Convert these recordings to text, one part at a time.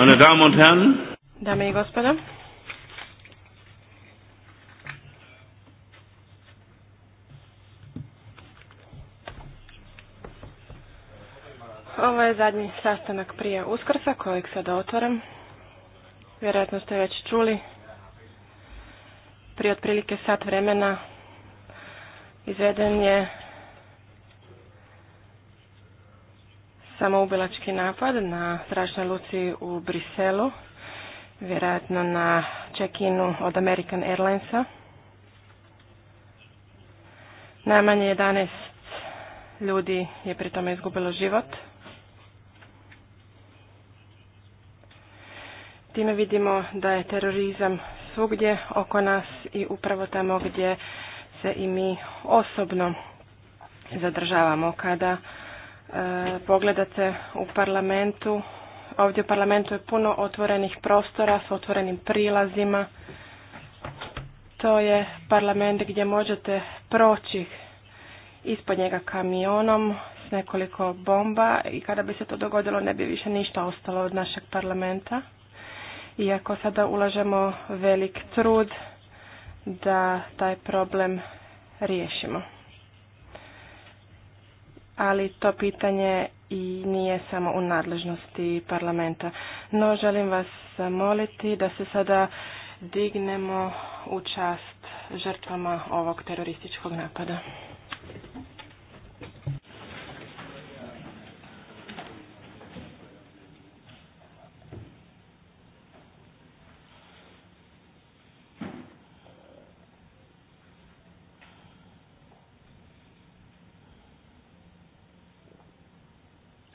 Meine Damen und Herren. Dame i gospodo. Ovo je zadnji sastanak prije Uskrsa kojeg sada otvaram. Vjerojatno ste već čuli. Prije otprilike sat vremena izveden je samoubilački napad na zračnoj luci u Briselu, vjerojatno na check-inu od American Airlinesa. Najmanje 11 ljudi je pri tome izgubilo život. Time vidimo da je terorizam svugdje oko nas i upravo tamo gdje se i mi osobno zadržavamo kada E, pogledate u parlamentu, ovdje u parlamentu je puno otvorenih prostora s otvorenim prilazima. To je parlament gdje možete proći ispod njega kamionom s nekoliko bomba i kada bi se to dogodilo ne bi više ništa ostalo od našeg parlamenta. Iako sada ulažemo velik trud da taj problem riješimo ali to pitanje i nije samo u nadležnosti parlamenta. No, želim vas moliti da se sada dignemo u čast žrtvama ovog terorističkog napada.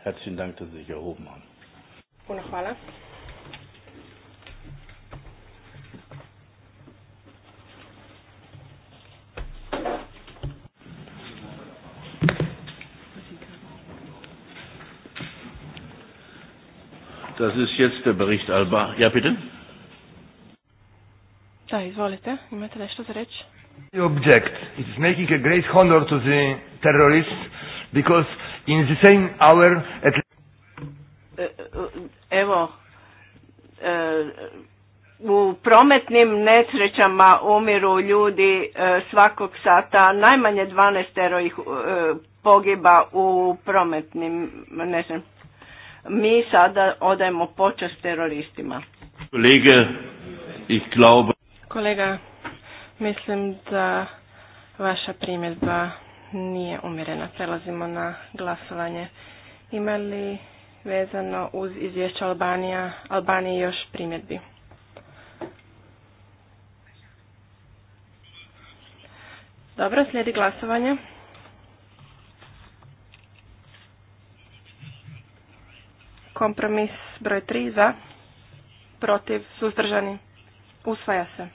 Herzlichen Dank, dass Sie sich erhoben haben. Ohne Frage. Das ist jetzt der Bericht Alba. Ja, bitte. Da, izvolite. Imate nešto za reći? You object. It's making a great honor to the terrorists because in the same hour at e, e, Evo, e, u prometnim nesrećama umiru ljudi svakog sata, najmanje 12 ih pogiba u prometnim ne znam, Mi sada odajemo počast teroristima. Kolega, glaube... Kolega, mislim da vaša primjedba nije umjerena. Prelazimo na glasovanje. Ima li vezano uz izvješće Albanija, Albanije još primjedbi? Dobro, slijedi glasovanje. Kompromis broj 3 za, protiv, suzdržani, usvaja se.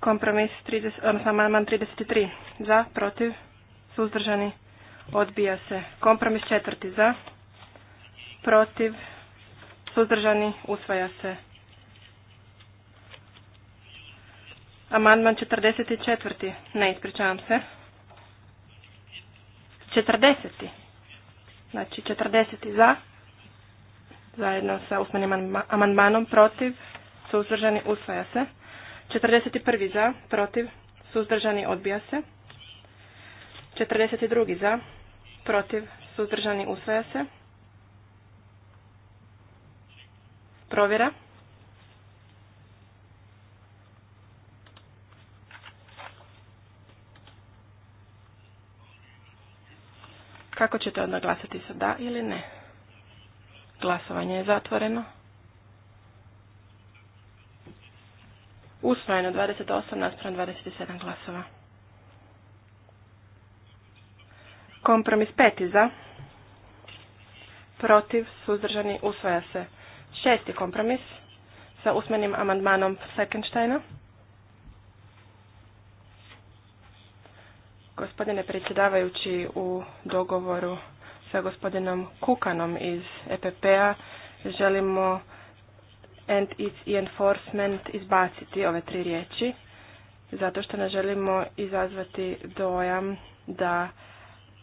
Kompromis 30, odnosno amandman 33 za, protiv, suzdržani, odbija se. Kompromis četvrti za, protiv, suzdržani, usvaja se. Amandman 44. Ne, ispričavam se. 40. Znači 40. za. Zajedno sa usmenim amandmanom protiv. Suzdržani usvaja se. 41. za, protiv, suzdržani, odbija se. 42. za, protiv, suzdržani, usvaja se. Provjera. Kako ćete onda glasati sa da ili ne? Glasovanje je zatvoreno. Usvojeno 28 naspram 27 glasova. Kompromis peti za. Protiv suzdržani usvaja se. Šesti kompromis sa usmenim amandmanom Sekenštajna. Gospodine predsjedavajući u dogovoru sa gospodinom Kukanom iz EPP-a želimo and its enforcement izbaciti ove tri riječi, zato što ne želimo izazvati dojam da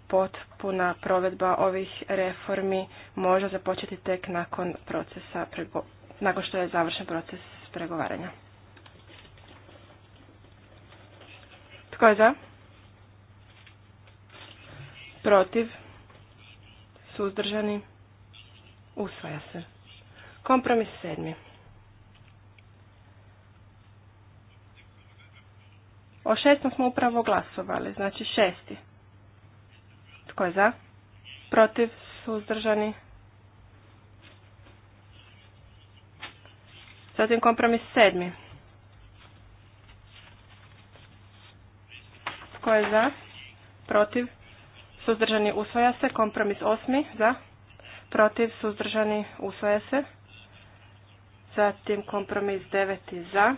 potpuna provedba ovih reformi može započeti tek nakon procesa nakon što je završen proces pregovaranja. Tko je za? Protiv? Suzdržani? Usvaja se. Kompromis sedmi. O šestom smo upravo glasovali, znači šesti. Tko je za? Protiv? Suzdržani? Zatim kompromis sedmi. Tko je za? Protiv? Suzdržani usvaja se. Kompromis osmi. Za? Protiv? Suzdržani usvaja se. Zatim kompromis deveti. Za?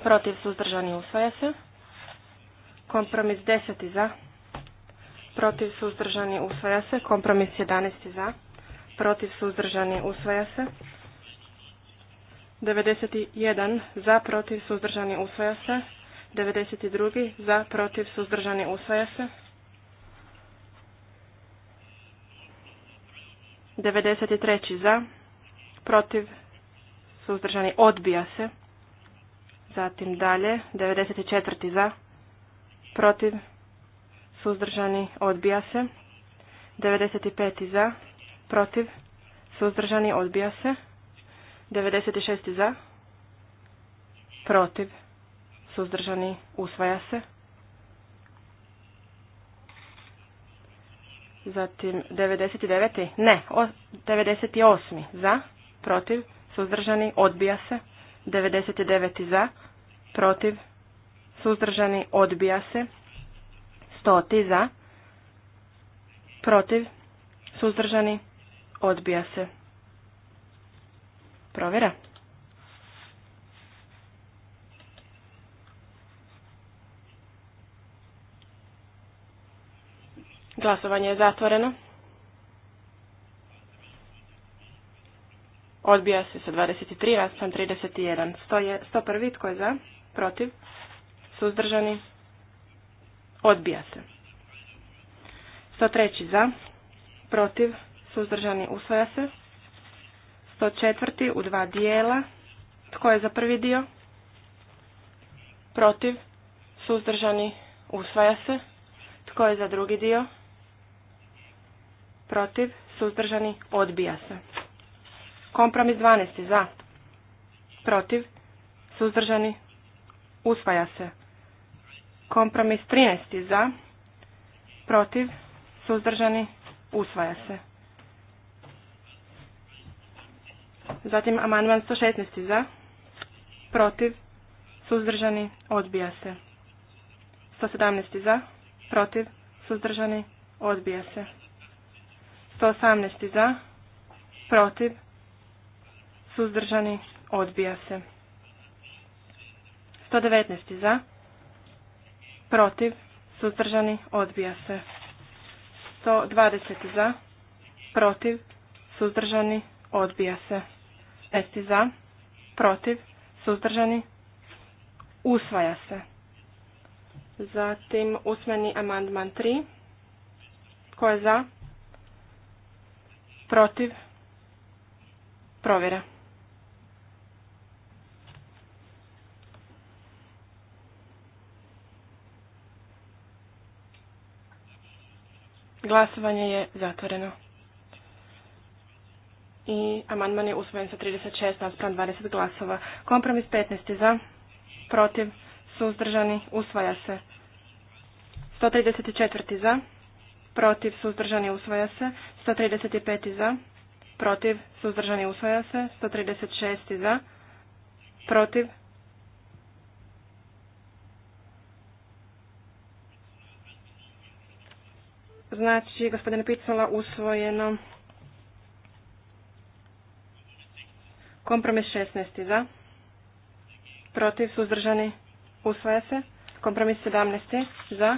protiv suzdržani usvaja se. Kompromis 10 za, protiv suzdržani usvaja se. Kompromis 11 za, protiv suzdržani usvaja se. 91 za, protiv suzdržani usvaja se. 92 za, protiv suzdržani usvaja se. 93 za, protiv suzdržani odbija se. Zatim dalje, 94. za, protiv, suzdržani, odbija se. 95. za, protiv, suzdržani, odbija se. 96. za, protiv, suzdržani, usvaja se. Zatim 99. ne, 98. za, protiv, suzdržani, odbija se. 99. za, protiv, suzdržani, odbija se. 100. za, protiv, suzdržani, odbija se. Provjera. Glasovanje je zatvoreno. Odbija se sa 23, trideset 31. Sto 101. Tko je za? Protiv? Suzdržani? Odbija se. 103. Za? Protiv? Suzdržani? Usvaja se. 104. U dva dijela. Tko je za prvi dio? Protiv? Suzdržani? Usvaja se. Tko je za drugi dio? Protiv? Suzdržani? Odbija se. Kompromis 12. Za. Protiv. Suzdržani. Usvaja se. Kompromis 13. Za. Protiv. Suzdržani. Usvaja se. Zatim amandman 116. Za. Protiv. Suzdržani. Odbija se. 117. Za. Protiv. Suzdržani. Odbija se. 118. Za. Protiv suzdržani, odbija se. 119. za, protiv, suzdržani, odbija se. 120. za, protiv, suzdržani, odbija se. 15. za, protiv, suzdržani, usvaja se. Zatim usmeni amandman 3. Ko je za? Protiv? Provjera. Glasovanje je zatvoreno. I amandman je usvojen sa 36 naspram 20 glasova. Kompromis 15 za, protiv, suzdržani, usvaja se. 134 za, protiv, suzdržani, usvaja se. 135 za, protiv, suzdržani, usvaja se. 136 za, protiv, Znači, gospodine Picola, usvojeno. Kompromis 16. Za. Protiv. Suzdržani. Usvaja se. Kompromis 17. Za.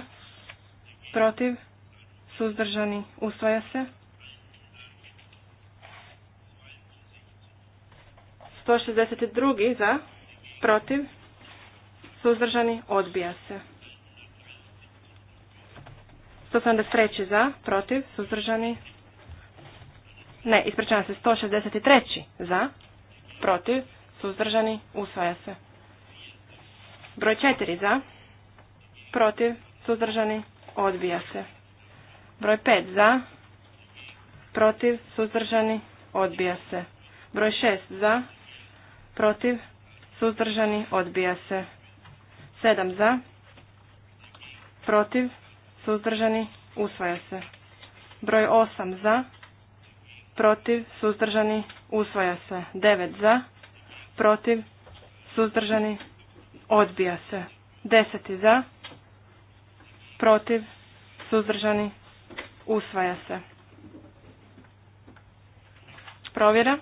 Protiv. Suzdržani. Usvaja se. 162. Za. Protiv. Suzdržani. Odbija se. 173. za, protiv, suzdržani. Ne, ispričavam se, 163. za, protiv, suzdržani, usvaja se. Broj 4 za, protiv, suzdržani, odbija se. Broj 5 za, protiv, suzdržani, odbija se. Broj 6 za, protiv, suzdržani, odbija se. 7 za, protiv, suzdržani, usvaja se. Broj 8 za, protiv, suzdržani, usvaja se. 9 za, protiv, suzdržani, odbija se. 10 za, protiv, suzdržani, usvaja se. Provjera.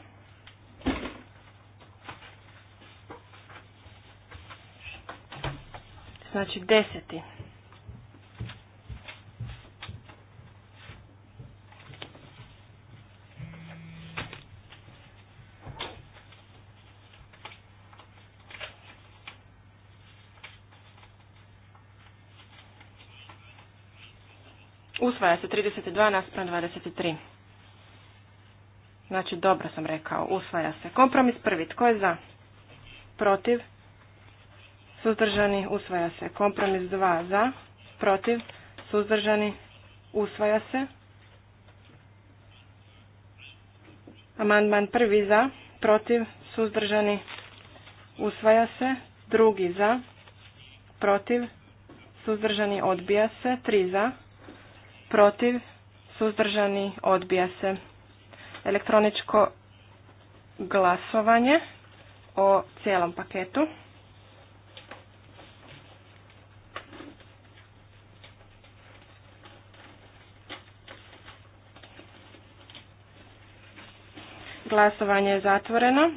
Znači deseti. Usvaja se 32 naspram 23. Znači, dobro sam rekao. Usvaja se. Kompromis prvi. Tko je za? Protiv. Suzdržani. Usvaja se. Kompromis dva. za. Protiv. Suzdržani. Usvaja se. Amandman prvi za. Protiv. Suzdržani. Usvaja se. Drugi za. Protiv. Suzdržani. Odbija se. Tri za protiv, suzdržani, odbija se. Elektroničko glasovanje o cijelom paketu. Glasovanje je zatvoreno.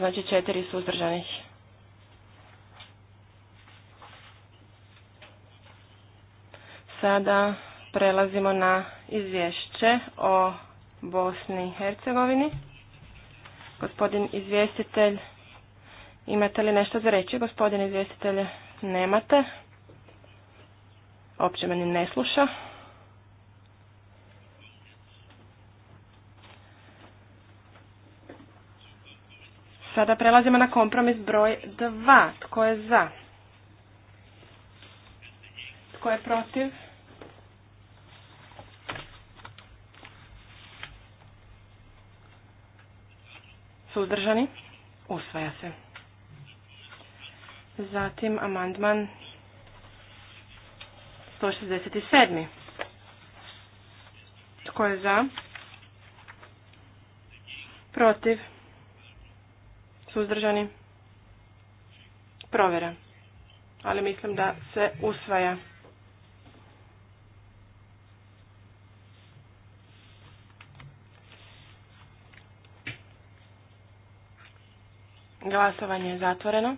znači četiri suzdržanih. Sada prelazimo na izvješće o Bosni i Hercegovini. Gospodin izvjestitelj, imate li nešto za reći? Gospodin izvjestitelj, nemate. Opće meni ne sluša. Sada prelazimo na kompromis broj 2. Tko je za? Tko je protiv? Suzdržani? Usvaja se. Zatim amandman 167. Tko je za? Protiv? Suzdržani? Provjera. Ali mislim da se usvaja. Glasovanje je zatvoreno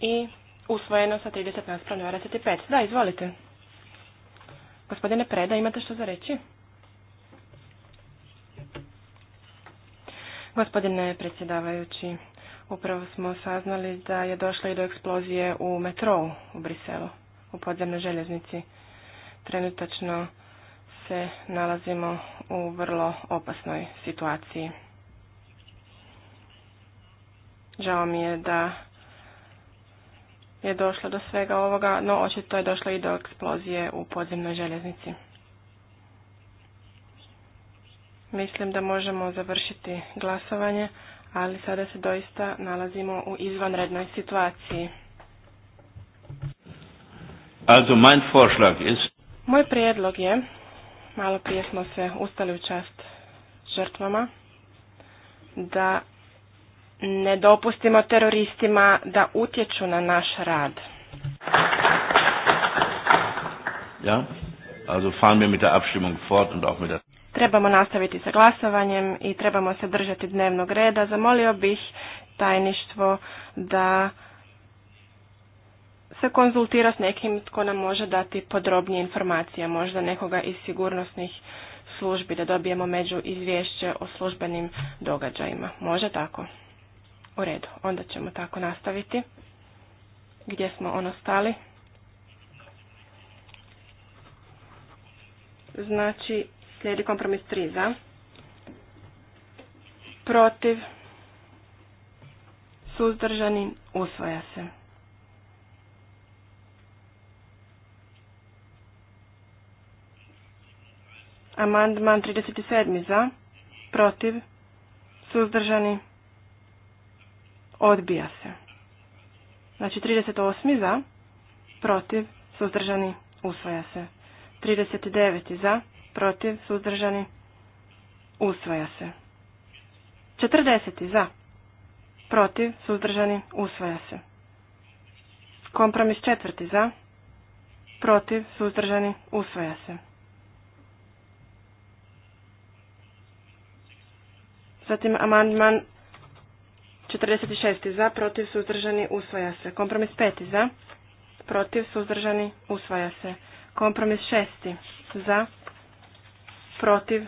i usvojeno sa 30 naspram 25. Da, izvolite. Gospodine Preda, imate što za reći? Gospodine predsjedavajući, upravo smo saznali da je došlo i do eksplozije u metrou u Briselu, u podzemnoj željeznici. Trenutačno se nalazimo u vrlo opasnoj situaciji. Žao mi je da je došlo do svega ovoga, no očito je došlo i do eksplozije u podzemnoj željeznici. Mislim da možemo završiti glasovanje, ali sada se doista nalazimo u izvanrednoj situaciji. Also mein Vorschlag ist... Moj prijedlog je, malo prije smo se ustali u čast žrtvama, da ne dopustimo teroristima da utječu na naš rad. Ja, also fahren wir mit der Abstimmung fort und auch mit der Trebamo nastaviti sa glasovanjem i trebamo se držati dnevnog reda. Zamolio bih tajništvo da se konzultira s nekim tko nam može dati podrobnije informacije, možda nekoga iz sigurnosnih službi, da dobijemo među izvješće o službenim događajima. Može tako? U redu, onda ćemo tako nastaviti. Gdje smo ono stali? Znači, Slijedi kompromis 3 za. Protiv. Suzdržani. Usvoja se. Amandman 37. za. Protiv. Suzdržani. Odbija se. Znači 38. za. Protiv. Suzdržani. Usvoja se. 39. za protiv, suzdržani, usvaja se. 40. za, protiv, suzdržani, usvaja se. Kompromis četvrti za, protiv, suzdržani, usvaja se. Zatim amandman 46. za, protiv, suzdržani, usvaja se. Kompromis peti za, protiv, suzdržani, usvaja se. Kompromis šesti za, protiv,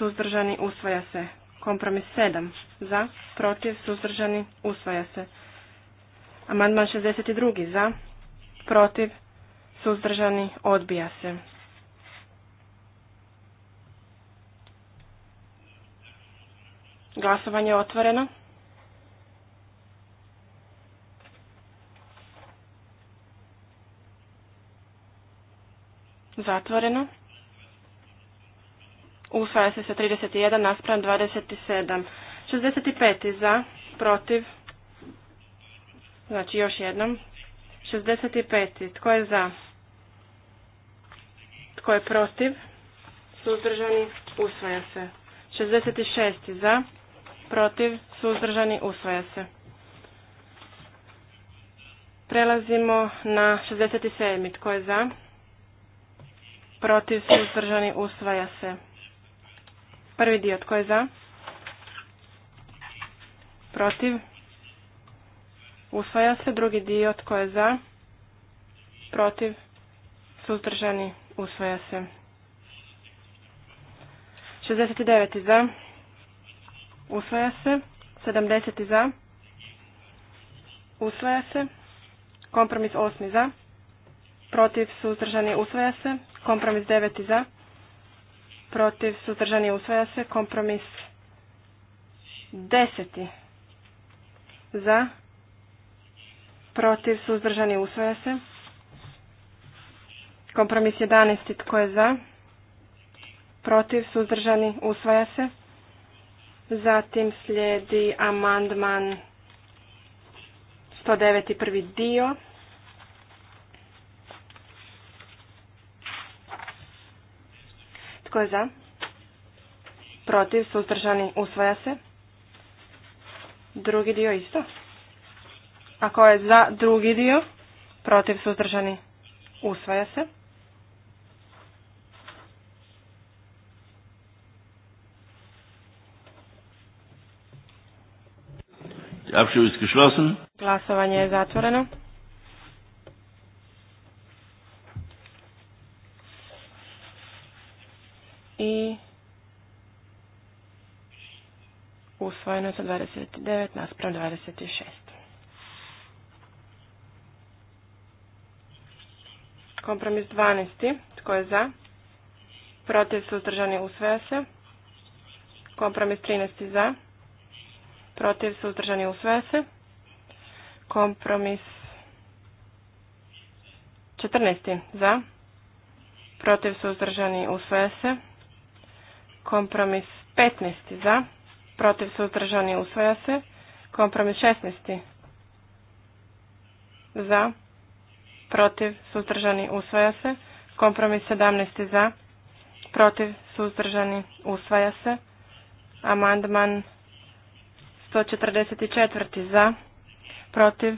suzdržani, usvaja se. Kompromis 7 za, protiv, suzdržani, usvaja se. Amandman 62 za, protiv, suzdržani, odbija se. Glasovanje otvoreno. Zatvoreno usvaja se sa 31 naspram 27. 65. za, protiv, znači još jednom, 65. Tko je za? Tko je protiv? Suzdržani, usvaja se. 66. za, protiv, suzdržani, usvaja se. Prelazimo na 67. Tko je za? Protiv, suzdržani, usvaja se. Prvi dio tko je za? Protiv? Usvaja se. Drugi dio tko je za? Protiv? Suzdržani? Usvaja se. 69. za. Usvaja se. 70. za. Usvaja se. Kompromis 8. za. Protiv suzdržani usvaja se. Kompromis 9. za protiv, suzdržani, usvaja se. Kompromis deseti za, protiv, suzdržani, usvaja se. Kompromis jedanesti Tko je za? Protiv, suzdržani, usvaja se. Zatim slijedi amandman 109. prvi dio. Tko je za? Protiv, suzdržani, usvaja se. Drugi dio isto. Ako je za drugi dio, protiv, suzdržani, usvaja se. Glasovanje je zatvoreno. i usvojeno sa 29 naspram 26. Kompromis 12. Tko je za? Protiv suzdržani usvaja se. Kompromis 13. za. Protiv suzdržani usvaja se. Kompromis 14. za. Protiv suzdržani usvaja se. Kompromis 15. za. Protiv suzdržani usvaja se. Kompromis 16. za. Protiv suzdržani usvaja se. Kompromis 17. za. Protiv suzdržani usvaja se. Amandman 144. za. Protiv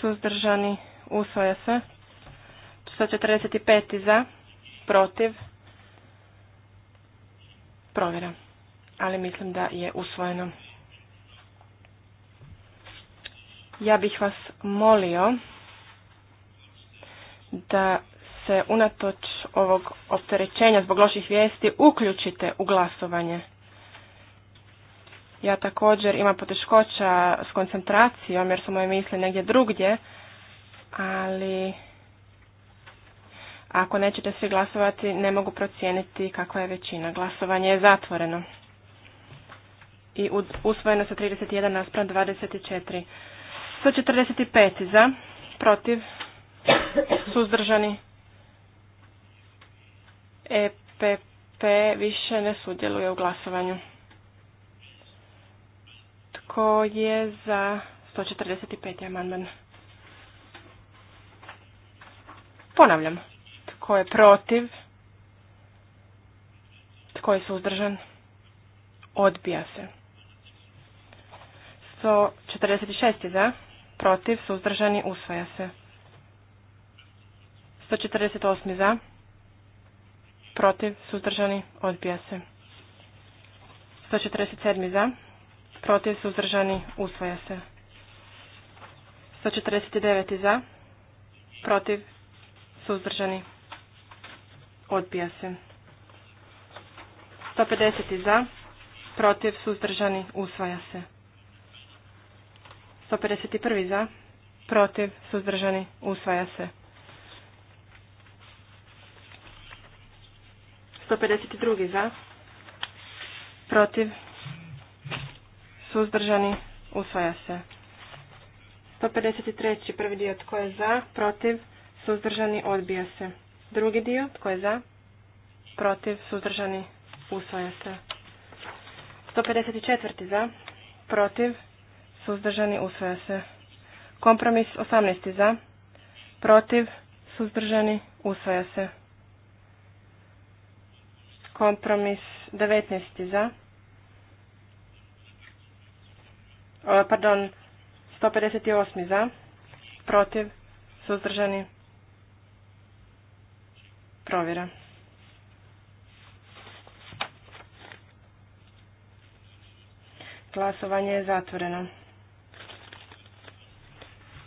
suzdržani usvaja se. 145. za. Protiv provjera. Ali mislim da je usvojeno. Ja bih vas molio da se unatoč ovog opterećenja zbog loših vijesti uključite u glasovanje. Ja također imam poteškoća s koncentracijom jer su moje misli negdje drugdje, ali ako nećete svi glasovati, ne mogu procijeniti kakva je većina. Glasovanje je zatvoreno. I usvojeno sa 31 naspram 24. 145 za, protiv, suzdržani. EPP više ne sudjeluje u glasovanju. Tko je za 145. amandman? Ponavljam. Tko je protiv? Tko je suzdržan? Odbija se. 146. za. Protiv, suzdržani, usvaja se. 148. za. Protiv, suzdržani, odbija se. 147. za. Protiv, suzdržani, usvaja se. 149. za. Protiv, suzdržani, Odbija se. 150. za. Protiv. Suzdržani. Usvaja se. 151. za. Protiv. Suzdržani. Usvaja se. 152. za. Protiv. Suzdržani. Usvaja se. 153. prvi dio tko je za, protiv, suzdržani, odbija se. Drugi dio, tko je za? Protiv, suzdržani, usvaja se. 154. za, protiv, suzdržani, usvoja se. Kompromis 18. za, protiv, suzdržani, usvoja se. Kompromis 19. za, e, pardon, 158. za, protiv, suzdržani, Provjera. Glasovanje je zatvoreno.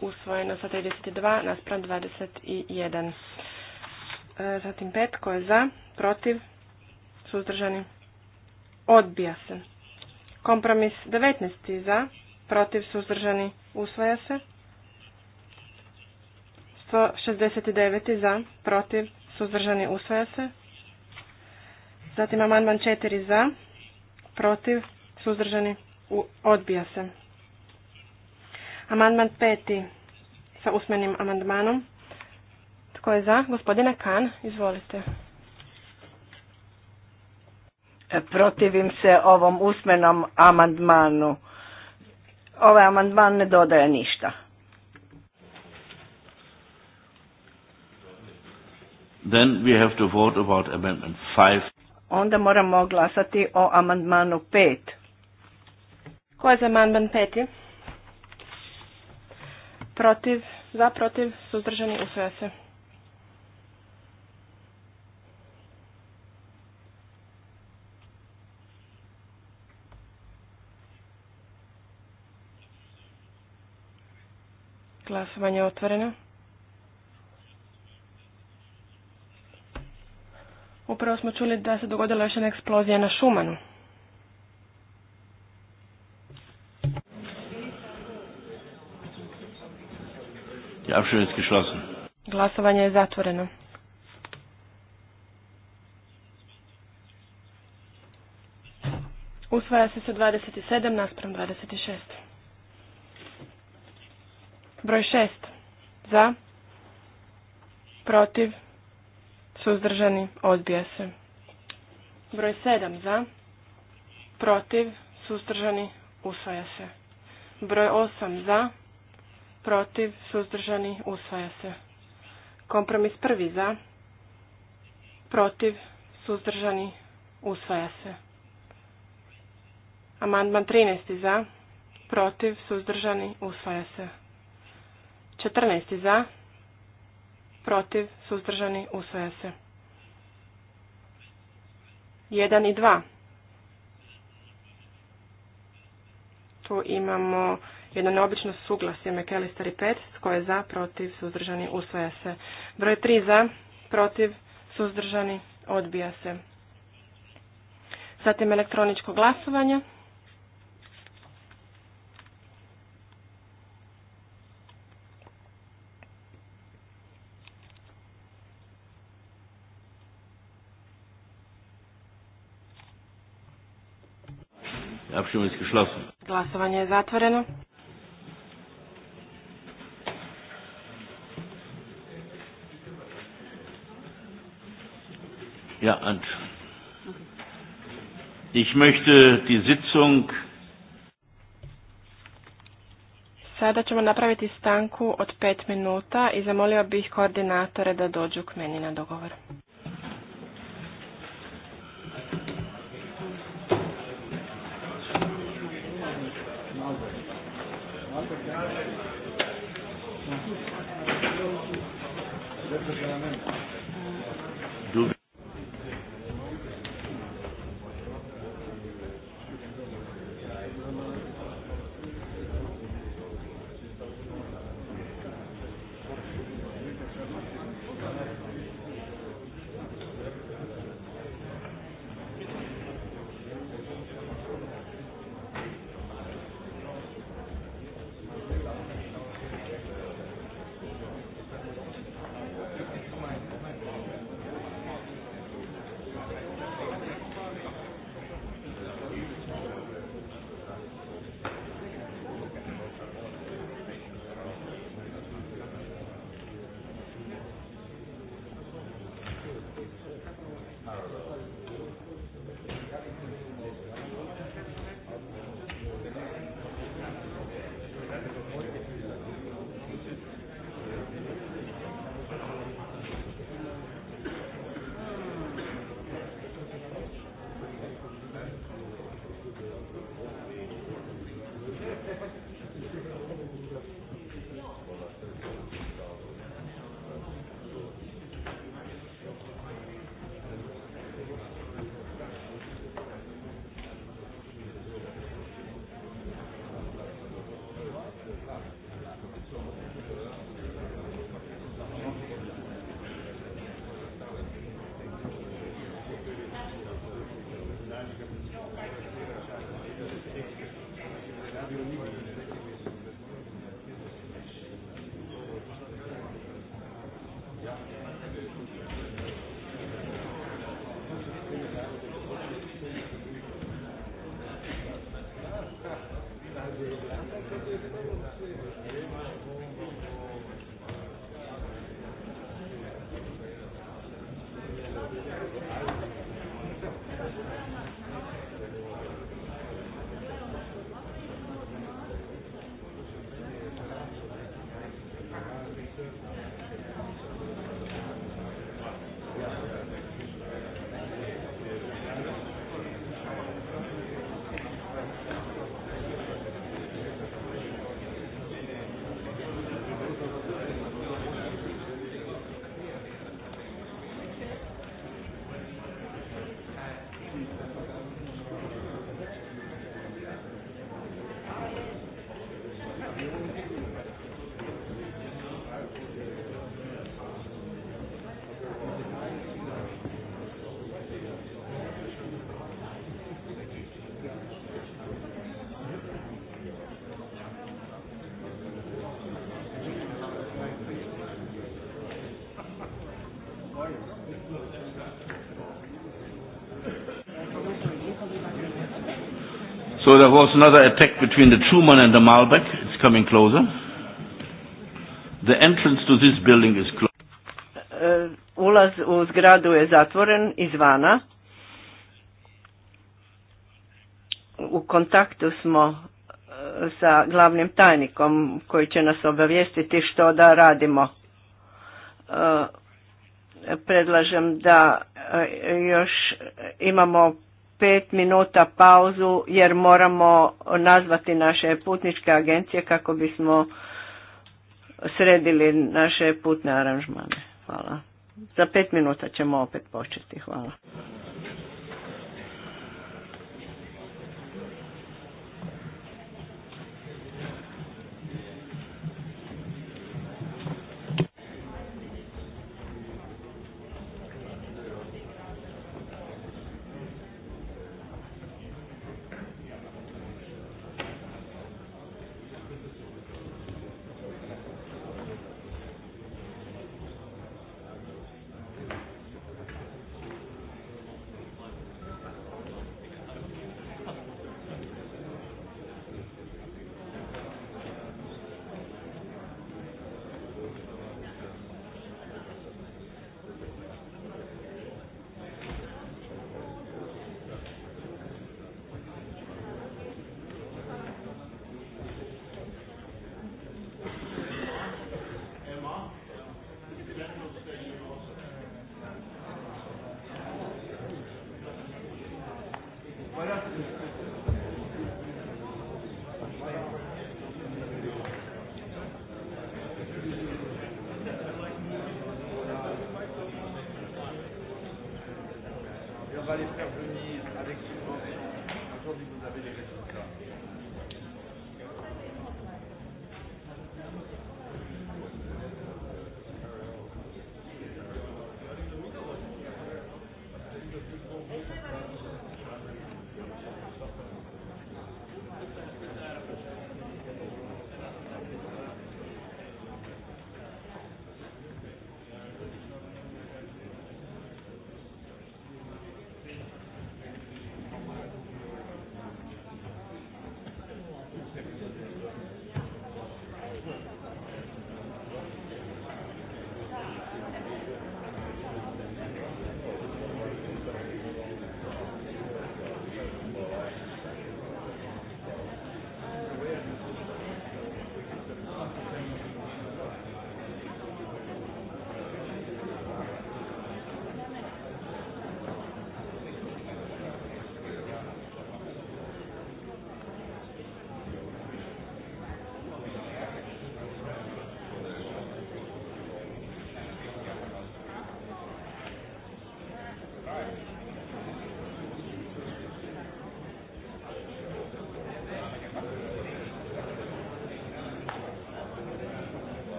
Usvojeno sa 32 naspram 21. E, zatim pet Ko je za? Protiv? Suzdržani? Odbija se. Kompromis 19. Za? Protiv? Suzdržani? Usvaja se. 169. Za? Protiv? suzdržani, usvaja se. Zatim amandman četiri za, protiv, suzdržani, odbija se. Amandman 5 sa usmenim amandmanom. Tko je za? Gospodine Kan, izvolite. E, protivim se ovom usmenom amandmanu. Ovaj amandman ne dodaje ništa. Then we have to vote about amendment 5. Onda moramo glasati o amandmanu 5. Ko je za amandman 5? Protiv, za, protiv, suzdržani, usvaja se. Glasovanje je otvoreno. Upravo smo čuli da se dogodila još jedna eksplozija na Šumanu. Glasovanje je zatvoreno. Usvaja se sa 27 naspram 26. Broj 6. Za. Protiv. Suzdržani? Odbija se. Broj 7 za. Protiv? Suzdržani? Usvaja se. Broj 8 za. Protiv? Suzdržani? Usvaja se. Kompromis prvi za. Protiv? Suzdržani? Usvaja se. Amandman 13. za. Protiv? Suzdržani? Usvaja se. 14. za protiv, suzdržani, usvaja se. Jedan i dva. Tu imamo jedno neobično suglasje McAllister i Pet, tko je za, protiv, suzdržani, usvaja se. Broj 3 za, protiv, suzdržani, odbija se. Zatim elektroničko glasovanje. Glasovanje je zatvoreno. Ja, und ich möchte die Sitzung Sada ćemo napraviti stanku od pet minuta i zamolio bih koordinatore da dođu k meni na dogovor. So there was another attack between the Truman and the Malbec. It's coming closer. The entrance to this building is closed. Uh, ulaz u zgradu je zatvoren izvana. U kontaktu smo uh, sa glavnim tajnikom koji će nas obavijestiti što da radimo. Uh, predlažem da uh, još imamo pet minuta pauzu jer moramo nazvati naše putničke agencije kako bismo sredili naše putne aranžmane. Hvala. Za pet minuta ćemo opet početi. Hvala.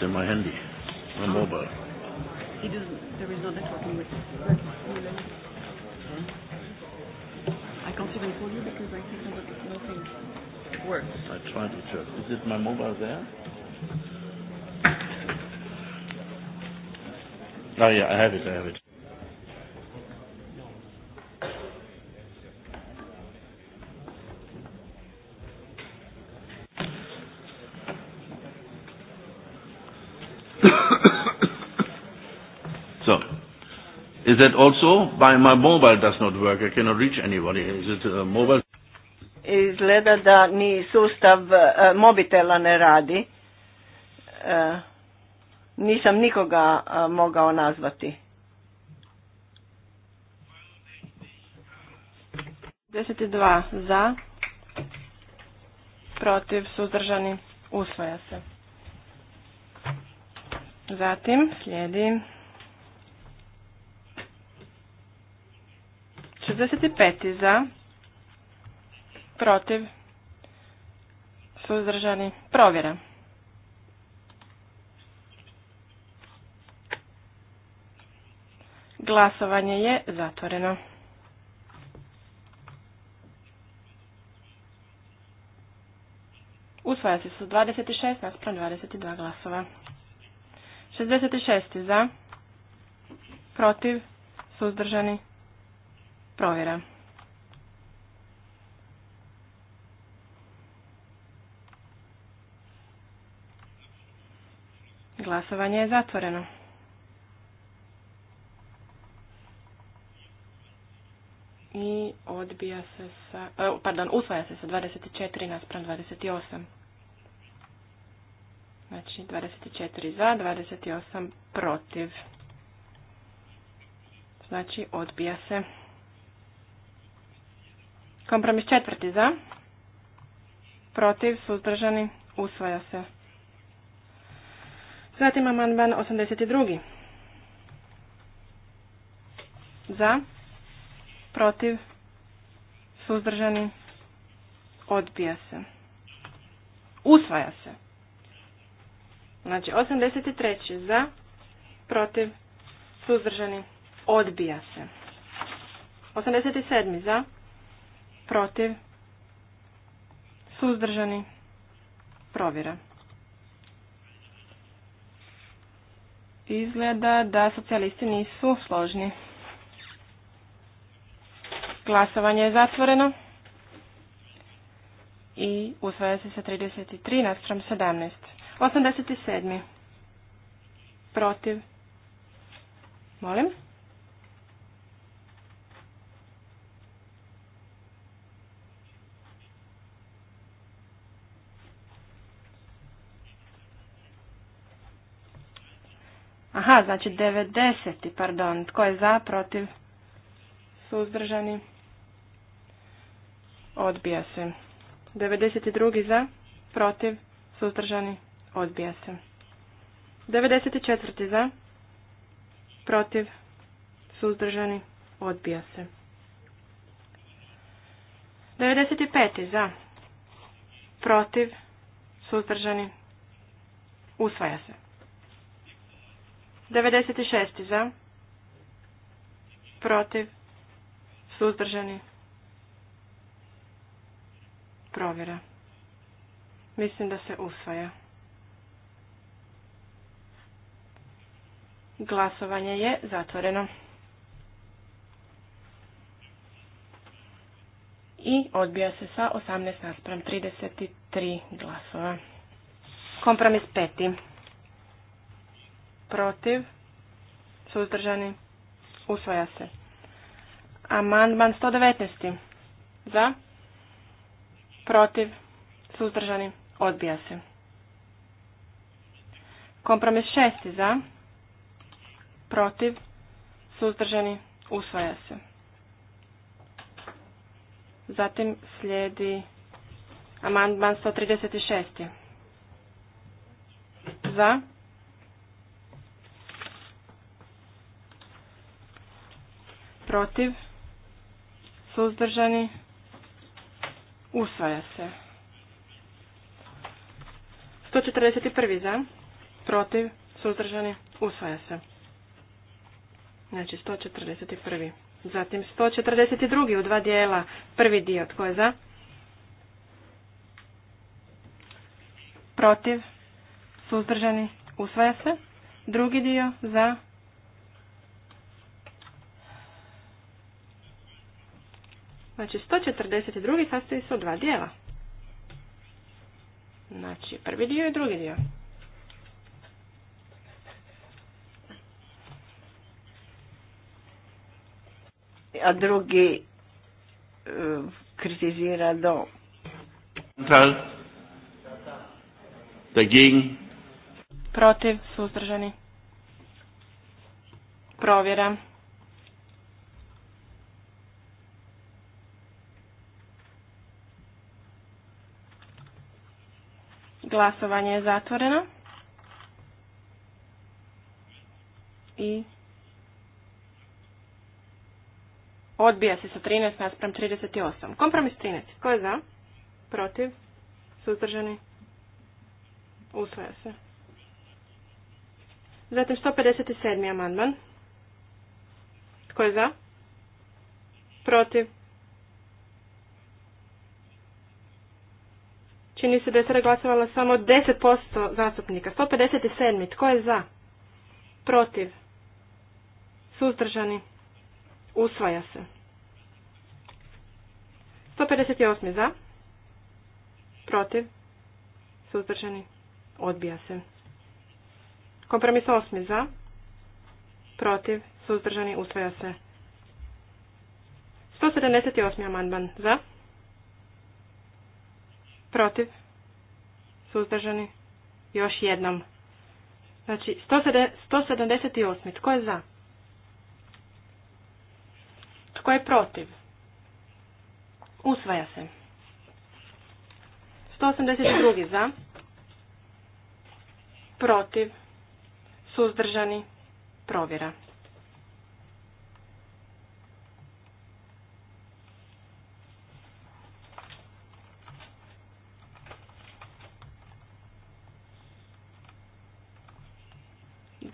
it's in my handy, my oh. mobile. He doesn't, there is no networking with hmm. I can't even call you because I think nothing works. I tried to check. Is it my mobile there? Oh yeah, I have it, I have it. that also by my mobile does not work. I cannot reach anybody. Is it a uh, mobile? Izgleda da ni sustav uh, mobitela ne radi. Uh, nisam nikoga uh, mogao nazvati. Deset dva za, protiv, suzdržani, usvaja se. Zatim slijedi 65. za, protiv, suzdržani, provjera. Glasovanje je zatvoreno. Usvaja se su 26 naspram 22 glasova. 66 za, protiv, suzdržani, Provjera. Glasovanje je zatvoreno. I odbija se sa, e, pardon, usvaja se sa 24 naspram 28. Znači 24 za, 28 protiv. Znači odbija se. Kompromis četvrti za. Protiv, suzdržani, usvaja se. Zatim amandman 82. Za, protiv, suzdržani, odbija se. Usvaja se. Znači, 83. za, protiv, suzdržani, odbija se. 87. za, protiv, suzdržani, provjera. Izgleda da socijalisti nisu složni. Glasovanje je zatvoreno i usvaja se sa 33 sedamnaest 17. 87. Protiv. Molim. Aha, znači 90. pardon. Tko je za, protiv, suzdržani? Odbija se. 92. za, protiv, suzdržani? Odbija se. 94. za, protiv, suzdržani? Odbija se. 95. za, protiv, suzdržani? Usvaja se. 96. za. Protiv. Suzdržani. Provjera. Mislim da se usvaja. Glasovanje je zatvoreno. I odbija se sa 18 naspram 33 glasova. Kompromis peti protiv, suzdržani, usvaja se. Amandman 119. Za, protiv, suzdržani, odbija se. Kompromis 6. Za, protiv, suzdržani, usvaja se. Zatim slijedi amandman 136. Za, protiv, suzdržani, usvaja se. 141. za, protiv, suzdržani, usvaja se. Znači 141. Zatim 142. u dva dijela, prvi dio, tko je za? Protiv, suzdržani, usvaja se. Drugi dio, za, Znači, 142. sastoji se od dva dijela. Znači, prvi dio i drugi dio. A drugi e, kritizira do. Protiv, suzdržani. Provjera. Glasovanje je zatvoreno. I odbija se sa 13 naspram 38. Kompromis 13. tko je za? Protiv? Suzdržani? Usvaja se. Zatim 157. amandman. Tko je za? Protiv? Čini se da je sada glasovalo samo 10% zastupnika. 157. Tko je za? Protiv? Suzdržani? Usvaja se. 158. Za? Protiv? Suzdržani? Odbija se. Kompromis 8. Za? Protiv? Suzdržani? Usvaja se. 178. amandman. Za? protiv, suzdržani, još jednom. Znači, 178. Tko je za? Tko je protiv? Usvaja se. 182. za. Protiv. Suzdržani. Provjera.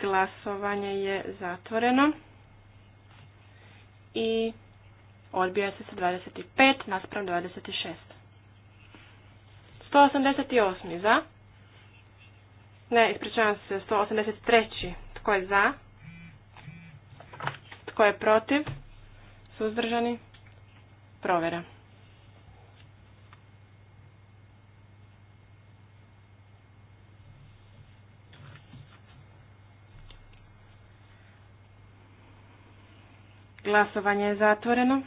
Glasovanje je zatvoreno. I odbija se sa 25 naspram 26. 188. za. Ne, ispričavam se, 183. Tko je za? Tko je protiv? Suzdržani? Provera. Glasovanje je zatvoreno.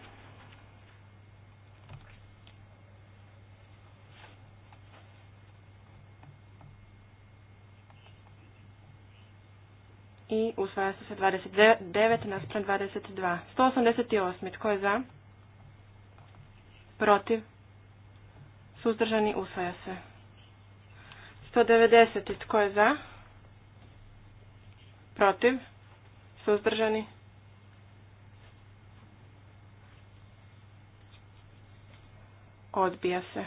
I usvaja se sa 29 naspram 22. 188. Tko je za? Protiv? Suzdržani usvaja se. 190. Tko je za? Protiv? Suzdržani? Odbija se.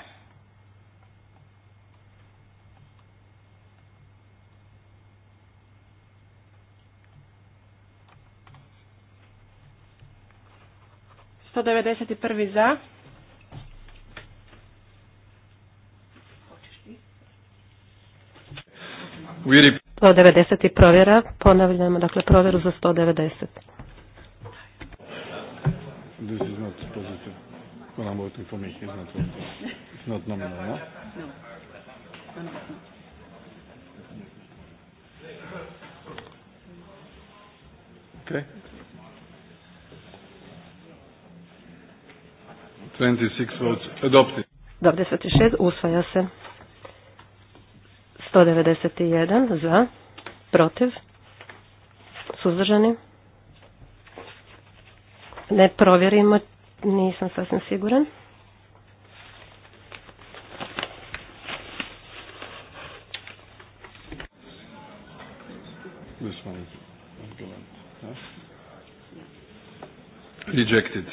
Sto devedeset prvi za. Sto devedeset provjera. Ponavljamo dakle provjeru za sto devedeset. vote information it's not voting. It's not nominal, no? No. no, Okay. 26 votes adopted. 26 usvaja se. 191 za, protiv, suzdržani. Ne provjerimo, nisam sasvim siguran. rejected.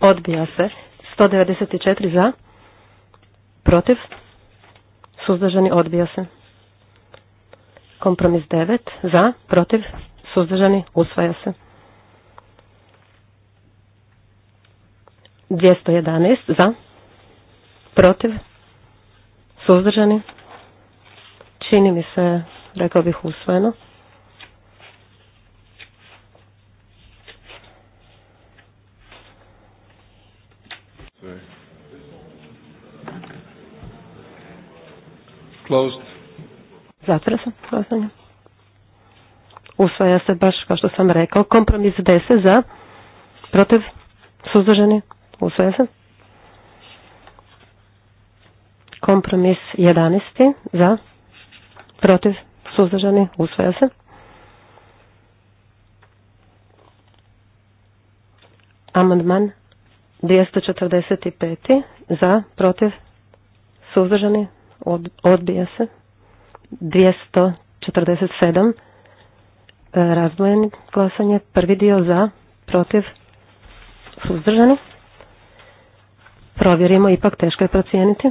Odbija se. 194 za. Protiv. Suzdržani odbija se. Kompromis 9 za. Protiv. Suzdržani usvaja se. 211 za. Protiv. Suzdržani. Čini mi se, rekao bih, usvojeno. closed. Usvaja se baš kao što sam rekao. Kompromis 10 za, protiv, suzdržani. Usvaja se. Kompromis 11 za, protiv, suzdržani. Usvaja se. Amandman 245. za, protiv, suzdržani. Od, odbija se. 247 razdvojeni glasanje. Prvi dio za, protiv, suzdržani. Provjerimo, ipak teško je procijeniti.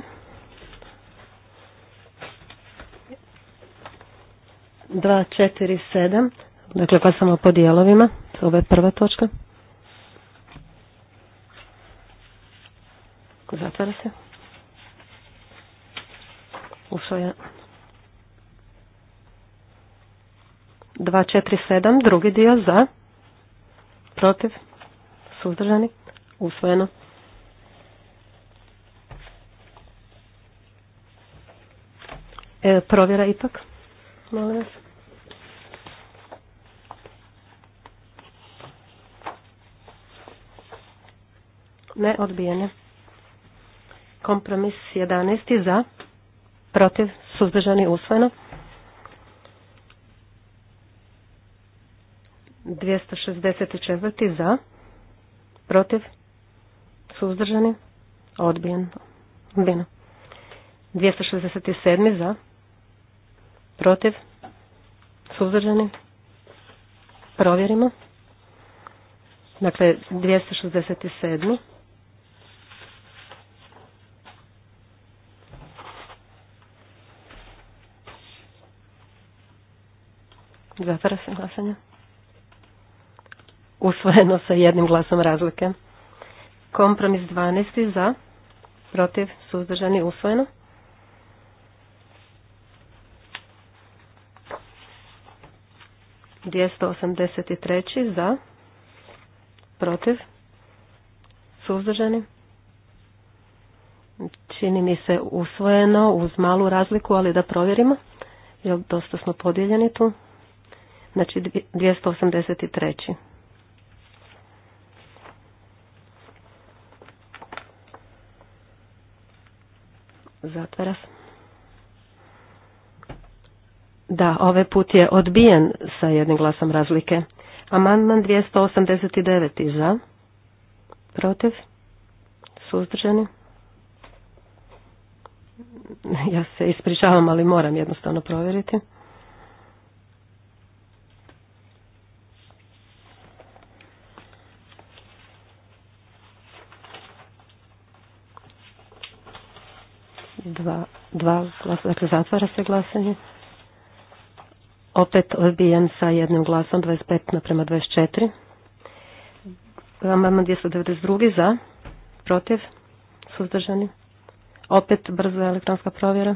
Dva, četiri, sedam. Dakle, pa samo po dijelovima. Ovo je prva točka. Zatvara se četiri 247, drugi dio za, protiv, suzdržani, usvojeno. E, provjera ipak, molim vas. Ne, odbijene. Kompromis 11 za, protiv, suzdržani, usvojeno. 264. za, protiv, suzdržani, odbijen, odbijeno. 267. za, protiv, suzdržani, provjerimo. Dakle, 267. Zatvara se glasanje. Usvojeno sa jednim glasom razlike. Kompromis 12. za, protiv, suzdržani, usvojeno. Djesto osamdeset treći za, protiv, suzdržani. Čini mi se usvojeno uz malu razliku, ali da provjerimo. Jer dosta smo podijeljeni tu. Znači 283. Zatvara se. Da, ovaj put je odbijen sa jednim glasom razlike. Amandman 289. za. Protiv. Suzdržani. Ja se ispričavam, ali moram jednostavno provjeriti. Dva, dva glasa, dakle zatvara se glasanje. Opet odbijen sa jednim glasom 25 naprema 24. Amandman 292. za, protiv, suzdržani. Opet brza elektronska provjera.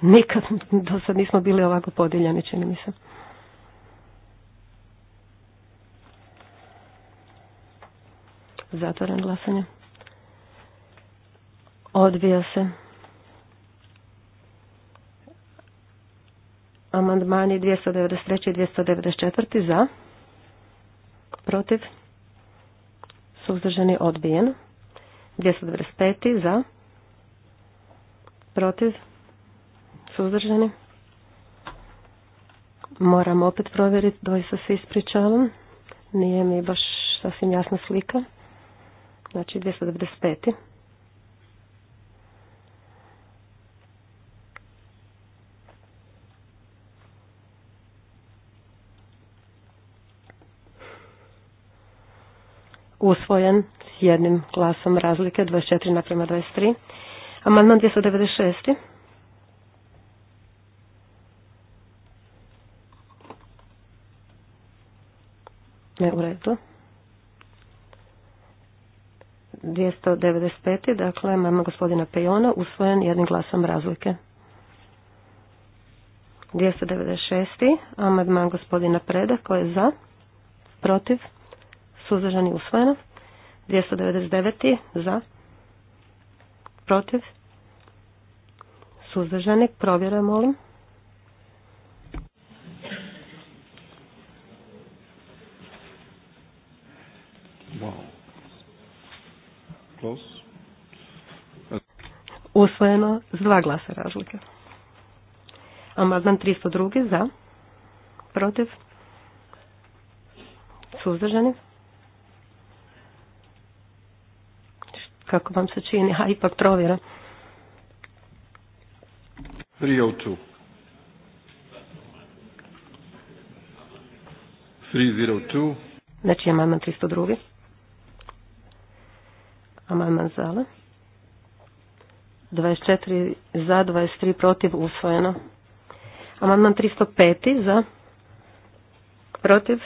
Nikad do sad nismo bili ovako podijeljeni, čini mi se. Zatvoren glasanje. Odbija se. Amandmani 293. i 294. za. Protiv. Suzdržani odbijen. 295. za. Protiv. Suzdržani. Moram opet provjeriti, doista se ispričavam. Nije mi baš sasvim jasna slika. Znači 295. usvojen s jednim glasom razlike 24 naprema 23. Amandman 296. Ne, u redu. 295. Dakle, amandman gospodina Pejona usvojen jednim glasom razlike. 296. Amadman gospodina Preda, koji je za, protiv, suzdržani usvojeno. 299. za, protiv, suzdržani, Provjerujem, molim. Usvojeno s dva glasa razlike. Amandman 302. za, protiv, suzdržani, kako vam se čini, a ipak provjera. 302. 302. Znači amandman 302. Amandman Zala. 24 za, 23 protiv, usvojeno. Amandman 305 za, protiv,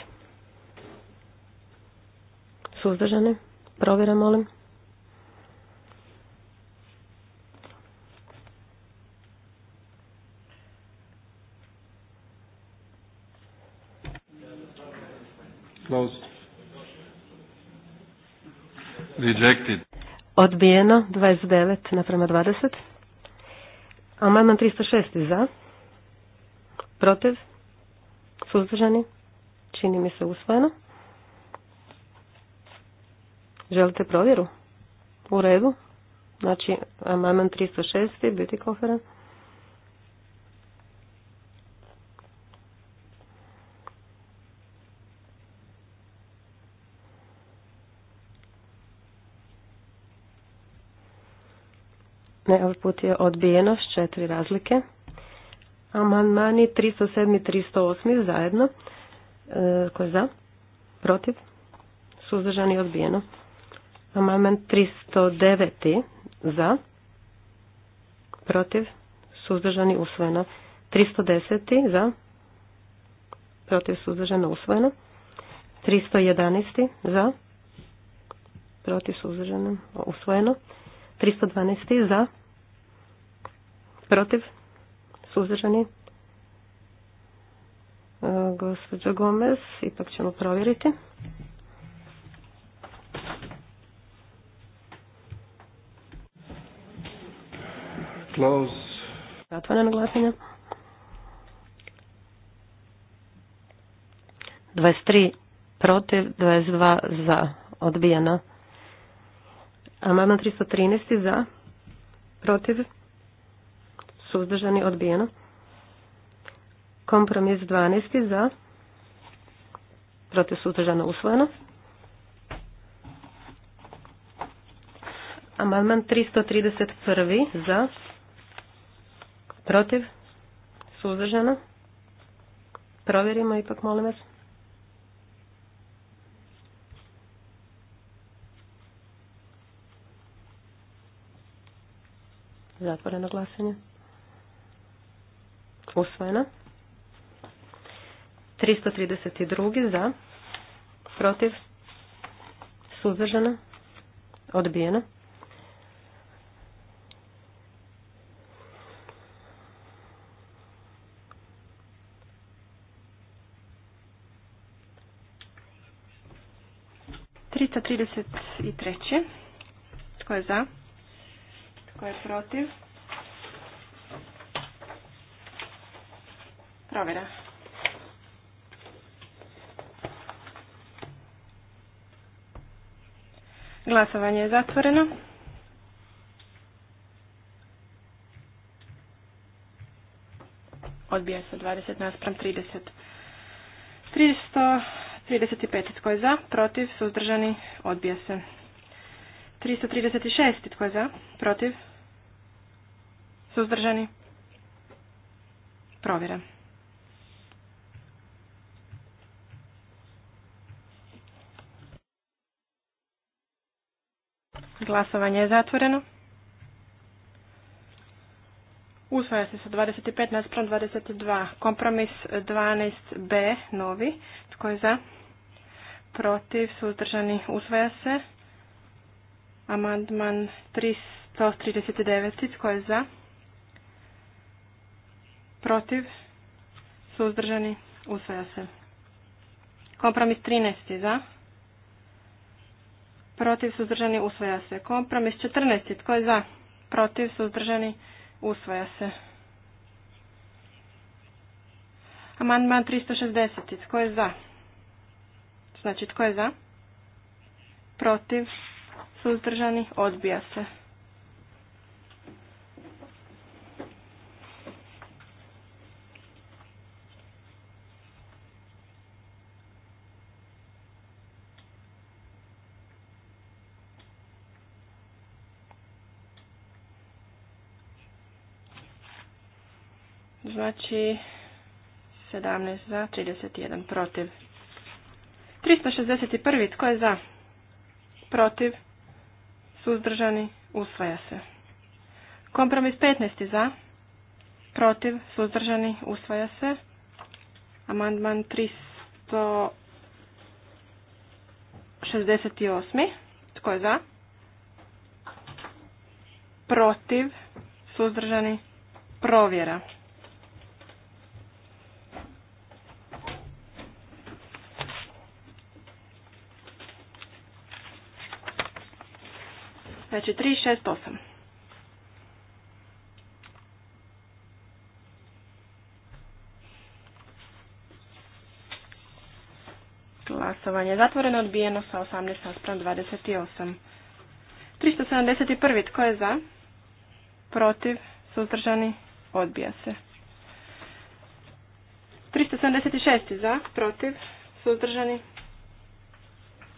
suzdržani. Provjera, molim. Rejected. Odbijeno 29 naprema 20. Amandman 306 za. Protiv. Suzdržani. Čini mi se usvojeno. Želite provjeru? U redu. Znači, amandman 306 biti koferan. Ne, ovaj put je odbijeno s četiri razlike. Amandmani 307 i 308 zajedno. E, je za? Protiv? Suzdržani i odbijeno. Amandman 309 za? Protiv? Suzdržani usvojeno. 310 za? Protiv suzdržano usvojeno. 311 za? Protiv suzdržano usvojeno. 312. za, protiv, suzdržani. E, gospođa Gomez, ipak ćemo provjeriti. Close. Zatvoreno glasanje. 23 protiv, 22 za odbijeno. Amandman 313. za, protiv, suzdržani, odbijeno. Kompromis 12. za, protiv, suzdržano, usvojeno. Amandman 331. za, protiv, suzdržano. Provjerimo ipak, molim vas. Zatvoreno glasanje. Usvojeno. 332. za. Protiv. suzdržana Odbijeno. 333. trideset tri Tko je za? Tko je protiv? Provera. Glasovanje je zatvoreno. Odbija se 20 naspram 30. 335. Tko je za? Protiv? Suzdržani? Odbija se. 336. Tko je za? Protiv? Suzdržani? Provjera. Glasovanje je zatvoreno. Usvaja se sa 25 naspram 22. Kompromis 12b, novi. Tko je za? Protiv, suzdržani, usvaja se. Amandman 339. Tko je za? Protiv? Suzdržani? Usvaja se. Kompromis 13. Za? Protiv? Suzdržani? Usvaja se. Kompromis 14. Tko je za? Protiv? Suzdržani? Usvaja se. Amandman 360. Tko je za? Znači, tko je za? Protiv? suzdržani, odbija se. Znači, 17 za, 31 protiv. 361. Tko je za? Protiv? suzdržani, usvaja se. Kompromis 15. za, protiv, suzdržani, usvaja se. Amandman 368. Tko je za? Protiv, suzdržani, provjera. Znači Klasovanje Glasovanje zatvoreno, odbijeno sa 18 naspram 28. 371. Tko je za? Protiv? Suzdržani? Odbija se. 376. Za? Protiv? Suzdržani?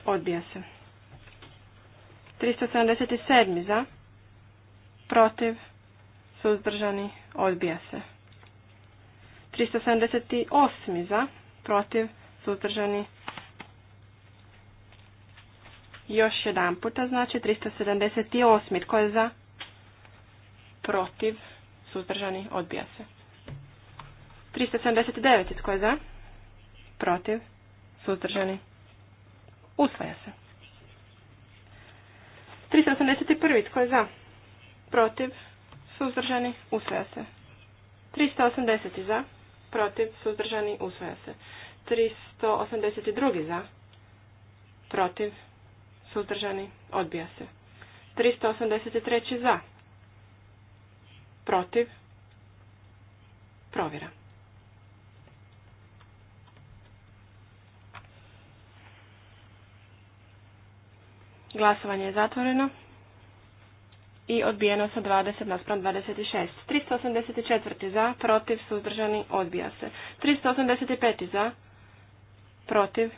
Odbija se. 377. za, protiv, suzdržani, odbija se. 378. za, protiv, suzdržani, još jedan puta, znači 378. Tko je za? Protiv, suzdržani, odbija se. 379. Tko je za? Protiv, suzdržani, usvaja se. 381. Tko je za? Protiv. Suzdržani. Usvaja se. 380. Za. Protiv. Suzdržani. Usvaja se. 382. Za. Protiv. Suzdržani. Odbija se. 383. Za. Protiv. Provjera. Glasovanje je zatvoreno i odbijeno sa 20 naspram 26. 384. za, protiv, suzdržani, odbija se. 385. za, protiv,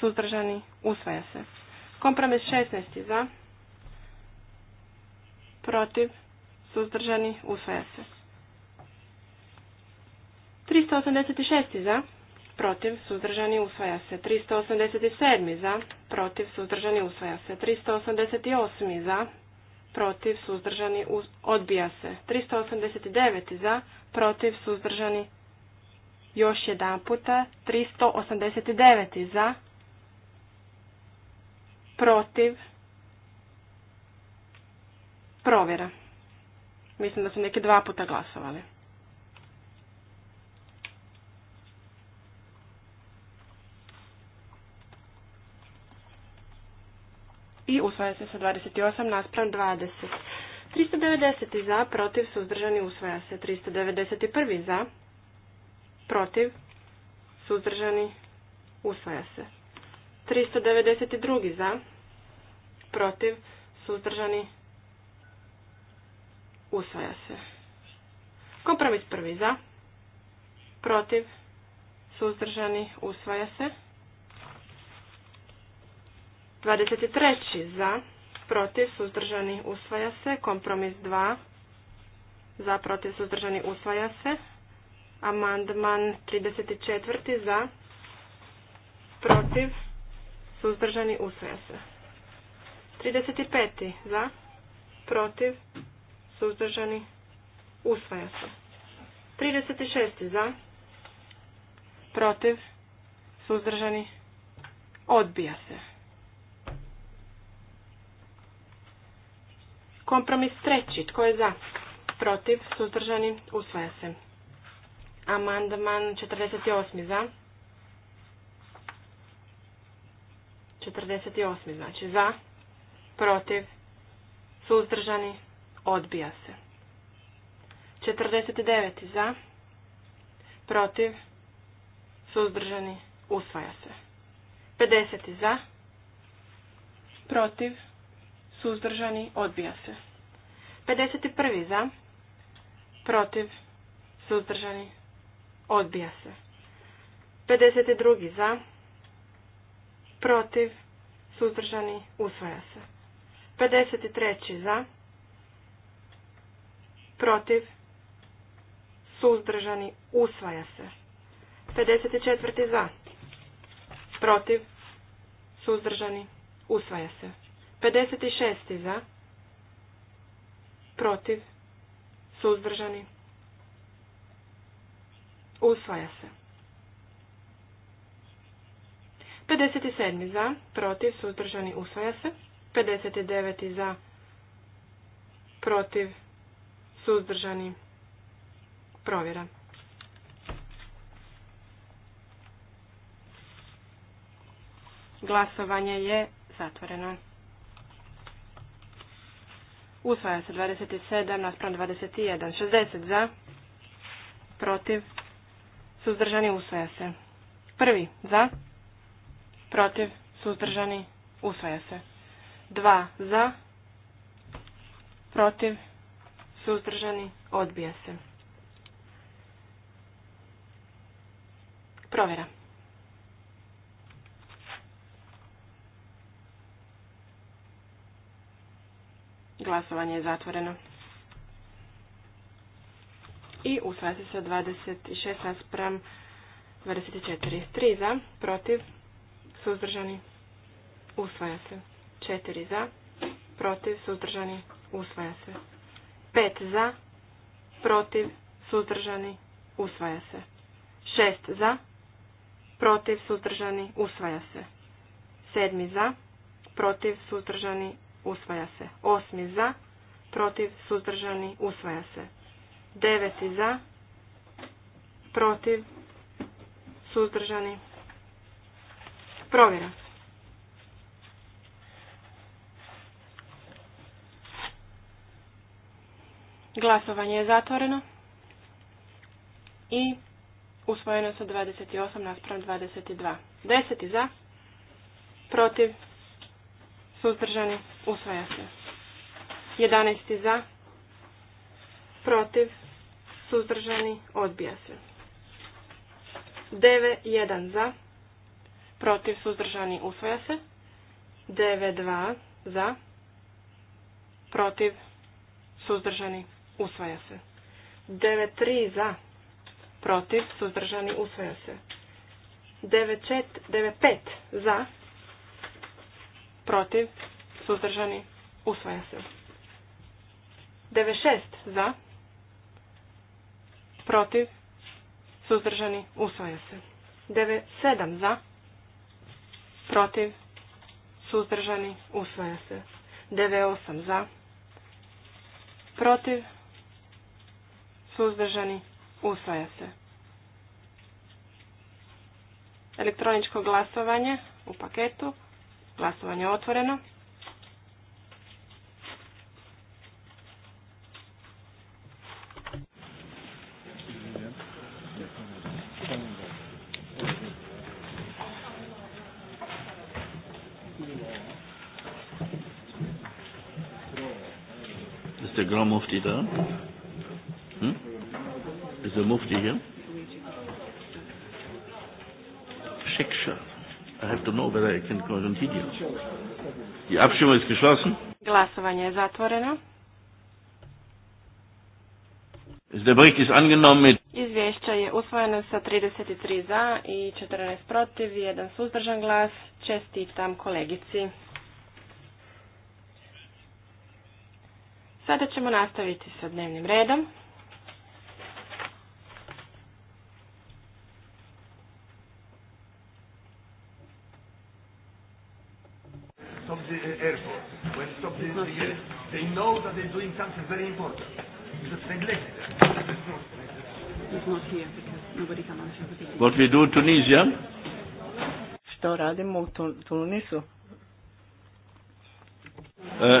suzdržani, usvaja se. Kompromis 16. za, protiv, suzdržani, usvaja se. 386. za, protiv, suzdržani, usvaja se. 387. za, protiv, suzdržani, usvaja se. 388. za, protiv, suzdržani, odbija se. 389. za, protiv, suzdržani, još jedan puta. 389. za, protiv, provjera. Mislim da su neki dva puta glasovali. i usvaja se sa 28 naspram 20. 390. za, protiv, suzdržani, usvaja se. 391. za, protiv, suzdržani, usvaja se. 392. za, protiv, suzdržani, usvaja se. Kompromis prvi za, protiv, suzdržani, usvaja se. 23. za, protiv, suzdržani, usvaja se. Kompromis 2. Za, protiv, suzdržani, usvaja se. Amandman 34. za, protiv, suzdržani, usvaja se. 35. za, protiv, suzdržani, usvaja se. 36. za, protiv, suzdržani, odbija se. Kompromis treći. Tko je za? Protiv. Suzdržani. Usvaja se. Amandman 48. Za. 48. Znači za. Protiv. Suzdržani. Odbija se. 49. Za. Protiv. Suzdržani. Usvaja se. 50. Za. Protiv suzdržani, odbija se. 51. za, protiv, suzdržani, odbija se. 52. za, protiv, suzdržani, usvaja se. 53. za, protiv, suzdržani, usvaja se. 54. za, protiv, suzdržani, usvaja se. 56. za. Protiv. Suzdržani. Usvaja se. 57. za. Protiv. Suzdržani. Usvaja se. 59. za. Protiv. Suzdržani. Provjera. Glasovanje je zatvoreno. Usvaja se 27 naspram 21. 60 za. Protiv. Suzdržani usvaja se. Prvi za. Protiv. Suzdržani usvaja se. Dva za. Protiv. Suzdržani odbija se. Provjera. Glasovanje je zatvoreno. I usvaja se 26 naspram 24. 3 za, protiv, suzdržani, usvaja se. 4 za, protiv, suzdržani, usvaja se. 5 za, protiv, suzdržani, usvaja se. 6 za, protiv, suzdržani, usvaja se. 7 za, protiv, suzdržani, usvaja se. Osmi za, protiv, suzdržani, usvaja se. Deveti za, protiv, suzdržani, provjera. Glasovanje je zatvoreno i usvojeno sa 28 naspram 22. Deseti za, protiv, suzdržani, Usvaja se. 11. za. Protiv. Suzdržani. Odbija se. 9.1 za. Protiv. Suzdržani. Usvaja se. 9.2 za. Protiv. Suzdržani. Usvaja se. 9.3 za. Protiv. Suzdržani. Usvaja se. 9. 5 za. Protiv suzdržani, usvaja se. 96 za, protiv, suzdržani, usvaja se. 97 za, protiv, suzdržani, usvaja se. 98 za, protiv, suzdržani, usvaja se. Elektroničko glasovanje u paketu, glasovanje otvoreno. Grand Mufti da? Hm? Is the Mufti here? Sheksha. I have to know whether I can continue. Die Abstimmung ist geschlossen. Glasovanje je zatvoreno. Der Bericht ist angenommen mit Izvješće je usvojeno sa 33 za i 14 protiv i jedan suzdržan glas. Čestitam kolegici. Sada ćemo nastaviti sa dnevnim redom. Stop the airport. When stop the, the they know that they're doing something very important. Because It's not here because What we do Tunisia? Što radimo u Tunisu? Uh,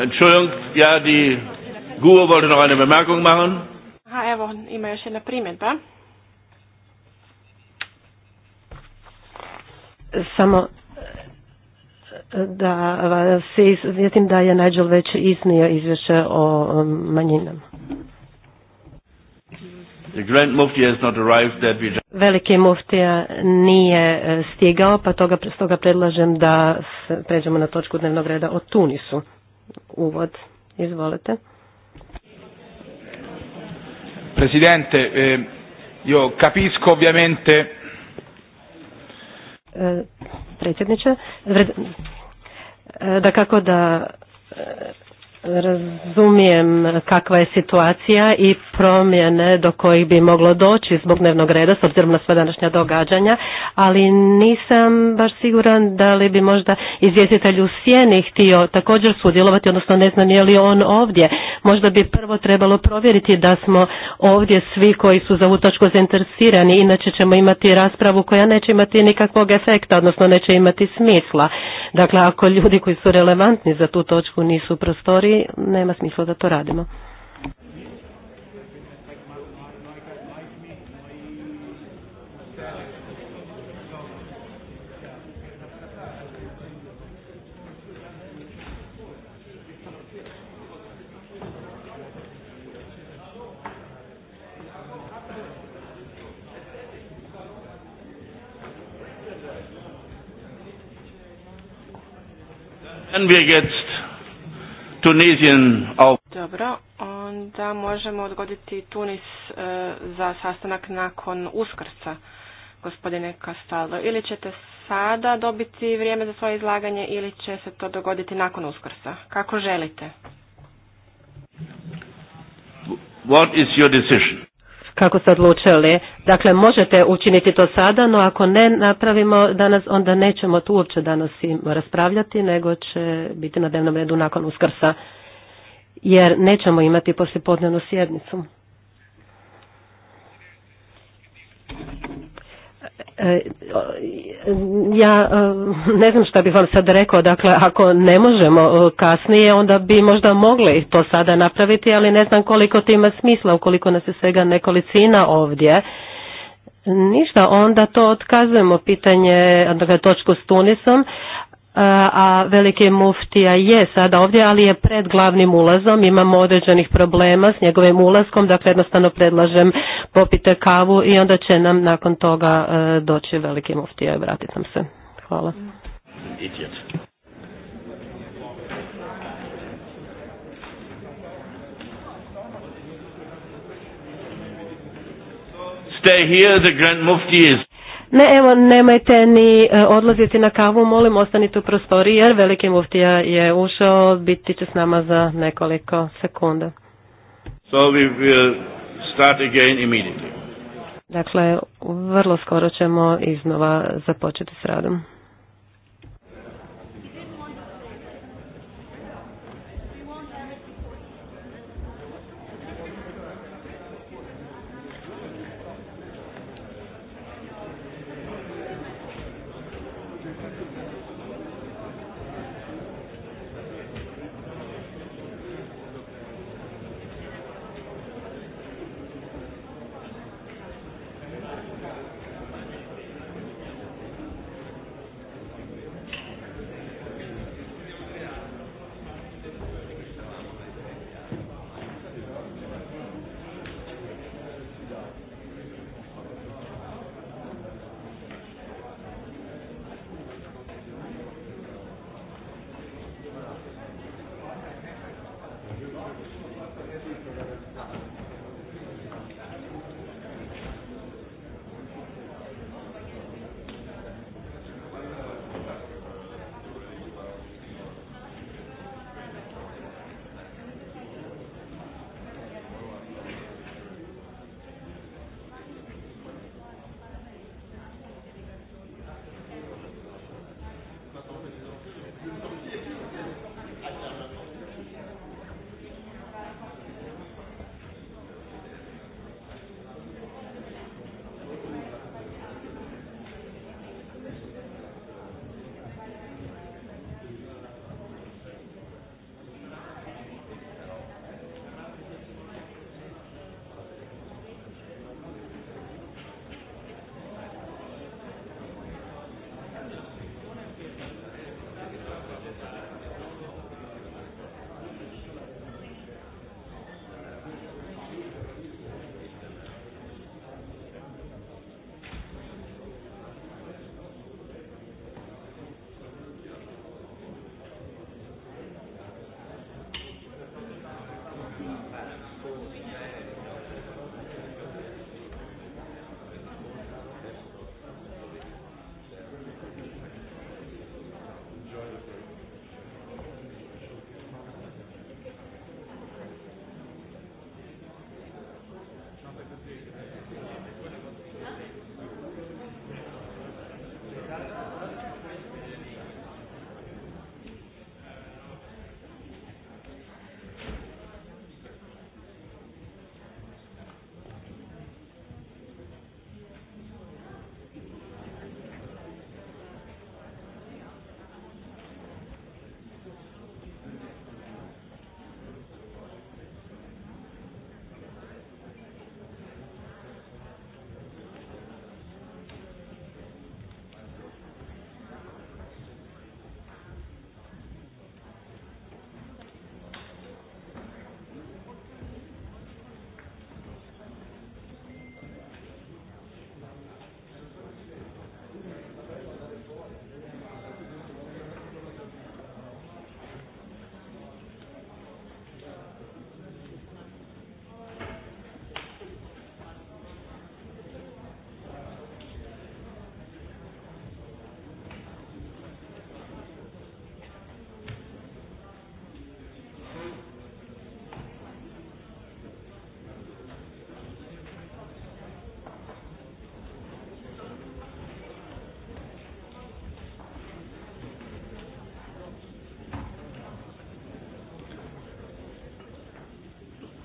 Entschuldigung, ja, die Gur wollte noch eine Bemerkung machen. Aha, evo, ima još jedna primjedba. Samo da vas izvjetim da je Nigel već iznio izvješće o um, manjinama. The grand mufti has not arrived, that we... Veliki muftija nije e, stigao, pa toga, stoga predlažem da pređemo na točku dnevnog reda o Tunisu. Uvod, izvolite. Presidente, eh, io capisco ovviamente... Eh, predsjedniče, vred, eh, da kako eh, da... Razumijem kakva je situacija i promjene do kojih bi moglo doći zbog dnevnog reda s obzirom na sva današnja događanja, ali nisam baš siguran da li bi možda izvjestitelj u sjeni htio također sudjelovati, odnosno ne znam je li on ovdje. Možda bi prvo trebalo provjeriti da smo ovdje svi koji su za ovu točku zainteresirani, inače ćemo imati raspravu koja neće imati nikakvog efekta, odnosno neće imati smisla. Dakle, ako ljudi koji su relevantni za tu točku nisu prostori, stvari nema smisla da to radimo. wir jetzt Tunisian of... Dobro, onda možemo odgoditi Tunis e, za sastanak nakon uskrsa, gospodine Castaldo. Ili ćete sada dobiti vrijeme za svoje izlaganje ili će se to dogoditi nakon uskrsa. Kako želite? What is your decision? kako ste odlučili. Dakle, možete učiniti to sada, no ako ne napravimo danas, onda nećemo tu uopće danas raspravljati, nego će biti na dnevnom redu nakon uskrsa, jer nećemo imati poslijepodnevnu sjednicu. E, ja e, ne znam šta bih vam sad rekao, dakle ako ne možemo e, kasnije onda bi možda mogli to sada napraviti, ali ne znam koliko to ima smisla ukoliko nas je svega nekolicina ovdje. Ništa, onda to otkazujemo pitanje, dakle točku s Tunisom, a veliki muftija je sada ovdje, ali je pred glavnim ulazom, imamo određenih problema s njegovim ulaskom, dakle jednostavno predlažem popite kavu i onda će nam nakon toga e, doći veliki muftija i vratit nam se. Hvala. Stay here, the Grand Mufti is ne, evo, nemojte ni e, odlaziti na kavu, molim, ostanite u prostoriji jer veliki muftija je ušao, biti će s nama za nekoliko sekunda. So we will start again immediately. Dakle, vrlo skoro ćemo iznova započeti s radom.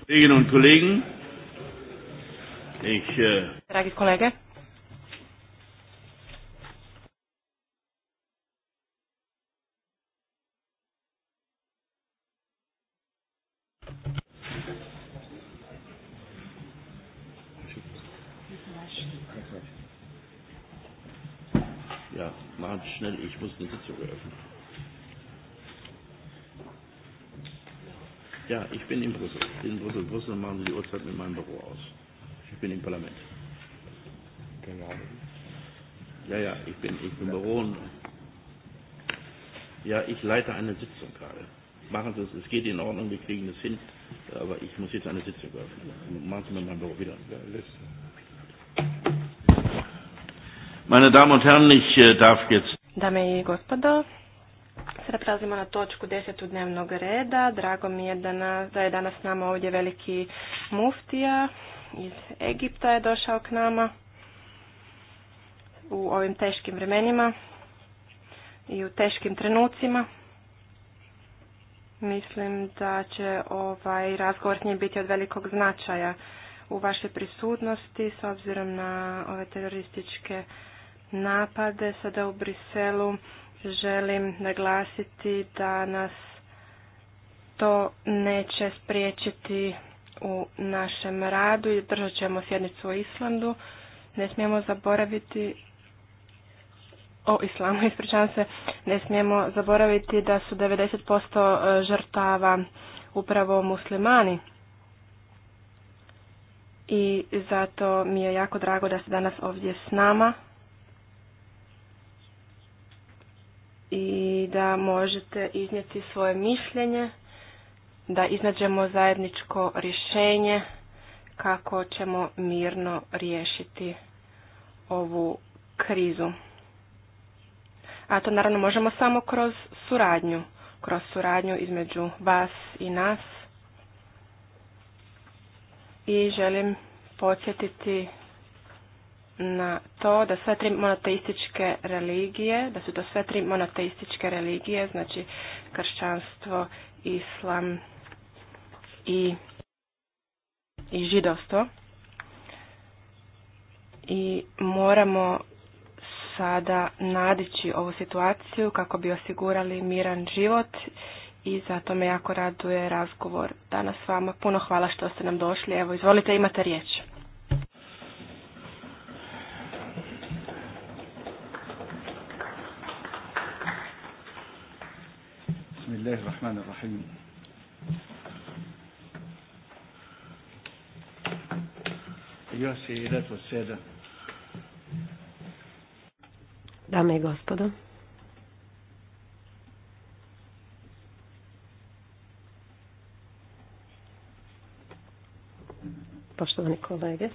Kolleginnen und Kollegen, ich, äh, Dragi kolege, Ja, machen Sie schnell, ich muss eine Sitzung eröffnen. Ja, ich bin in Brüssel. In Brüssel, Brüssel machen Sie die Uhrzeit mit meinem Büro aus. Ich bin im Parlament. Genau. Ja, ja, ich bin, ich bin ja. Büro. Und ja, ich leite eine Sitzung gerade. Machen Sie es, es geht in Ordnung, wir kriegen es hin. Aber ich muss jetzt eine Sitzung öffnen. Machen Sie mir mein Büro wieder. Meine Damen und Herren, ich äh, darf jetzt. Dame i gospodo, Sada prelazimo na točku desetu dnevnog reda. Drago mi je da, je danas s nama ovdje veliki muftija iz Egipta je došao k nama u ovim teškim vremenima i u teškim trenucima. Mislim da će ovaj razgovor s biti od velikog značaja u vašoj prisutnosti s obzirom na ove terorističke napade sada u Briselu želim naglasiti da nas to neće spriječiti u našem radu i držat ćemo sjednicu o Islandu. Ne smijemo zaboraviti o islamu, ispričavam se, ne smijemo zaboraviti da su 90% e, žrtava upravo muslimani. I zato mi je jako drago da ste danas ovdje s nama i da možete iznijeti svoje mišljenje, da iznađemo zajedničko rješenje kako ćemo mirno riješiti ovu krizu. A to naravno možemo samo kroz suradnju, kroz suradnju između vas i nas. I želim podsjetiti na to da sve tri monoteističke religije, da su to sve tri monoteističke religije, znači kršćanstvo, islam i, i židovstvo. I moramo sada nadići ovu situaciju kako bi osigurali miran život i zato me jako raduje razgovor danas s vama. Puno hvala što ste nam došli. Evo, izvolite, imate riječ. الله الرحمن الرحيم أيها السيدات والسادة Dame i gospodo, poštovani kolege,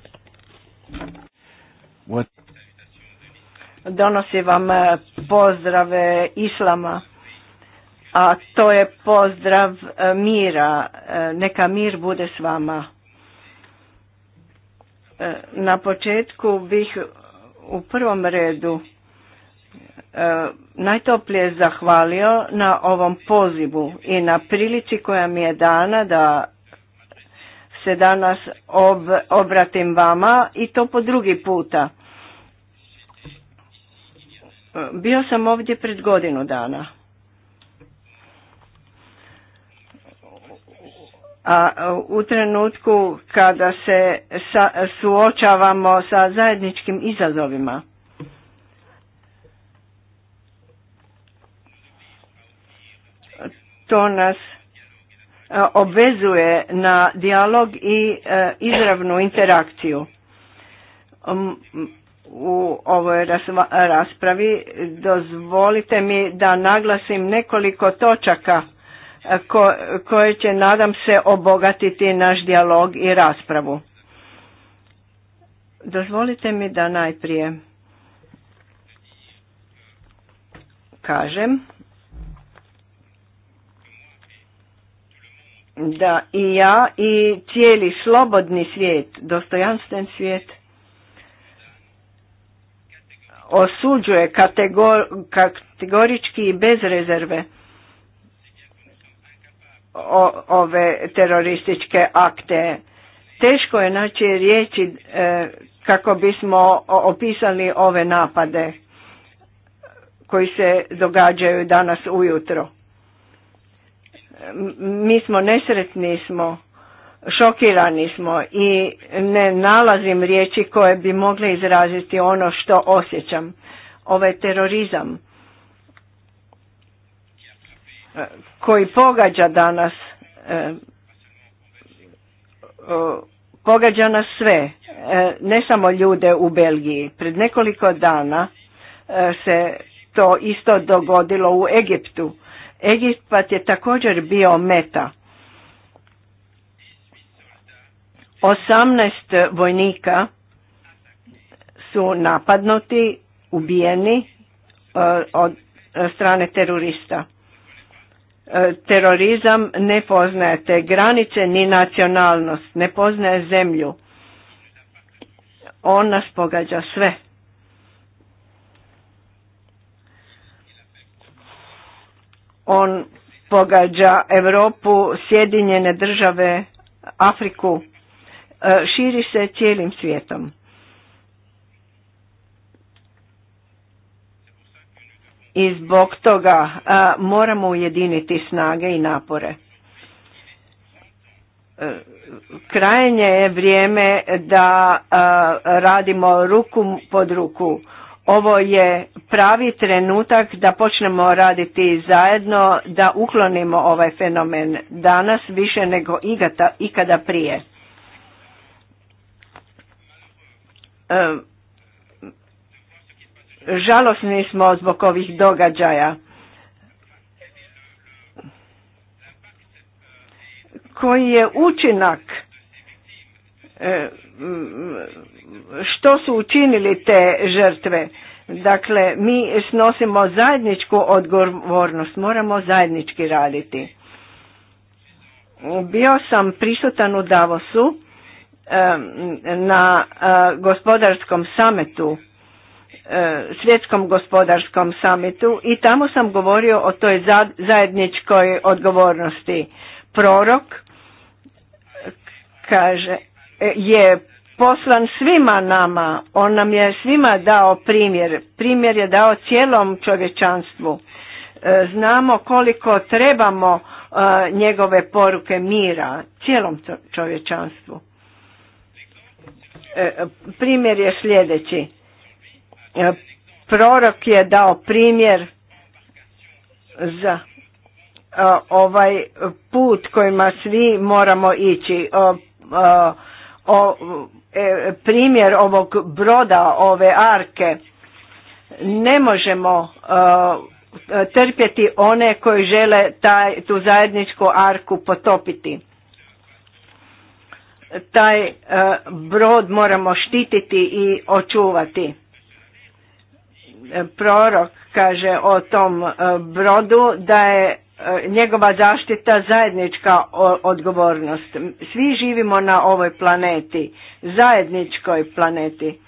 donosi vam eh, pozdrave Islama a to je pozdrav e, mira. E, neka mir bude s vama. E, na početku bih u prvom redu najtoplije zahvalio na ovom pozivu i na prilici koja mi je dana da se danas ob, obratim vama i to po drugi puta. Bio sam ovdje pred godinu dana. A u trenutku kada se suočavamo sa zajedničkim izazovima. To nas obvezuje na dijalog i e, izravnu interakciju. Um, u ovoj raspravi dozvolite mi da naglasim nekoliko točaka ko, koje će nadam se obogatiti naš dijalog i raspravu. Dozvolite mi da najprije kažem da i ja i cijeli slobodni svijet, dostojanstven svijet, osuđuje kategor, kategorički i bez rezerve o, ove terorističke akte. Teško je naći riječi e, kako bismo opisali ove napade koji se događaju danas ujutro. Mi smo nesretni smo, šokirani smo i ne nalazim riječi koje bi mogle izraziti ono što osjećam. Ovaj terorizam E, koji pogađa danas e, pogađa nas sve, e, ne samo ljude u Belgiji. Pred nekoliko dana se to isto dogodilo u Egiptu. Egipat je također bio meta. 18 vojnika su napadnuti, ubijeni od strane terorista. E, terorizam ne poznaje te granice ni nacionalnost, ne poznaje zemlju. On nas pogađa sve. On pogađa Europu, Sjedinjene države, Afriku, e, širi se cijelim svijetom. i zbog toga moramo ujediniti snage i napore. E, Krajenje je vrijeme da radimo ruku pod ruku. Ovo je pravi trenutak da počnemo raditi zajedno, da uklonimo ovaj fenomen danas više nego igata, ikada prije. E, žalosni smo zbog ovih događaja. Koji je učinak e, što su učinili te žrtve? Dakle, mi snosimo zajedničku odgovornost, moramo zajednički raditi. Bio sam prisutan u Davosu e, na e, gospodarskom sametu E, svjetskom gospodarskom samitu i tamo sam govorio o toj zajedničkoj odgovornosti. Prorok kaže, e, je poslan svima nama, on nam je svima dao primjer, primjer je dao cijelom čovječanstvu. E, znamo koliko trebamo njegove poruke mira cijelom čovječanstvu. Primjer je sljedeći E, prorok je dao primjer za e, ovaj put kojima svi moramo ići. E, primjer ovog broda, ove arke, ne možemo trpjeti one koji žele taj, tu zajedničku arku potopiti. Taj brod moramo štititi i očuvati prorok kaže o tom e, brodu da je e, njegova zaštita zajednička odgovornost. Svi živimo na ovoj planeti, zajedničkoj planeti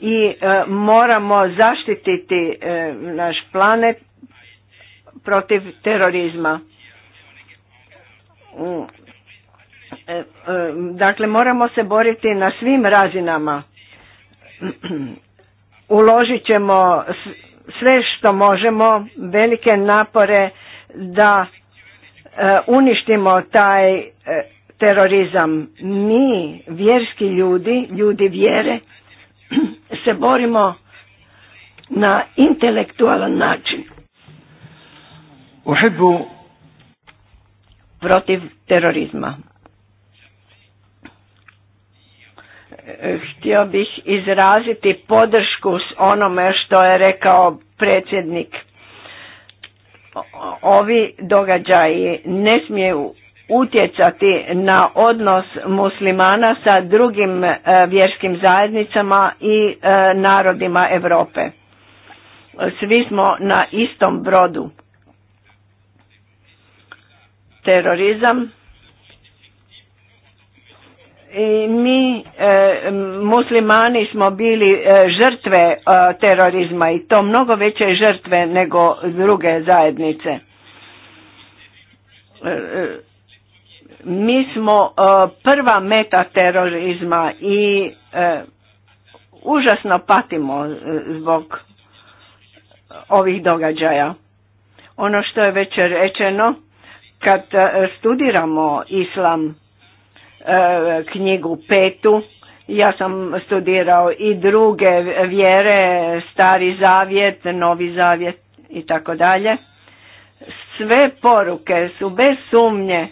i e, moramo zaštititi naš planet protiv terorizma. Mm, dakle, moramo se boriti na svim razinama Uložit ćemo sve što možemo, velike napore da e, uništimo taj e, terorizam. Mi, vjerski ljudi, ljudi vjere, se borimo na intelektualan način. Uhibu protiv terorizma. htio bih izraziti podršku s onome što je rekao predsjednik. Ovi događaji ne smiju utjecati na odnos muslimana sa drugim e, vjerskim zajednicama i e, narodima Europe. Svi smo na istom brodu. Terorizam i mi e, muslimani smo bili e, žrtve e, terorizma i to mnogo veće žrtve nego druge zajednice. Mi smo prva meta terorizma i užasno patimo zbog ovih događaja. Ono što je već rečeno, kad studiramo islam, E, knjigu petu. Ja sam studirao i druge vjere, Stari zavjet, Novi zavjet i tako dalje. Sve poruke su bez sumnje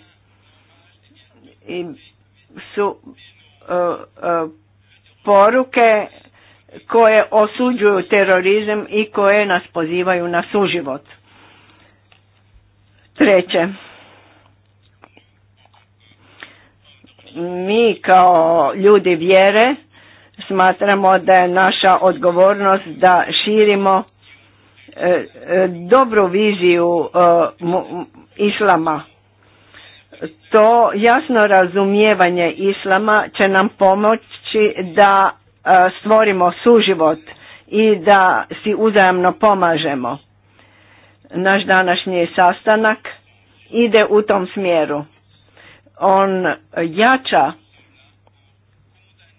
i su e, e, poruke koje osuđuju terorizam i koje nas pozivaju na suživot. Treće, mi kao ljudi vjere smatramo da je naša odgovornost da širimo e, e, dobru viziju e, islama. To jasno razumijevanje islama će nam pomoći da stvorimo suživot i da si uzajamno pomažemo. Naš današnji sastanak ide u tom smjeru on jača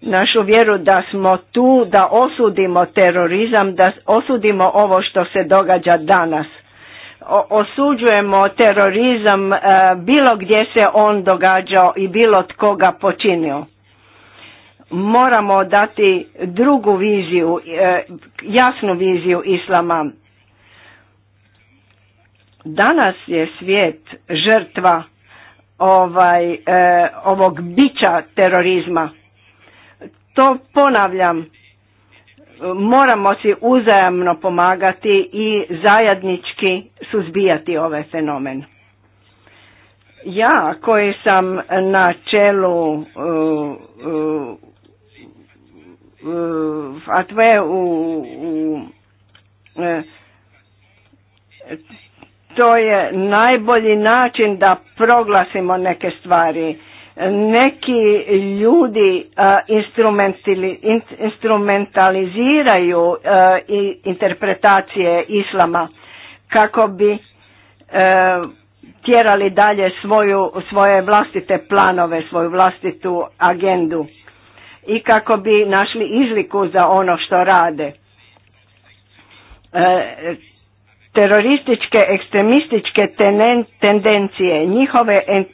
našu vjeru da smo tu, da osudimo terorizam, da osudimo ovo što se događa danas. osuđujemo terorizam e, bilo gdje se on događao i bilo tko ga počinio. Moramo dati drugu viziju, e, jasnu viziju islama. Danas je svijet žrtva ovaj, e, ovog bića terorizma. To ponavljam, moramo si uzajamno pomagati i zajednički suzbijati ovaj fenomen. Ja koji sam na čelu uh, u, u to je najbolji način da proglasimo neke stvari. Neki ljudi instrumentaliziraju interpretacije islama kako bi e, tjerali dalje svoju, svoje vlastite planove, svoju vlastitu agendu i kako bi našli izliku za ono što rade. E, terorističke, ekstremističke tenen, tendencije, njihove en, e,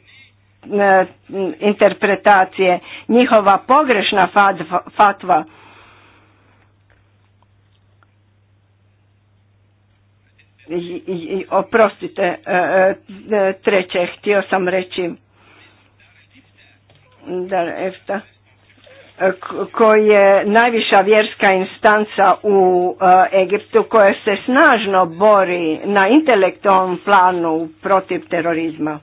interpretacije, njihova pogrešna fatva. I, i, oprostite, e, e, treće, htio sam reći da EFTA koji je najviša vjerska instanca u eh, Egiptu koja se snažno bori na intelektualnom planu protiv terorizma.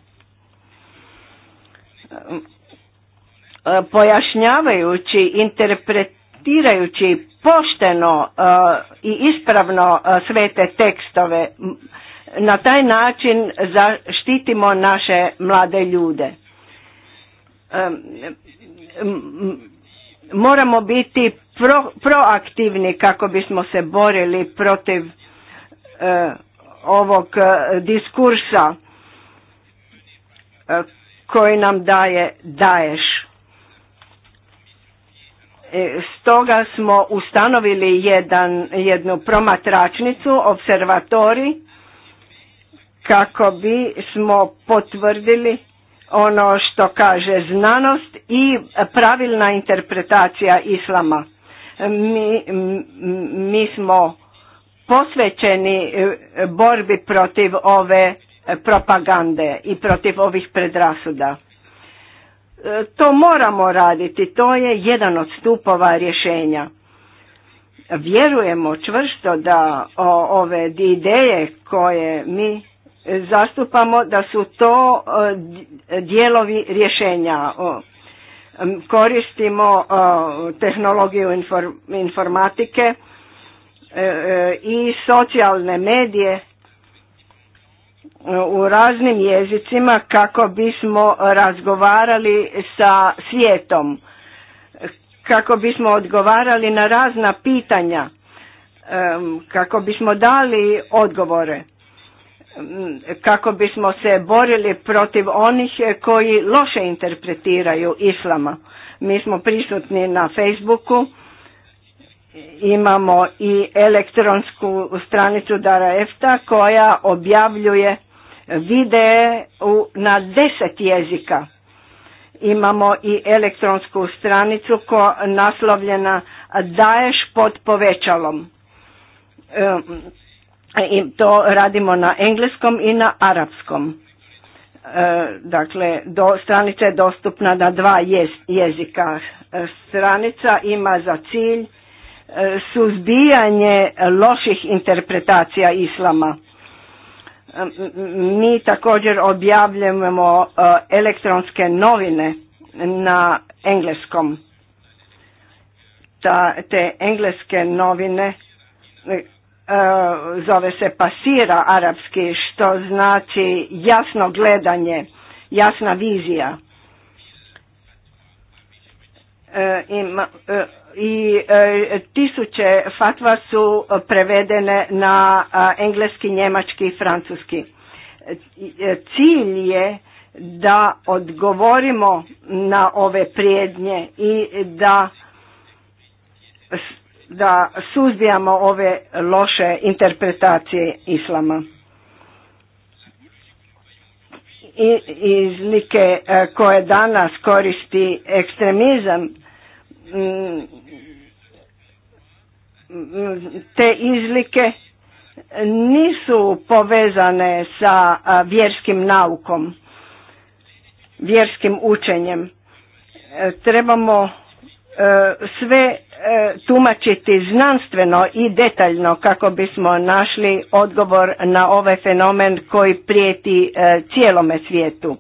Eh, pojašnjavajući, interpretirajući pošteno eh, i ispravno sve te tekstove, na taj način zaštitimo naše mlade ljude Moramo biti pro, proaktivni kako bismo se borili protiv e, ovog e, diskursa e, koji nam daje daješ. Stoga smo ustanovili jedan, jednu promatračnicu, observatori, kako bi smo potvrdili ono što kaže znanost i pravilna interpretacija islama. Mi, mi smo posvećeni e, borbi protiv ove propagande i protiv ovih predrasuda. E, to moramo raditi, to je jedan od stupova rješenja. Vjerujemo čvrsto da ove ideje koje mi zastupamo da su to e, dijelovi rješenja. Koristimo e, tehnologiju informatike e, i socijalne medije u raznim jezicima kako bismo razgovarali sa svijetom, kako bismo odgovarali na razna pitanja, kako bismo dali odgovore. Mm, kako bismo se borili protiv onih koji loše interpretiraju islama. Mi smo prisutni na Facebooku, imamo i elektronsku stranicu Dara Efta koja objavljuje videe na deset jezika. Imamo i elektronsku stranicu koja naslovljena Daješ pod povećalom. E, E, I to radimo na engleskom i na arapskom. E, dakle, do, stranica je dostupna na dva jezika. E, stranica ima za cilj suzbijanje loših interpretacija islama. Mi također objavljujemo elektronske novine na engleskom. Ta, te engleske novine E, zove se pasira arapski što znači jasno gledanje, jasna vizija. E, e, I tisuće fatva su prevedene na engleski, njemački i francuski. Cilj je da odgovorimo na ove prijednje i da da suzbijamo ove loše interpretacije islama. I izlike eh, koje danas koristi ekstremizam, mm, mm, te izlike nisu povezane sa eh, vjerskim naukom, vjerskim učenjem. Eh, trebamo E, sve e, tumačiti znanstveno i detaljno kako bismo našli odgovor na ovaj fenomen koji prijeti e, cijelome svijetu.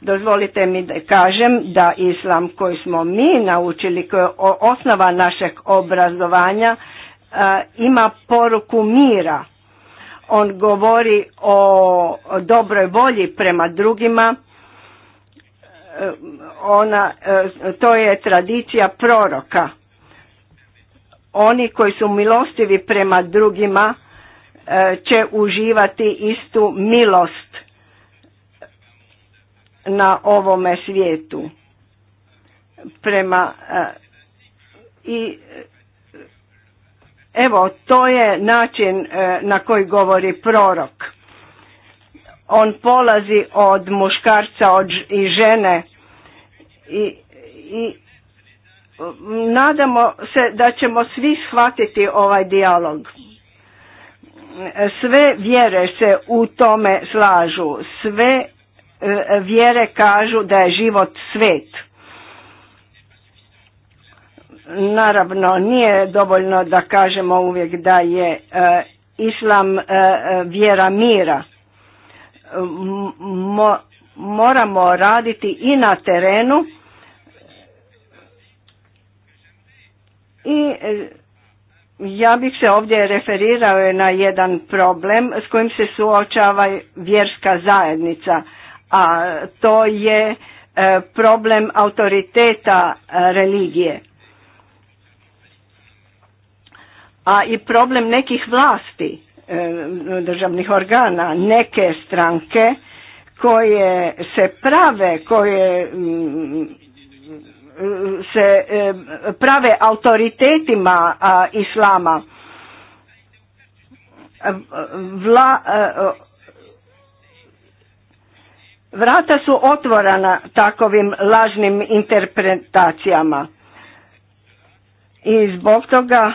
Dozvolite mi da kažem da islam koji smo mi naučili, koji je osnova našeg obrazovanja, ima poruku mira. On govori o dobroj volji prema drugima, ona, e, to je tradicija proroka. Oni koji su milostivi prema drugima e, će uživati istu milost na ovome svijetu. Prema e, i evo to je način na koji govori prorok on polazi od muškarca od i žene i, i nadamo se da ćemo svi shvatiti ovaj dijalog sve vjere se u tome slažu sve e, vjere kažu da je život svet naravno nije dovoljno da kažemo uvijek da je e, islam e, vjera mira Mo, moramo raditi i na terenu i e, ja bih se ovdje referirao na jedan problem s kojim se suočava vjerska zajednica, a to je e, problem autoriteta e, religije. A i problem nekih vlasti E, državnih organa neke stranke koje se prave koje mm, se e, prave autoritetima islama vla e, vrata su otvorena takovim lažnim interpretacijama i zbog toga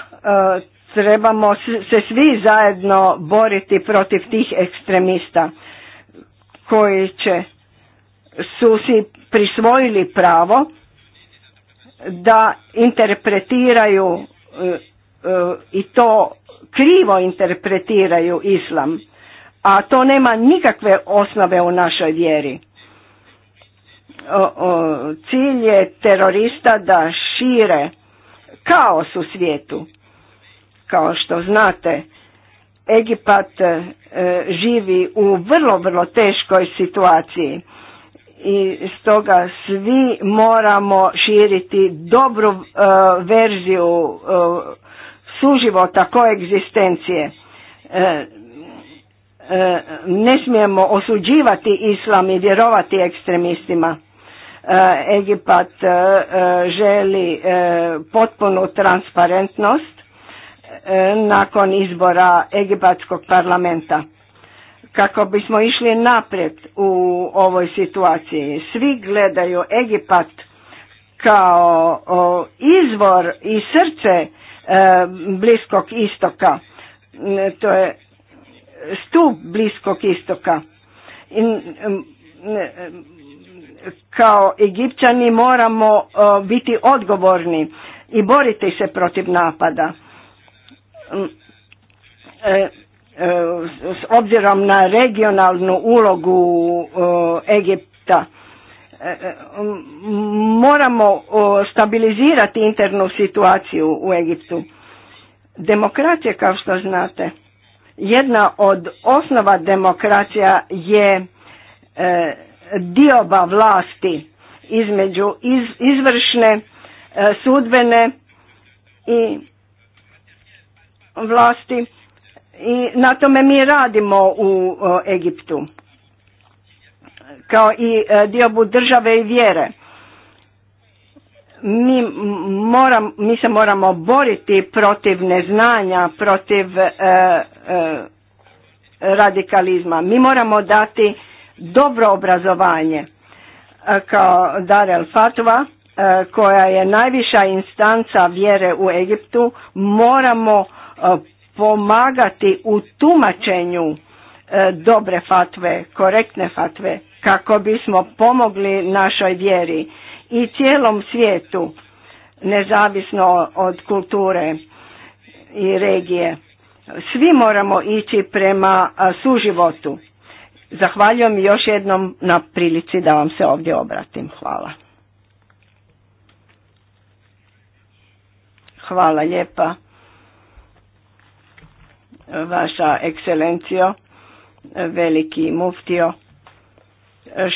trebamo se svi zajedno boriti protiv tih ekstremista koji će su si prisvojili pravo da interpretiraju e, e, i to krivo interpretiraju islam a to nema nikakve osnove u našoj vjeri cilj je terorista da šire kaos u svijetu kao što znate, Egipat e, živi u vrlo, vrlo teškoj situaciji i stoga svi moramo širiti dobru e, verziju e, suživota koegzistencije. E, ne smijemo osuđivati islam i vjerovati ekstremistima. Egipat želi potpunu transparentnost E, nakon izbora Egipatskog parlamenta kako bismo išli naprijed u ovoj situaciji. Svi gledaju Egipat kao izvor i srce e, Bliskog istoka. E, to je stup Bliskog istoka. Kao Egipćani moramo biti odgovorni i boriti se protiv napada. E, e, s obzirom na regionalnu ulogu Egipta e, moramo stabilizirati internu situaciju u Egiptu. Demokracija, kao što znate, jedna od osnova demokracija je dioba vlasti između izvršne, sudbene i vlasti i na tome mi radimo u e, Egiptu kao i e, diobu države i vjere. Mi, moram, mi se moramo boriti protiv neznanja, protiv e, radikalizma. Mi moramo dati dobro obrazovanje kao Dar fatva Fatwa koja je najviša instanca vjere u Egiptu, moramo E, pomagati u tumačenju e, dobre fatve, korektne fatve, kako bismo pomogli našoj vjeri i cijelom svijetu, nezavisno od kulture i regije. Svi moramo ići prema e, suživotu. Zahvaljujem još jednom na prilici da vam se ovdje obratim. Hvala. Hvala lijepa vaša ekscelencijo, veliki muftio,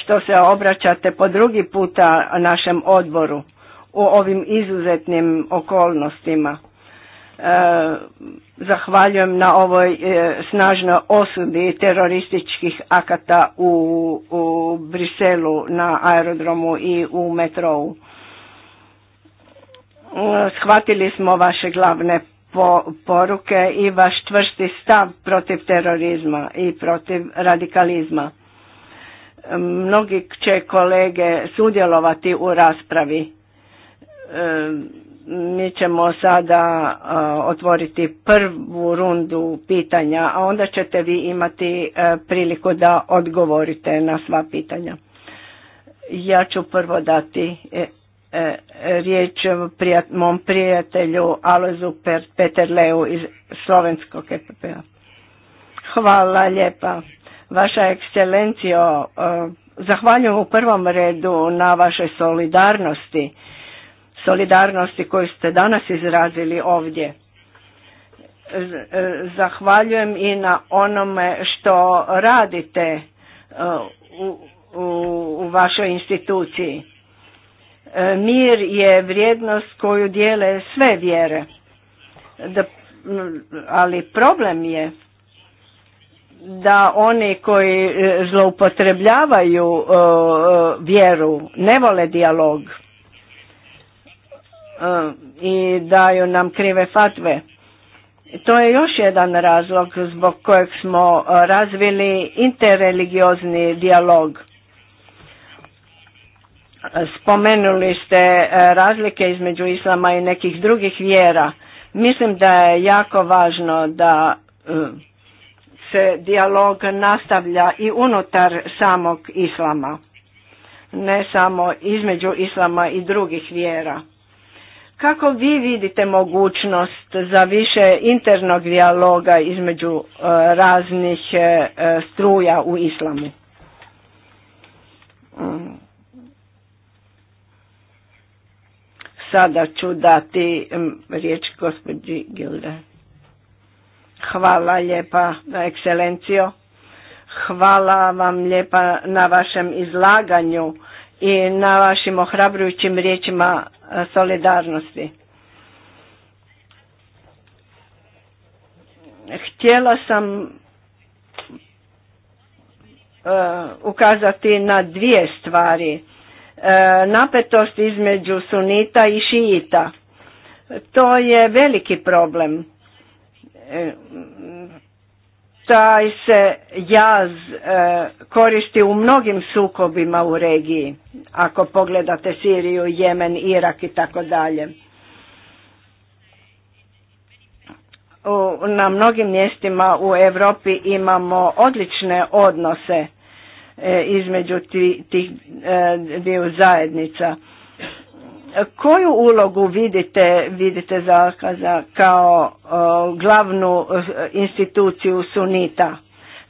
što se obraćate po drugi puta našem odboru u ovim izuzetnim okolnostima. E, zahvaljujem na ovoj e, snažnoj osudi terorističkih akata u, u Briselu na aerodromu i u metrou. E, shvatili smo vaše glavne poruke i vaš čvrsti stav protiv terorizma i protiv radikalizma. Mnogi će kolege sudjelovati u raspravi. E, mi ćemo sada e, otvoriti prvu rundu pitanja, a onda ćete vi imati e, priliku da odgovorite na sva pitanja. Ja ću prvo dati E, riječ o mom prijatelju Alozu Peterleu iz slovenskog EPP-a. Hvala lijepa. Vaša ekscelencijo, e, zahvaljujem u prvom redu na vašoj solidarnosti, solidarnosti koju ste danas izrazili ovdje. E, zahvaljujem i na onome što radite u, u vašoj instituciji E, mir je vrijednost koju dijele sve vjere. Da, ali problem je da oni koji e, zloupotrebljavaju e, vjeru ne vole dijalog i daju nam krive fatve. To je još jedan razlog zbog kojeg smo razvili interreligiozni dijalog. Spomenuli ste e, razlike između islama i nekih drugih vjera. Mislim da je jako važno da e, se dijalog nastavlja i unutar samog islama, ne samo između islama i drugih vjera. Kako vi vidite mogućnost za više internog dijaloga između e, raznih struja u islamu? Mm. Sada ću dati riječ gospođi Gilde. Hvala lijepa, ekscelencijo. Hvala vam lijepa na vašem izlaganju i na vašim ohrabrujućim riječima e, solidarnosti. Htjela sam e, ukazati na dvije stvari E, napetost između sunita i šijita. To je veliki problem. E, taj se jaz e, koristi u mnogim sukobima u regiji, ako pogledate Siriju, Jemen, Irak i tako dalje. Na mnogim mjestima u Europi imamo odlične odnose E, između tih e, dviju zajednica. Koju ulogu vidite, vidite zakaza kao e, glavnu instituciju sunita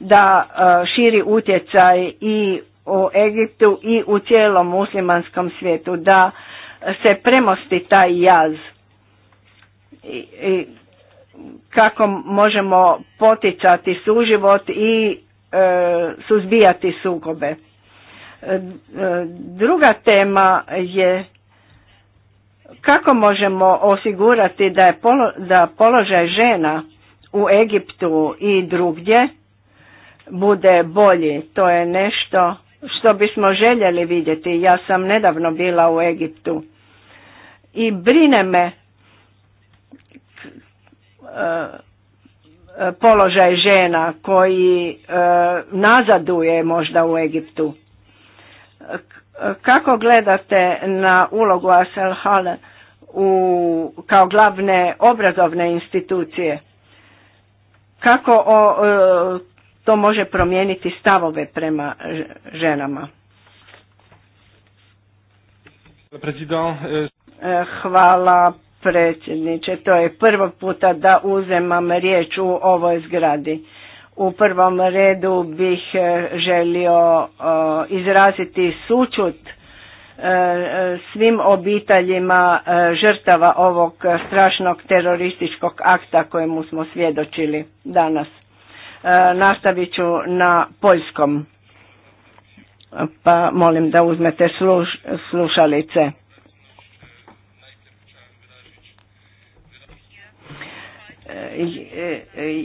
da širi utjecaj i u Egiptu i u cijelom muslimanskom svijetu, da se premosti taj jaz i, kako možemo poticati suživot i E, suzbijati sukobe. E, e, druga tema je kako možemo osigurati da je polo, da položaj žena u Egiptu i drugdje bude bolji. To je nešto što bismo željeli vidjeti. Ja sam nedavno bila u Egiptu i brine me položaj žena koji e, nazaduje možda u Egiptu. Kako gledate na ulogu Asel Hale u, kao glavne obrazovne institucije? Kako o, e, to može promijeniti stavove prema ženama? E, hvala predsjedniče. To je prvo puta da uzemam riječ u ovoj zgradi. U prvom redu bih e, želio e, izraziti sučut e, svim obiteljima žrtava ovog strašnog terorističkog akta kojemu smo svjedočili danas. Nastavit ću na poljskom, pa molim da uzmete slušalice. E, e,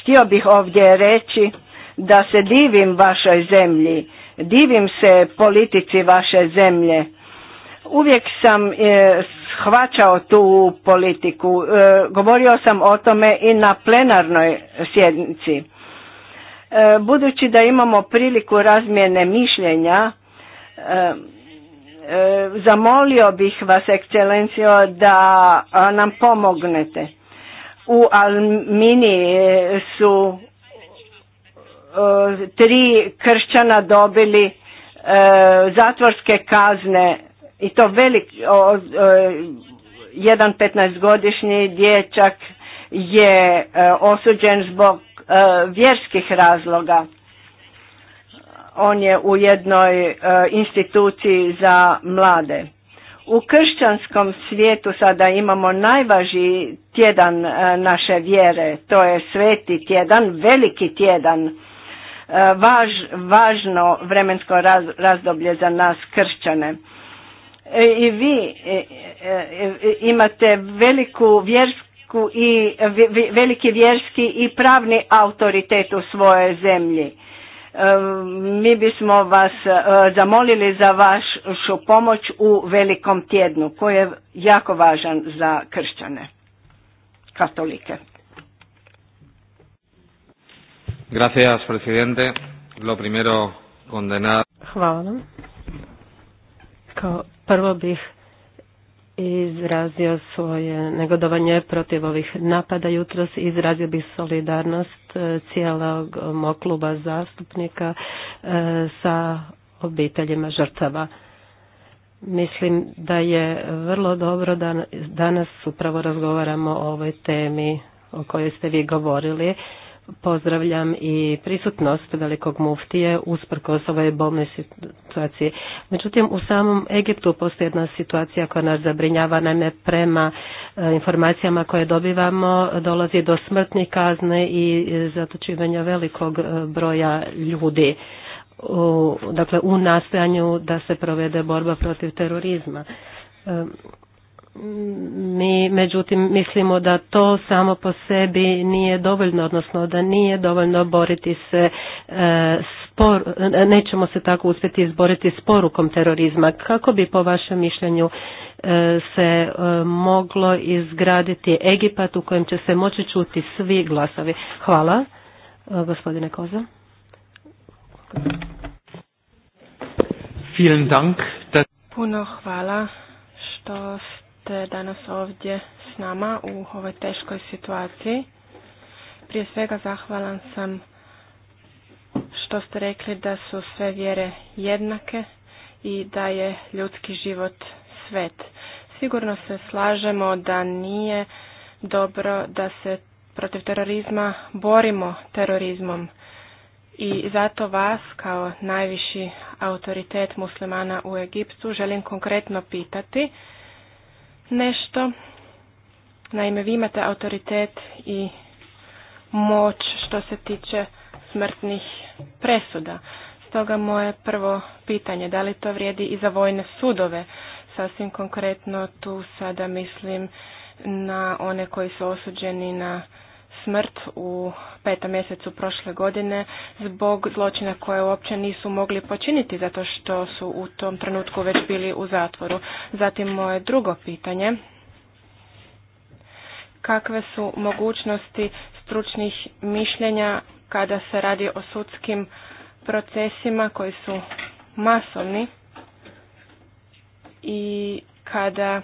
htio bih ovdje reći da se divim vašoj zemlji, divim se politici vaše zemlje. Uvijek sam e, shvaćao tu politiku, govorio sam o tome i na plenarnoj sjednici. Budući da imamo priliku razmjene mišljenja, zamolio bih vas, ekscelencijo, da nam pomognete u Alminiji eh, su eh, tri kršćana dobili eh, zatvorske kazne i to velik, jedan 15-godišnji dječak je osuđen zbog vjerskih razloga. On je u jednoj instituciji za mlade. U kršćanskom svijetu sada imamo najvažiji tjedan e, naše vjere, to je sveti tjedan, veliki tjedan, e, važno vremensko razdoblje za nas kršćane. E, I vi imate veliku vjersku i veliki vjerski i pravni autoritet u svojoj zemlji mi bismo vas e, zamolili za vašu pomoć u velikom tjednu koji je jako važan za kršćane, katolike. Gracias, presidente. Lo primero, condenar... Hvala vam. Kao prvo bih izrazio svoje negodovanje protiv ovih napada jutros i izrazio bih solidarnost cijelog mog kluba zastupnika e, sa obiteljima žrtava. Mislim da je vrlo dobro da danas upravo razgovaramo o ovoj temi o kojoj ste vi govorili pozdravljam i prisutnost velikog muftije usprkos ovoj bolne situacije. Međutim, u samom Egiptu postoji jedna situacija koja nas zabrinjava, naime prema e, informacijama koje dobivamo dolazi do smrtnih kazne i zatočivanja velikog e, broja ljudi. U, dakle, u nastojanju da se provede borba protiv terorizma. E, mi međutim mislimo da to samo po sebi nije dovoljno, odnosno da nije dovoljno boriti se e, spor, nećemo se tako uspjeti izboriti s porukom terorizma. Kako bi po vašem mišljenju e, se e, moglo izgraditi Egipat u kojem će se moći čuti svi glasovi? Hvala, e, gospodine Koza. Puno hvala što ste danas ovdje s nama u ovoj teškoj situaciji. Prije svega zahvalan sam što ste rekli da su sve vjere jednake i da je ljudski život svet. Sigurno se slažemo da nije dobro da se protiv terorizma borimo terorizmom i zato vas kao najviši autoritet muslimana u Egiptu želim konkretno pitati nešto. Naime, vi imate autoritet i moć što se tiče smrtnih presuda. Stoga moje prvo pitanje, da li to vrijedi i za vojne sudove? Sasvim konkretno tu sada mislim na one koji su osuđeni na smrt u petom mjesecu prošle godine zbog zločina koje uopće nisu mogli počiniti zato što su u tom trenutku već bili u zatvoru. Zatim moje drugo pitanje, kakve su mogućnosti stručnih mišljenja kada se radi o sudskim procesima koji su masovni i kada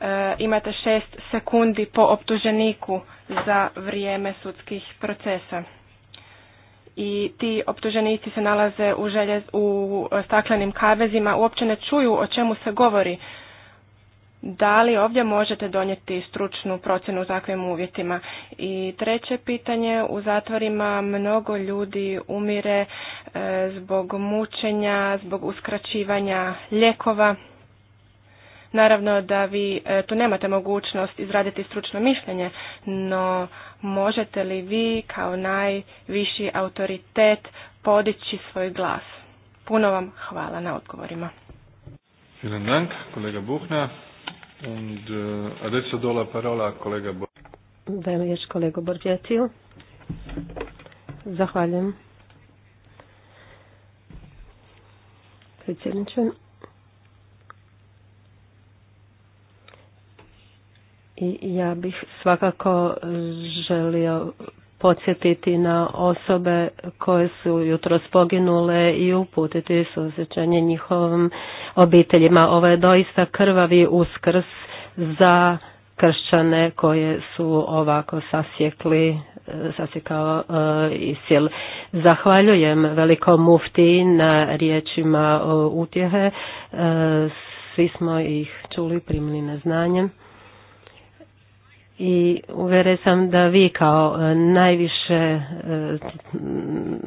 E, imate šest sekundi po optuženiku za vrijeme sudskih procesa. I ti optuženici se nalaze u, staklenim kavezima, uopće ne čuju o čemu se govori. Da li ovdje možete donijeti stručnu procjenu u takvim uvjetima? I treće pitanje, u zatvorima mnogo ljudi umire e, zbog mučenja, zbog uskraćivanja ljekova. Naravno da vi e, tu nemate mogućnost izraditi stručno mišljenje, no možete li vi kao najviši autoritet podići svoj glas? Puno vam hvala na odgovorima. Vielen Dank, kolega Buhna. Und e, adesso do la parola kolega Dajem još, kolego Borđetiju. Zahvaljujem. Predsjedniče. I ja bih svakako želio podsjetiti na osobe koje su jutros poginule i uputiti suosjećanje njihovim obiteljima. Ovo je doista krvavi uskrs za kršćane koje su ovako sasjekli, e, sasjekao e, isil. Zahvaljujem velikom mufti na riječima e, utjehe. Svi smo ih čuli, primili na i uvjeren sam da vi kao e, najviše, e,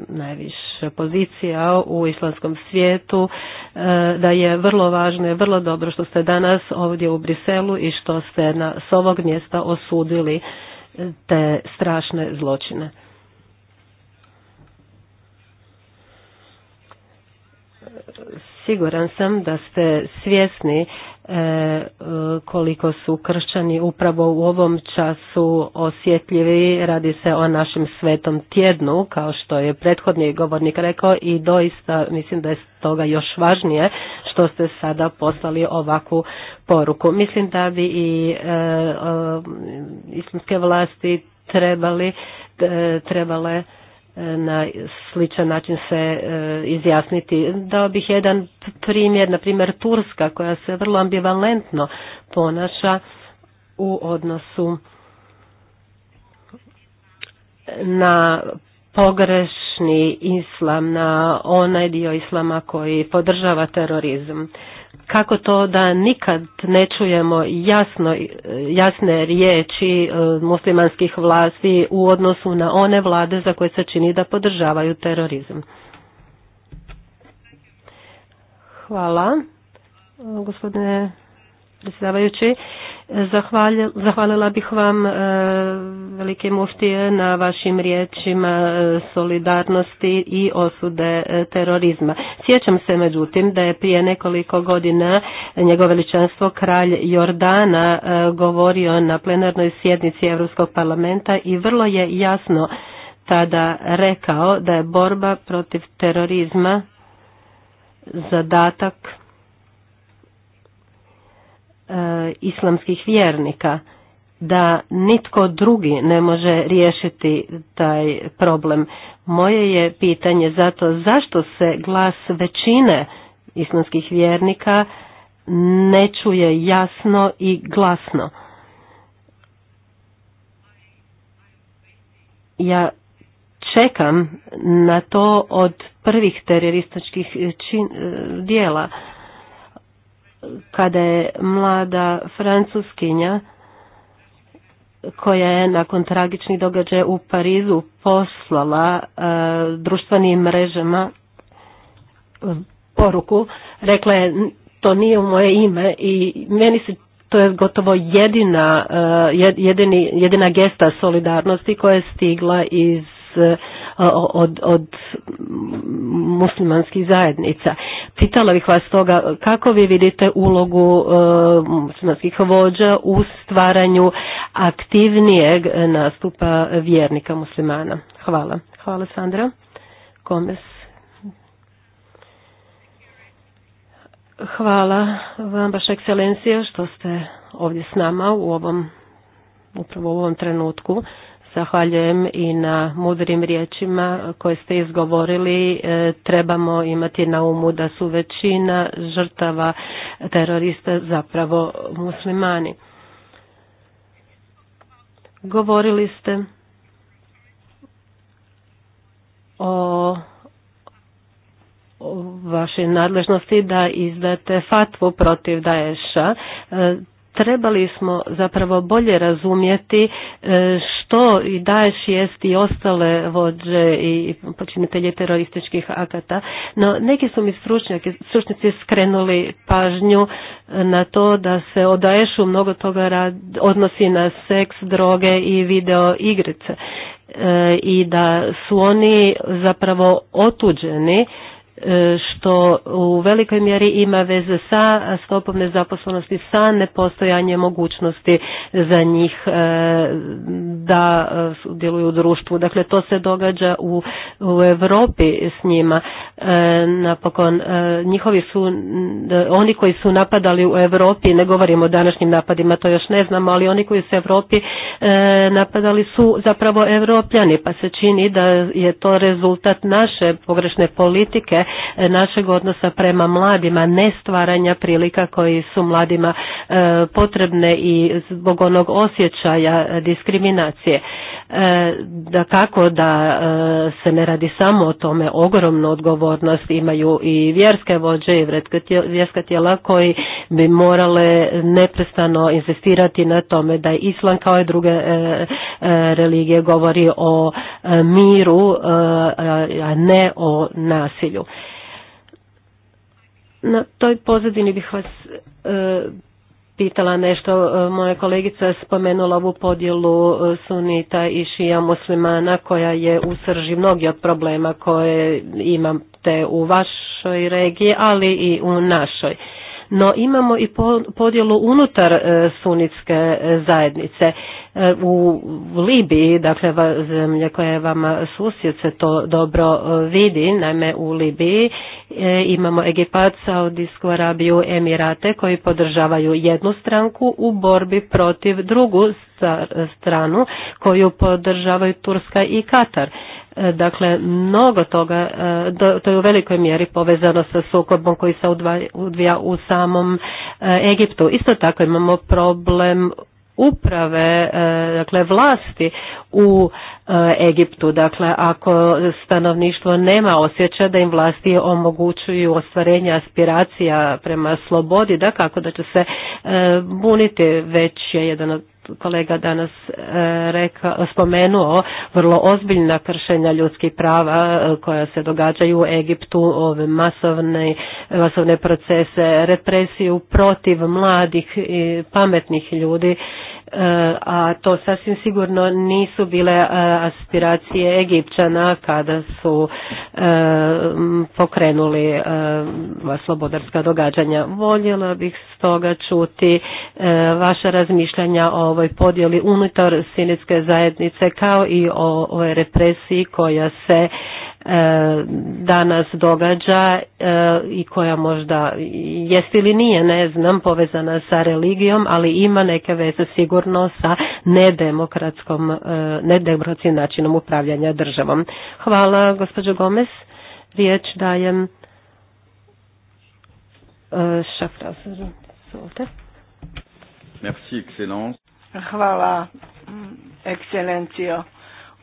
najviše pozicija u islamskom svijetu, e, da je vrlo važno i vrlo dobro što ste danas ovdje u Briselu i što ste na, s ovog mjesta osudili te strašne zločine. Siguran sam da ste svjesni e, koliko su kršćani upravo u ovom času osjetljivi. Radi se o našem svetom tjednu, kao što je prethodni govornik rekao i doista mislim da je toga još važnije što ste sada poslali ovakvu poruku. Mislim da bi i e, islamske vlasti trebali, e, trebale E, na sličan način se e, izjasniti. Dao bih jedan primjer, na primjer Turska koja se vrlo ambivalentno ponaša u odnosu na pogrešni islam, na onaj dio islama koji podržava terorizam kako to da nikad ne čujemo jasno, jasne riječi e, muslimanskih vlasti u odnosu na one vlade za koje se čini da podržavaju terorizam? Hvala, e, gospodine predsjedavajući. Zahvalila bih vam e, velike muštije na vašim riječima e, solidarnosti i osude e, terorizma. Sjećam se međutim da je prije nekoliko godina njegov veličanstvo kralj Jordana govorio na plenarnoj sjednici Europskog parlamenta i vrlo je jasno tada rekao da je borba protiv terorizma zadatak E, islamskih vjernika da nitko drugi ne može riješiti taj problem. Moje je pitanje zato zašto se glas većine islamskih vjernika ne čuje jasno i glasno. Ja čekam na to od prvih terorističkih djela. dijela kada je mlada francuskinja koja je nakon tragičnih događaja u Parizu poslala e, društvenim mrežama e, poruku, rekla je to nije u moje ime i meni se to je gotovo jedina, e, jedini, jedina gesta solidarnosti koja je stigla iz od, od muslimanskih zajednica. Pitala bih vas toga kako vi vidite ulogu e, muslimanskih vođa u stvaranju aktivnijeg nastupa vjernika muslimana. Hvala. Hvala Sandra. Komes. Hvala vam, vaša ekscelencija, što ste ovdje s nama u ovom, upravo u ovom trenutku. Zahvaljujem i na mudrim riječima koje ste izgovorili. E, trebamo imati na umu da su većina žrtava terorista zapravo muslimani. Govorili ste o vašoj nadležnosti da izdate fatvu protiv Daesha. E, trebali smo zapravo bolje razumjeti e, što i Daesh jest i ostale vođe i počinitelje terorističkih akata. No, neki su mi stručnjaki, stručnjaci skrenuli pažnju na to da se o mnogo toga rad, odnosi na seks, droge i video igrice e, i da su oni zapravo otuđeni E, što u velikoj mjeri ima veze sa stopom nezaposlenosti, sa nepostojanjem mogućnosti za njih e, da e, djeluju u društvu. Dakle, to se događa u, u Europi s njima. Napokon, njihovi su, oni koji su napadali u Europi, ne govorimo o današnjim napadima, to još ne znamo, ali oni koji su u Europi napadali su zapravo Europljani, pa se čini da je to rezultat naše pogrešne politike E, našeg odnosa prema mladima, ne stvaranja prilika koji su mladima e, potrebne i zbog onog osjećaja diskriminacije. E, da kako da se ne radi samo o tome, ogromnu odgovornost imaju i vjerske vođe i vjerska tijela koji bi morale neprestano insistirati na tome da je Islam kao i druge religije govori o miru, a ne o nasilju. Na toj pozadini bih vas e, pitala nešto. E, moja kolegica je spomenula ovu podjelu e, sunita i šija muslimana koja je u srži mnogi od problema koje imate u vašoj regiji, ali i u našoj no imamo i podjelu unutar e, sunitske e, zajednice. E, u Libiji, dakle zemlje koje vama susjed se to dobro vidi, naime u Libiji imamo Egipat, Saudijsku Arabiju, Emirate koji podržavaju jednu stranku u borbi protiv drugu stranu koju podržavaju Turska i Katar. E, dakle, mnogo toga, e, to je u velikoj mjeri povezano sa sukobom koji se odvija u samom e, Egiptu. Isto tako imamo problem uprave, dakle vlasti u Egiptu. Dakle, ako stanovništvo nema osjeća da im vlasti omogućuju ostvarenje aspiracija prema slobodi, da kako da će se buniti, već jedan od kolega danas e, reka, spomenuo, vrlo ozbiljna kršenja ljudskih prava e, koja se događaju u Egiptu, ove masovne, masovne procese, represiju protiv mladih i pametnih ljudi a to sasvim sigurno nisu bile e, aspiracije Egipćana kada su e, pokrenuli e, slobodarska događanja. Voljela bih stoga čuti vaša razmišljanja o ovoj podjeli unutar sinetske zajednice kao i o ovoj represiji koja se E, danas događa e, i koja možda jest ili nije, ne znam, povezana sa religijom, ali ima neke veze sigurno sa nedemokratskom, e, nedemokratskim načinom upravljanja državom. Hvala gospođo Gomez. Riječ dajem excellence. Hvala, mm, ekscelencijo.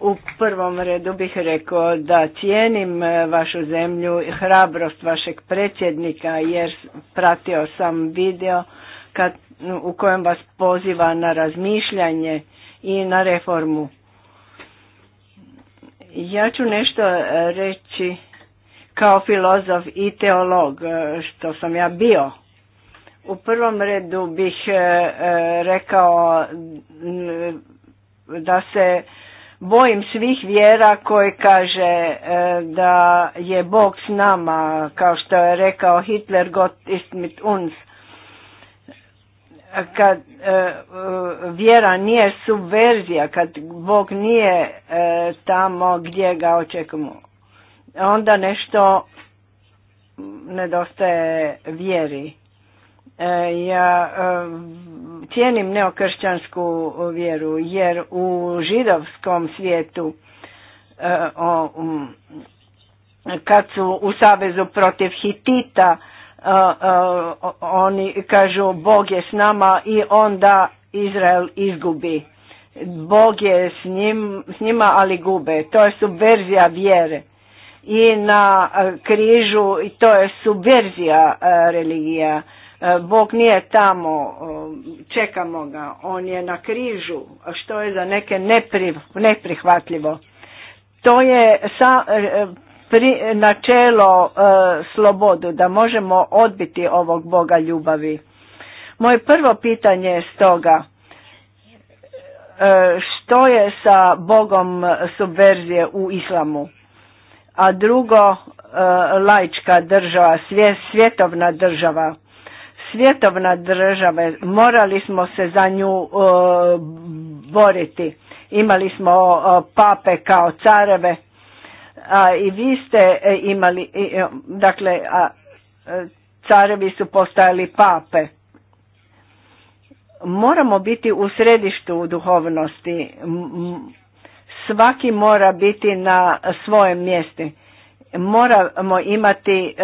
U prvom redu bih rekao da cijenim e, vašu zemlju i hrabrost vašeg predsjednika jer pratio sam video kad, u kojem vas poziva na razmišljanje i na reformu. Ja ću nešto e, reći kao filozof i teolog e, što sam ja bio. U prvom redu bih rekao da se bojim svih vjera koji kaže e, da je Bog s nama, kao što je rekao Hitler Gott ist mit uns. Kad e, vjera nije subverzija, kad Bog nije e, tamo gdje ga očekujemo, onda nešto nedostaje vjeri. Ja e, cijenim neokršćansku vjeru jer u židovskom svijetu e, um, kad su u savezu protiv Hitita e, oni kažu Bog je s nama i onda Izrael izgubi. Bog je s, njim, s njima ali gube. To je subverzija vjere. I na križu to je subverzija religija. E, Bog nije tamo, e, čekamo ga, on je na križu, što je za neke neprihvatljivo. To je sa, e, načelo slobodu, da možemo odbiti ovog Boga ljubavi. Moje prvo pitanje je stoga, što je sa Bogom subverzije u islamu? A drugo, laička država, svjetovna država svjetovna država, morali smo se za nju e, boriti. Imali smo e, pape kao careve i vi ste e, imali, dakle, carevi su postajali pape. Moramo biti u središtu u duhovnosti. Svaki mora biti na svojem mjestu. Moramo imati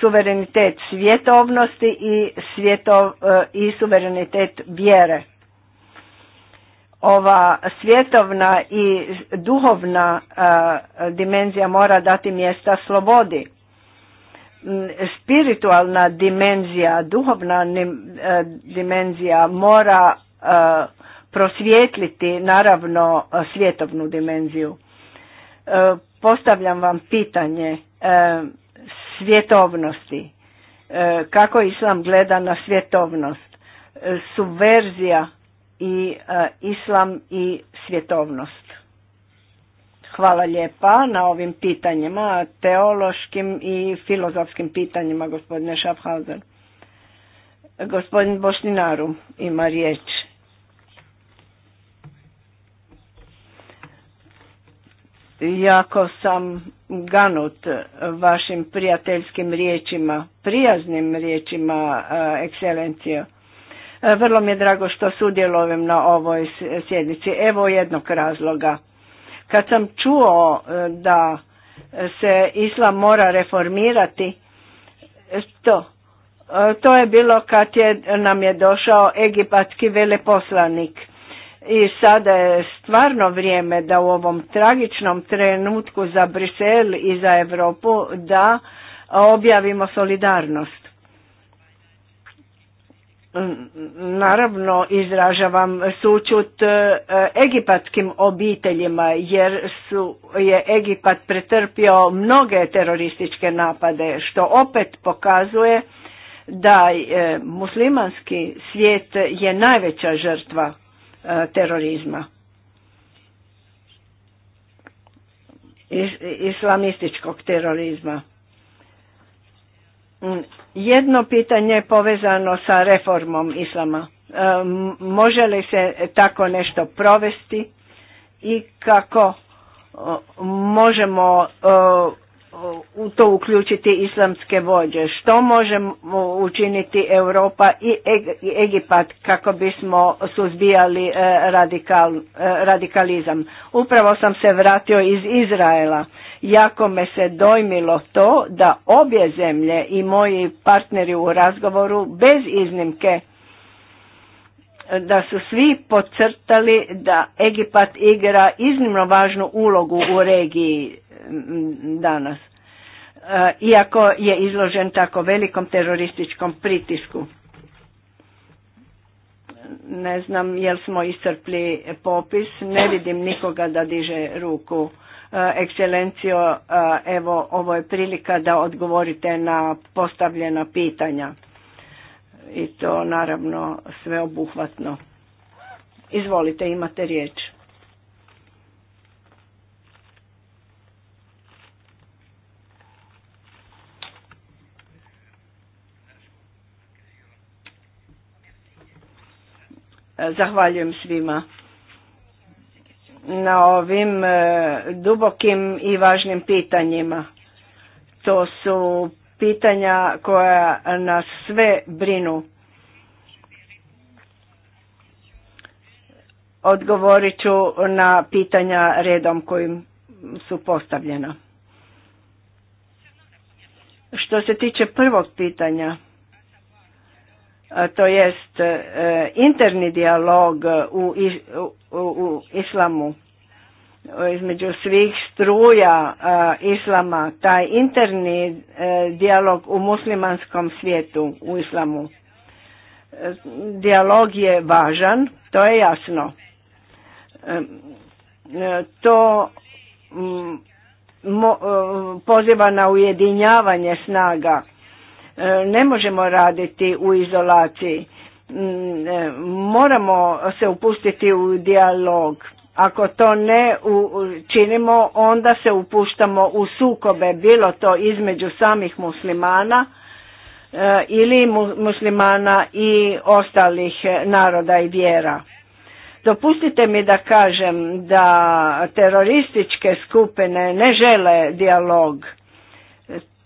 suverenitet svjetovnosti i, svjeto, e, i suverenitet vjere. Ova svjetovna i duhovna e, dimenzija mora dati mjesta slobodi. Mm, spiritualna dimenzija, duhovna e, dimenzija mora prosvjetliti naravno svjetovnu dimenziju. Postavljam vam pitanje svjetovnosti. E, kako islam gleda na svjetovnost? E, subverzija i e, islam i svjetovnost. Hvala lijepa na ovim pitanjima, teološkim i filozofskim pitanjima, gospodine Schaffhauser. Gospodin Bošninaru ima riječ. Jako sam ganut vašim prijateljskim riječima, prijaznim riječima, e, ekscelencijo. E, vrlo mi je drago što sudjelujem na ovoj sjednici. Evo jednog razloga. Kad sam čuo e, da se islam mora reformirati, to, to je bilo kad je, nam je došao egipatski veleposlanik i sada je stvarno vrijeme da u ovom tragičnom trenutku za Brisel i za Europu da objavimo solidarnost. Naravno izražavam sućut e, egipatskim obiteljima jer su, je Egipat pretrpio mnoge terorističke napade što opet pokazuje da e, muslimanski svijet je najveća žrtva E, terorizma. Islamističkog terorizma. Mm, jedno pitanje je povezano sa reformom islama. E, može li se tako nešto provesti i kako možemo u to uključiti islamske vođe. Što možemo učiniti Europa i Egipat kako bismo suzbijali e, radikal, e, radikalizam? Upravo sam se vratio iz Izraela. Jako me se dojmilo to da obje zemlje i moji partneri u razgovoru bez iznimke da su svi podcrtali da Egipat igra iznimno važnu ulogu u regiji danas. E, iako je izložen tako velikom terorističkom pritisku. Ne znam jel smo iscrpli popis, ne vidim nikoga da diže ruku. E, ekscelencijo, e, evo ovo je prilika da odgovorite na postavljena pitanja i to naravno sveobuhvatno. Izvolite, imate riječ. Zahvaljujem svima na ovim e, dubokim i važnim pitanjima. To su pitanja koja nas sve brinu. Odgovorit ću na pitanja redom kojim su postavljena. Što se tiče prvog pitanja, E, to jest e, interni dijalog u, u, u islamu između svih struja e, islama, taj interni dijalog u muslimanskom svijetu, u islamu. Dijalog je važan, to je jasno. To poziva na ujedinjavanje snaga ne možemo raditi u izolaciji. Mm, e, moramo se upustiti u dijalog. Ako to ne činimo, onda se upuštamo u sukobe, bilo to između samih muslimana e, ili muslimana i ostalih e, naroda i vjera. Dopustite mi da kažem da terorističke skupine ne žele dijalog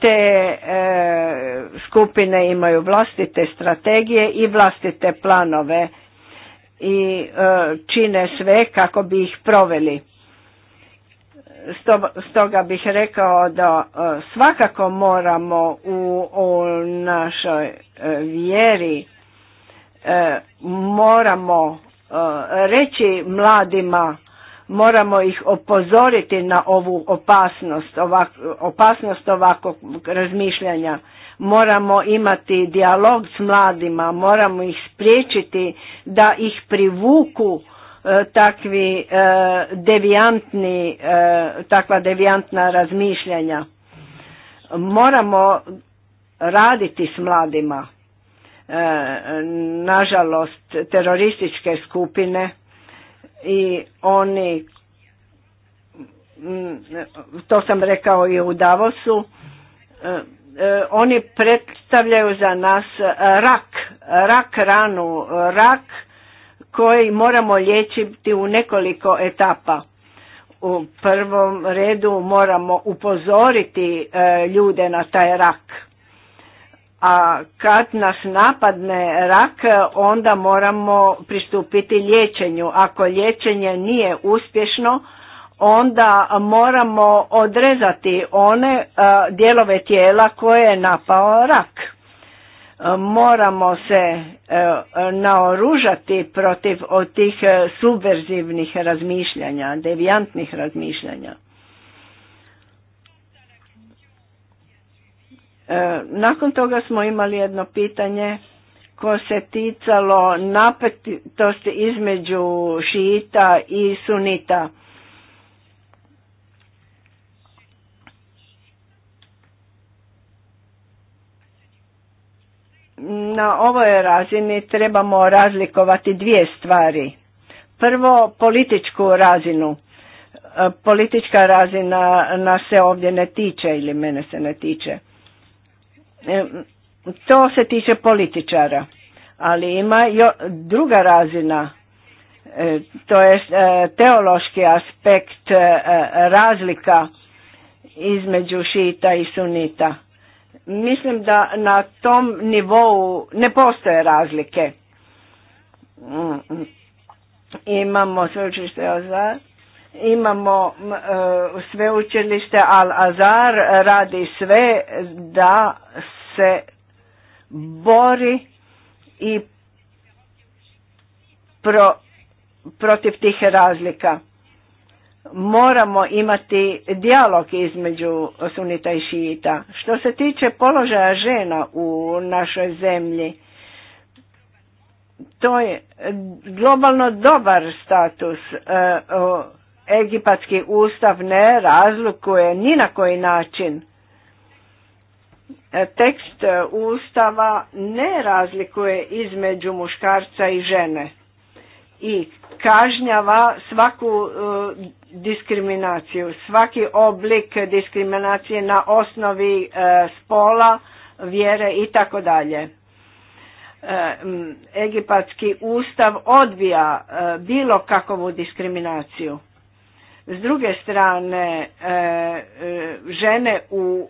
te e, skupine imaju vlastite strategije i vlastite planove i e, čine sve kako bi ih proveli. Stoga bih rekao da e, svakako moramo u, u našoj vjeri moramo reći mladima moramo ih opozoriti na ovu opasnost, ovak, opasnost ovakvog razmišljanja. Moramo imati dijalog s mladima, moramo ih spriječiti da ih privuku e, takvi e, devijantni, e, takva devijantna razmišljanja. Moramo raditi s mladima. E, nažalost, terorističke skupine i oni mm, to sam rekao i u Davosu e, e, oni predstavljaju za nas rak rak ranu rak koji moramo liječiti u nekoliko etapa u prvom redu moramo upozoriti e, ljude na taj rak a kad nas napadne rak onda moramo pristupiti liječenju. Ako liječenje nije uspješno onda moramo odrezati one e, dijelove tijela koje je napao rak. E, moramo se e, naoružati protiv od tih subverzivnih razmišljanja, devijantnih razmišljanja. E, nakon toga smo imali jedno pitanje koje se ticalo napetosti između šita i sunita. Na ovoj razini trebamo razlikovati dvije stvari. Prvo, političku razinu. E, politička razina nas se ovdje ne tiče ili mene se ne tiče to se tiče političara, ali ima i druga razina, e, to je e, teološki aspekt e, razlika između šita i sunita. Mislim da na tom nivou ne postoje razlike. Mm, mm. Imamo sveučilište za Imamo e, sveučilište Al-Azar, radi sve da se bori i pro, protiv tih razlika. Moramo imati dijalog između sunita i šijita. Što se tiče položaja žena u našoj zemlji, to je globalno dobar status. E, o, egipatski ustav ne razlikuje ni na koji način. E, tekst e, ustava ne razlikuje između muškarca i žene i kažnjava svaku e, diskriminaciju, svaki oblik diskriminacije na osnovi spola, vjere i tako dalje. Egipatski ustav odbija bilo kakvu diskriminaciju. S druge strane, e, e, žene u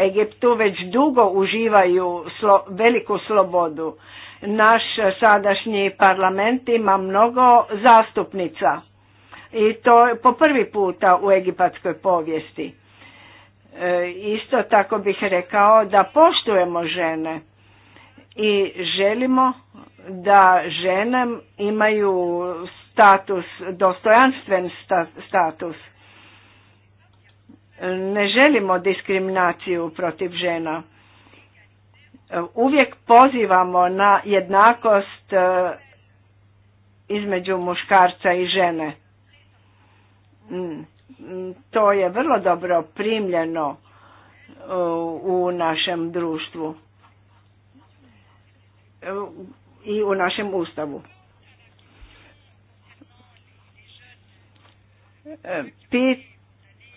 Egiptu već dugo uživaju veliku slobodu. Naš sadašnji parlament ima mnogo zastupnica i to je po prvi puta u egipatskoj povijesti. E, isto tako bih rekao da poštujemo žene i želimo da žene imaju status, dostojanstven status. Ne želimo diskriminaciju protiv žena. Uvijek pozivamo na jednakost e, između muškarca i žene. Mm, to je vrlo dobro primljeno e, u našem društvu e, i u našem ustavu.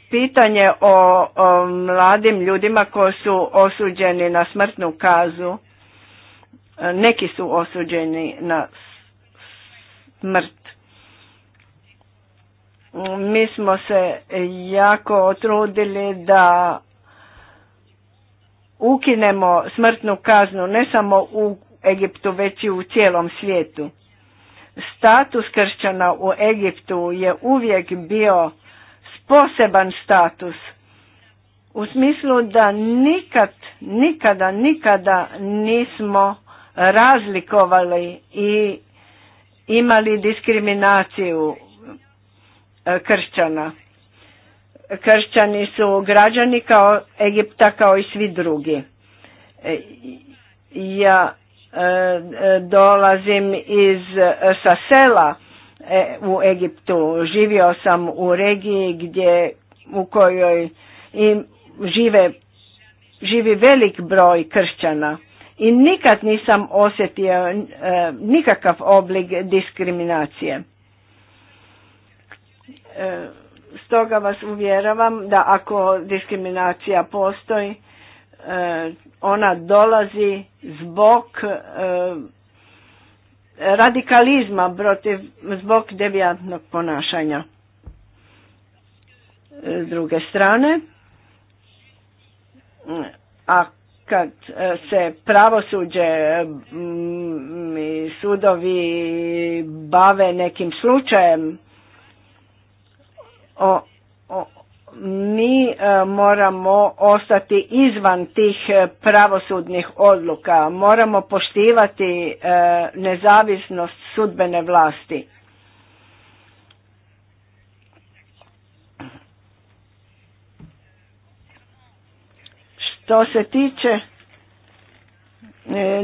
pitanje o, mladim ljudima koji su osuđeni na smrtnu kazu neki su osuđeni na smrt mi smo se jako trudili da ukinemo smrtnu kaznu ne samo u Egiptu već i u cijelom svijetu Status kršćana u Egiptu je uvijek bio poseban status u smislu da nikad, nikada, nikada nismo razlikovali i imali diskriminaciju e, kršćana. Kršćani su građani kao Egipta kao i svi drugi. E, ja dolazim iz sa sela e, u Egiptu. Živio sam u regiji gdje u kojoj im žive živi velik broj kršćana i nikad nisam osjetio e, nikakav oblik diskriminacije. E, stoga vas uvjeravam da ako diskriminacija postoji Eh, ona dolazi zbog eh, radikalizma protiv, zbog devijantnog ponašanja. Eh, s druge strane, a kad se pravosuđe mm, i sudovi bave nekim slučajem, o, mi e, moramo ostati izvan tih e, pravosudnih odluka, moramo poštivati e, nezavisnost sudbene vlasti. Što se tiče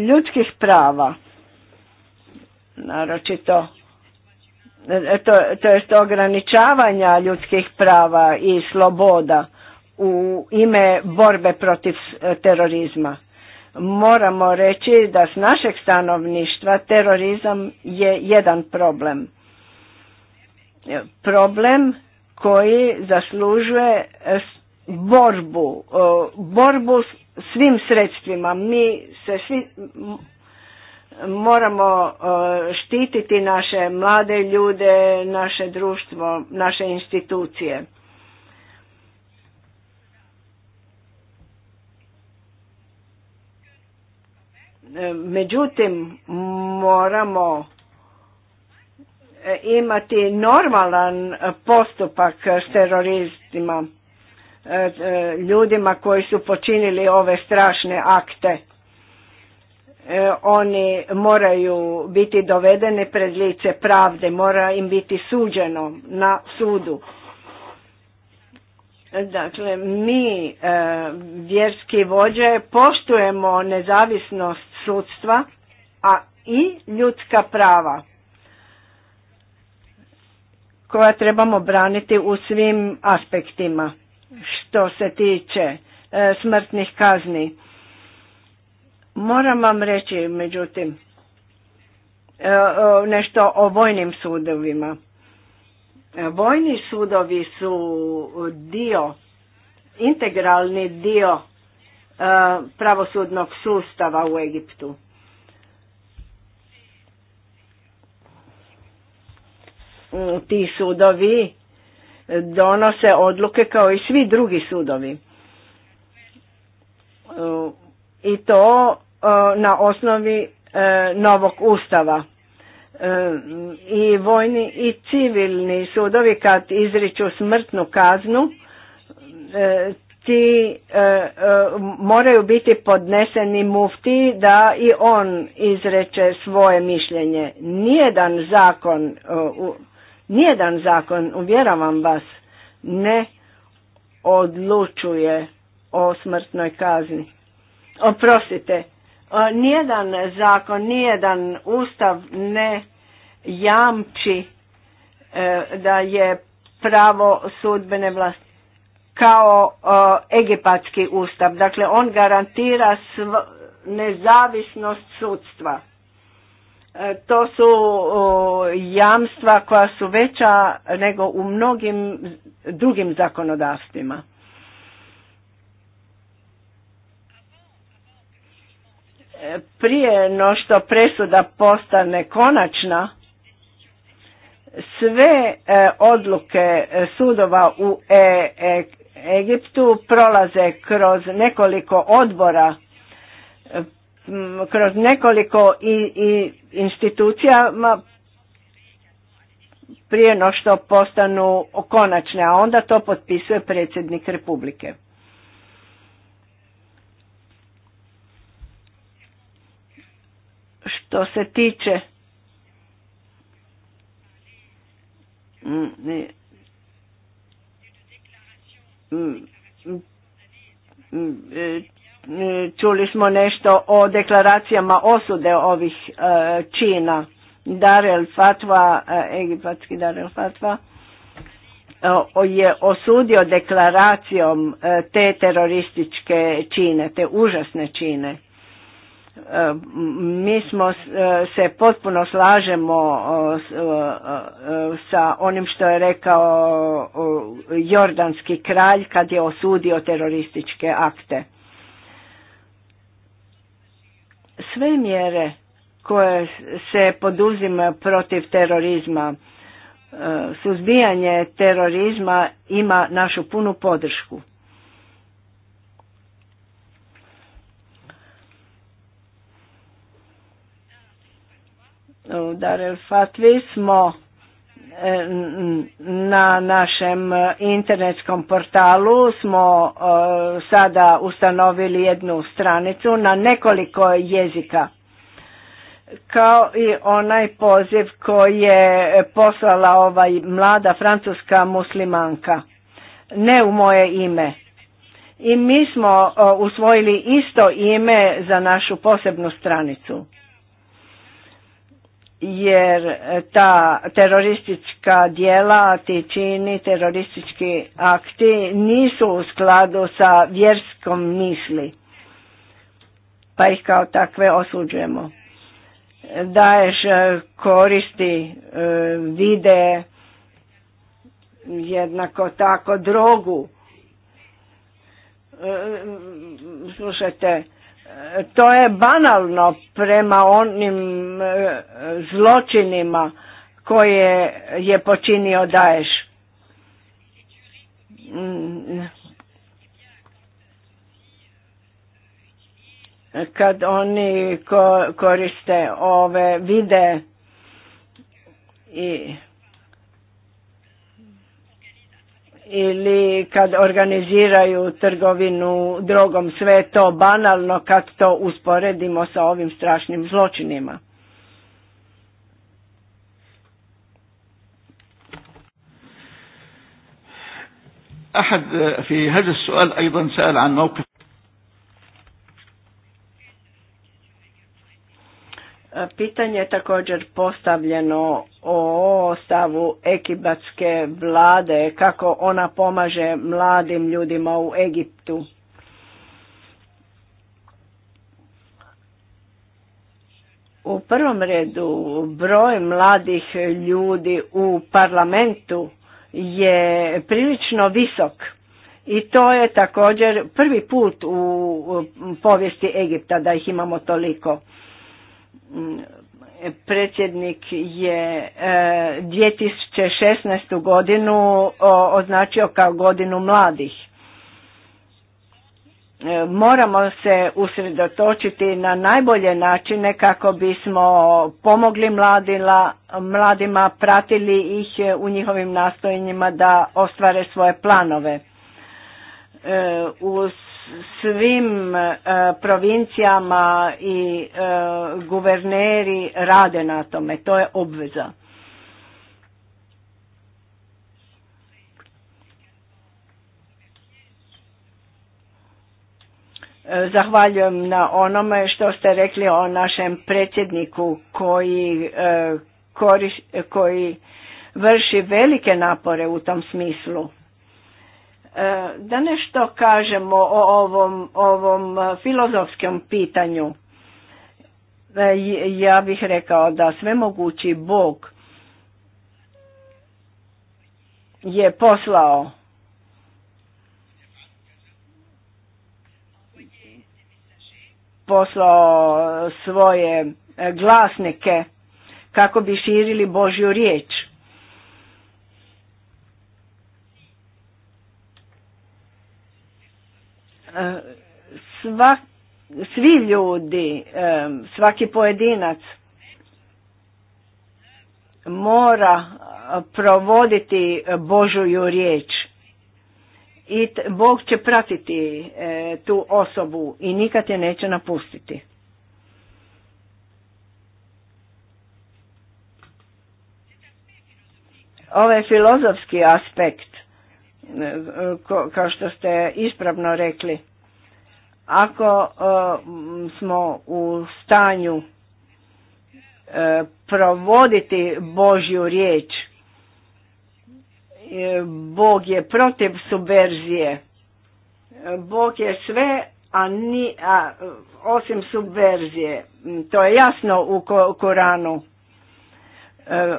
ljudskih prava, naročito to, to jest ograničavanja ljudskih prava i sloboda u ime borbe protiv e, terorizma. Moramo reći da s našeg stanovništva terorizam je jedan problem. E, problem koji zaslužuje e, borbu, borbu svim sredstvima. Mi se svi moramo e, štititi naše mlade ljude, naše društvo, naše institucije. E, međutim, moramo e, imati normalan postupak s teroristima, ljudima koji su počinili ove strašne akte E, oni moraju biti dovedeni pred lice pravde, mora im biti suđeno na sudu. Dakle, mi e, vjerski vođe poštujemo nezavisnost sudstva, a i ljudska prava koja trebamo braniti u svim aspektima što se tiče e, smrtnih kazni Moram vam reći, međutim, e, e, nešto o vojnim sudovima. E, vojni sudovi su dio, integralni dio pravosudnog sustava u Egiptu. Ti sudovi donose odluke kao i svi drugi sudovi. I to E, na osnovi e, novog ustava e, i vojni i civilni sudovi kad izriču smrtnu kaznu ti moraju biti podneseni mufti da i on izreče svoje mišljenje. Nijedan zakon, nijedan zakon, uvjeravam vas, ne odlučuje o smrtnoj kazni. Oprostite, Nijedan zakon, nijedan ustav ne jamči e, da je pravo sudbene vlasti kao e, egipatski ustav. Dakle, on garantira nezavisnost sudstva. E, to su jamstva koja su veća nego u mnogim drugim zakonodavstvima. prije no što presuda postane konačna, sve e, odluke sudova u e, e, Egiptu prolaze kroz nekoliko odbora, kroz nekoliko i, i institucija prije no što postanu konačne, a onda to potpisuje predsjednik Republike. Što se tiče mm, mm, mm, e, e, čuli smo nešto o deklaracijama osude ovih e, čina. Darel Fatva, egipatski Darel Fatva, je osudio deklaracijom te terorističke čine, te užasne čine mi smo e, se potpuno slažemo e, e, sa onim što je rekao jordanski kralj kad je osudio terorističke akte. Sve mjere koje se poduzima protiv terorizma, suzbijanje terorizma ima našu punu podršku. u el Fatvi smo e, na našem e, internetskom portalu smo e, sada ustanovili jednu stranicu na nekoliko jezika kao i onaj poziv koji je poslala ovaj mlada francuska muslimanka ne u moje ime i mi smo usvojili isto ime za našu posebnu stranicu jer ta teroristička dijela, ti čini, teroristički akti nisu u skladu sa vjerskom misli, pa ih kao takve osuđujemo. Daješ e, koristi e, vide, jednako tako drogu. E, slušajte, to je banalno prema onim e, zločinima koje je počinio Daješ. Mm. Kad oni koriste ove vide i ili kad organiziraju trgovinu drogom, sve to banalno kad to usporedimo sa ovim strašnim zločinima. أحد في هذا السؤال أيضا سأل عن موقف Pitanje je također postavljeno o stavu ekibatske vlade, kako ona pomaže mladim ljudima u Egiptu. U prvom redu broj mladih ljudi u parlamentu je prilično visok i to je također prvi put u povijesti Egipta da ih imamo toliko. Mm, predsjednik je 2016. E, godinu označio kao godinu mladih. E, moramo se usredotočiti na najbolje načine kako bismo pomogli mladima, pratili ih u njihovim nastojanjima da ostvare svoje planove. E, uz svim e, provincijama i e, guverneri rade na tome. To je obveza. E, zahvaljujem na onome što ste rekli o našem predsjedniku koji, koji vrši velike napore u tom smislu. E, da nešto kažemo o ovom, ovom e, filozofskom pitanju. E, ja bih rekao da svemogući Bog je poslao poslao svoje glasnike kako bi širili Božju riječ. E, sva svi ljudi, e, svaki pojedinac mora provoditi Božuju riječ i Bog će pratiti e, tu osobu i nikad je neće napustiti. Ovaj filozofski aspekt kao što ste ispravno rekli. Ako e, smo u stanju e, provoditi Božju riječ, e, Bog je protiv subverzije. Bog je sve, a, ni, a osim subverzije. Mm, to je jasno u Koranu.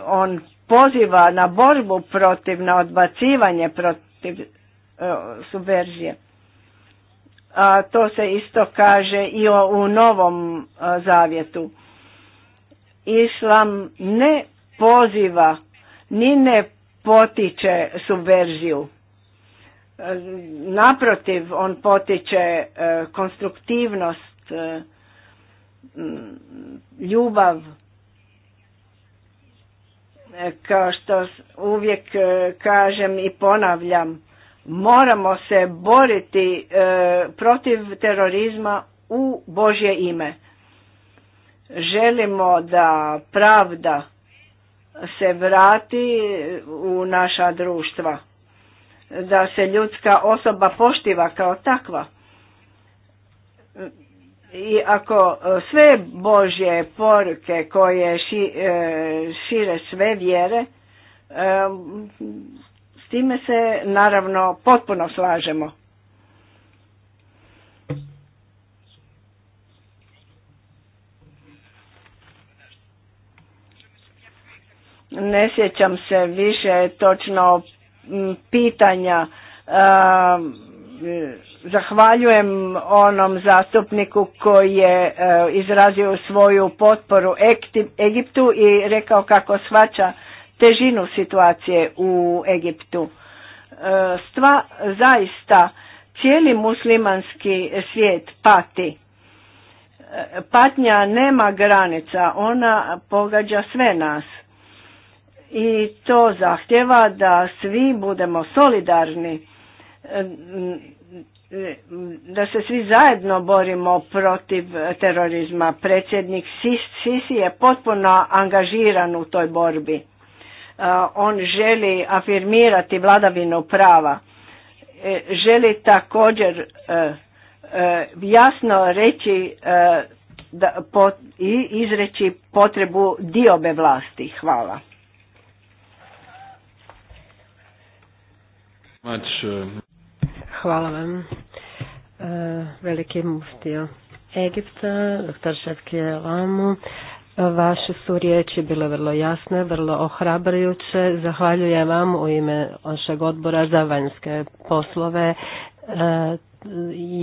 On poziva na borbu protiv, na odbacivanje protiv e, subverzije. A to se isto kaže i u Novom e, Zavjetu. Islam ne poziva ni ne potiče subverziju. E, naprotiv, on potiče konstruktivnost, ljubav, kao što uvijek e, kažem i ponavljam, moramo se boriti e, protiv terorizma u Božje ime. Želimo da pravda se vrati u naša društva, da se ljudska osoba poštiva kao takva i ako e, sve Božje poruke koje e, šire sve vjere, e, s time se naravno potpuno slažemo. Ne sjećam se više točno pitanja zahvaljujem onom zastupniku koji je e, izrazio svoju potporu Egiptu i rekao kako shvaća težinu situacije u Egiptu. E, stva, zaista cijeli muslimanski svijet pati. E, patnja nema granica, ona pogađa sve nas. I to zahtjeva da svi budemo solidarni da se svi zajedno borimo protiv terorizma. Predsjednik Sisi je potpuno angažiran u toj borbi. E, on želi afirmirati vladavinu prava. E, želi također e, jasno reći i izreći potrebu diobe vlasti. Hvala. Uh, Hvala vam. E, veliki muftio Egipta, dr. Šefke Lamu. Vaše su riječi bile vrlo jasne, vrlo ohrabrajuće. Zahvaljujem vam u ime vašeg odbora za vanjske poslove e,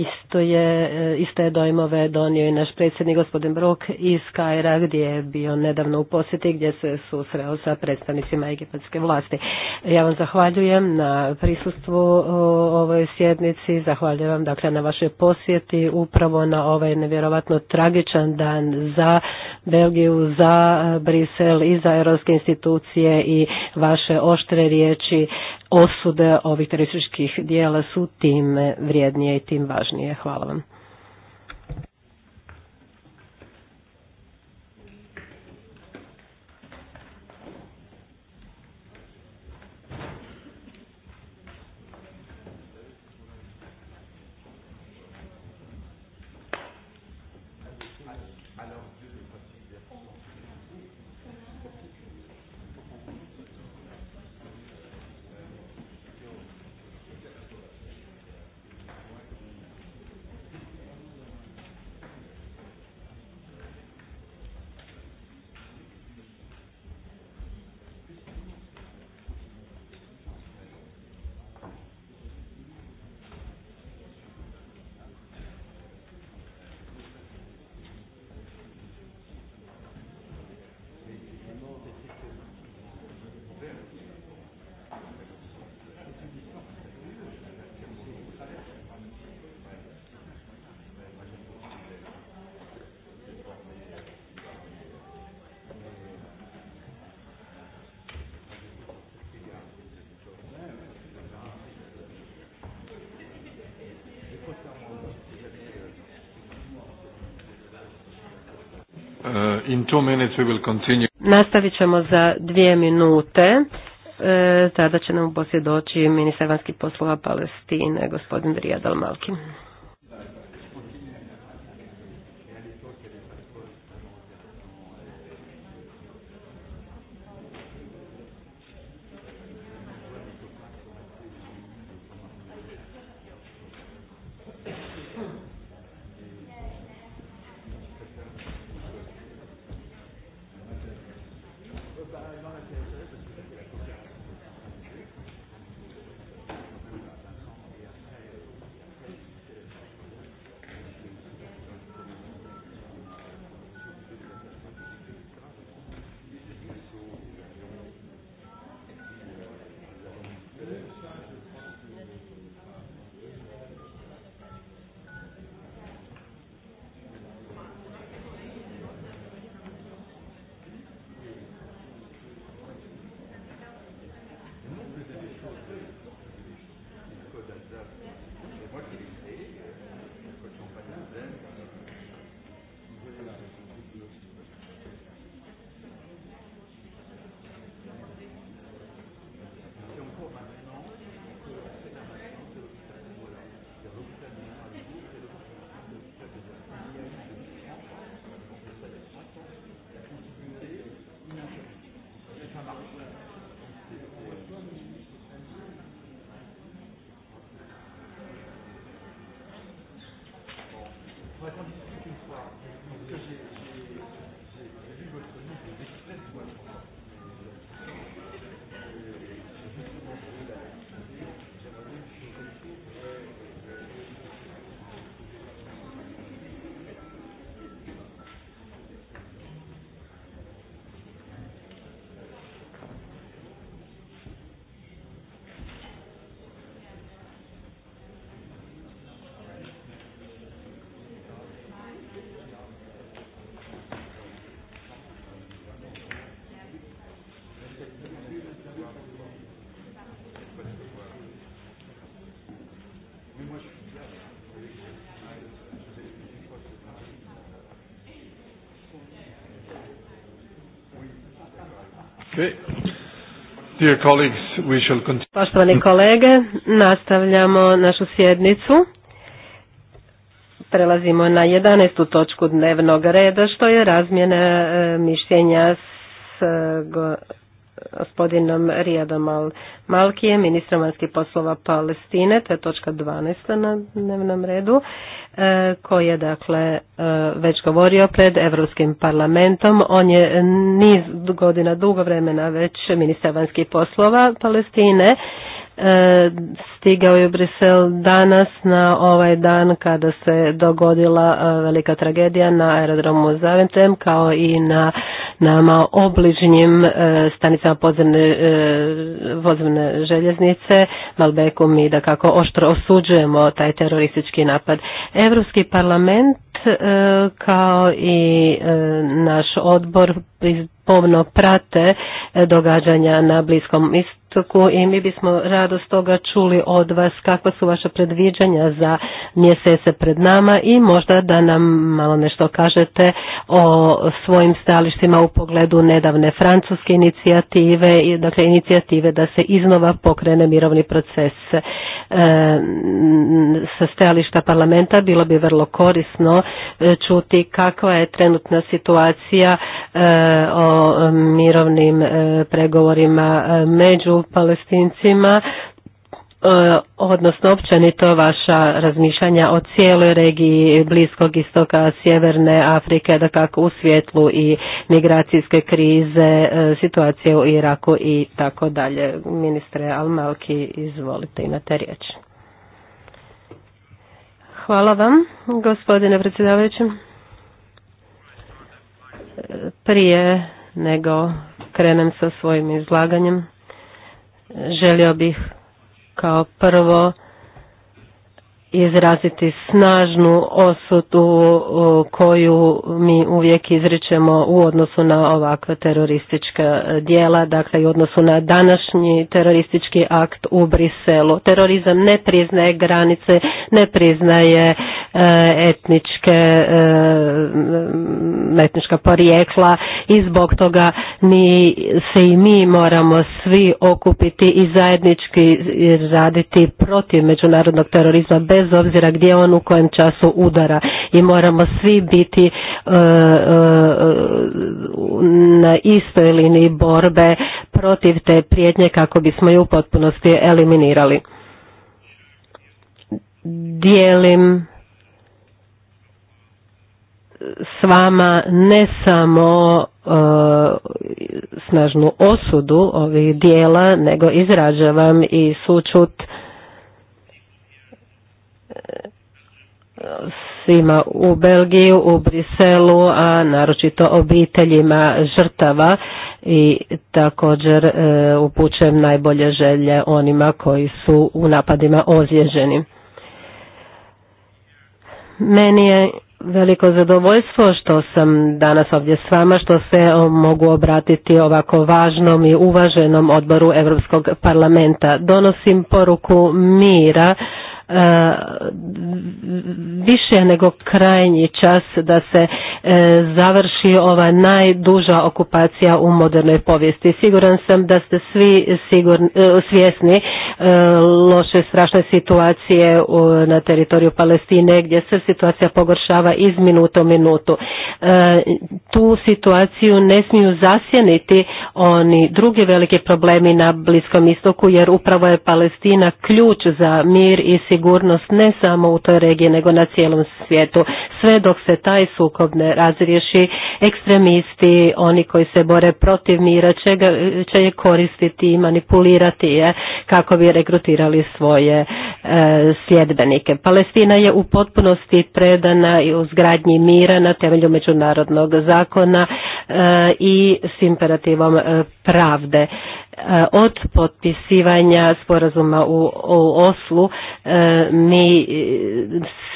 Isto je, isto je dojmove donio i naš predsjednik gospodin Brok iz Kajra gdje je bio nedavno u posjeti gdje se susreo sa predstavnicima egipatske vlasti. Ja vam zahvaljujem na prisustvu ovoj sjednici, zahvaljujem vam dakle na vašoj posjeti upravo na ovaj nevjerojatno tragičan dan za Belgiju, za e, Brisel i za europske institucije i vaše oštre riječi osude ovih terorističkih dijela su tim vrijednije i tim važnije. Hvala vam. Uh, in Nastavit ćemo za dvije minute. E, tada će nam posljedoći ministar vanjskih poslova Palestine, gospodin Rijad Almalkin. Poštovani kolege, nastavljamo našu sjednicu. Prelazimo na 11. točku dnevnog reda, što je razmjena e, mišljenja s e, gospodinom Rijadom Malkije, ministrom vanjskih poslova Palestine, to je točka 12. na dnevnom redu koji je dakle e, već govorio pred Europskim parlamentom. On je niz godina dugo vremena već ministar vanjskih poslova Palestine. E, stigao je u Brisel danas na ovaj dan kada se dogodila e, velika tragedija na aerodromu Zaventem kao i na nama obližnjim e, stanicama podzemne e, željeznice, Malbeku mi da kako oštro osuđujemo taj teroristički napad. Europski parlament e, kao i naš odbor pomno prate e, događanja na Bliskom istoku i mi bismo rado stoga čuli od vas kakva su vaša predviđanja za mjesece pred nama i možda da nam malo nešto kažete o svojim stalištima u pogledu nedavne francuske inicijative i dakle inicijative da se iznova pokrene mirovni proces e, sa stajališta parlamenta bilo bi vrlo korisno e, čuti kakva je trenutna situacija e, o mirovnim e, pregovorima e, među palestincima, e, odnosno općenito vaša razmišljanja o cijeloj regiji Bliskog istoka, Sjeverne Afrike, da kako u svjetlu i migracijske krize, situacije u Iraku i tako dalje. Ministre Almalki, izvolite, imate riječ. Hvala vam, gospodine predsjedavajući. Prije nego krenem sa svojim izlaganjem, želio bih kao prvo izraziti snažnu osudu koju mi uvijek izričemo u odnosu na ovakva teroristička e, dijela, dakle i u odnosu na današnji teroristički akt u Briselu. Terorizam ne priznaje granice, ne priznaje e, etničke e, etnička porijekla i zbog toga mi se i mi moramo svi okupiti i zajednički raditi protiv međunarodnog terorizma bez bez obzira gdje on u kojem času udara i moramo svi biti e, e, na istoj liniji borbe protiv te prijetnje kako bismo ju u potpunosti eliminirali. Dijelim s vama ne samo e, snažnu osudu ovih dijela, nego izražavam i sučut svima u Belgiju, u Briselu, a naročito obiteljima žrtava i također e, upućujem najbolje želje onima koji su u napadima ozlježeni. Meni je veliko zadovoljstvo što sam danas ovdje s vama, što se mogu obratiti ovako važnom i uvaženom odboru Europskog parlamenta. Donosim poruku mira E, više nego krajnji čas da se e, završi ova najduža okupacija u modernoj povijesti. Siguran sam da ste svi e, svjesni loše strašne situacije na teritoriju Palestine gdje se situacija pogoršava iz minuta u minutu. Tu situaciju ne smiju zasjeniti oni drugi veliki problemi na Bliskom istoku jer upravo je Palestina ključ za mir i sigurnost sigurnost ne samo u toj regiji nego na cijelom svijetu. Sve dok se taj sukob ne razriješi, ekstremisti, oni koji se bore protiv mira će, ga, je koristiti i manipulirati je kako bi rekrutirali svoje e, sljedbenike. Palestina je u potpunosti predana i u zgradnji mira na temelju međunarodnog zakona e, i s imperativom e, pravde. Eh, od potpisivanja sporazuma u, u Oslu eh, mi eh,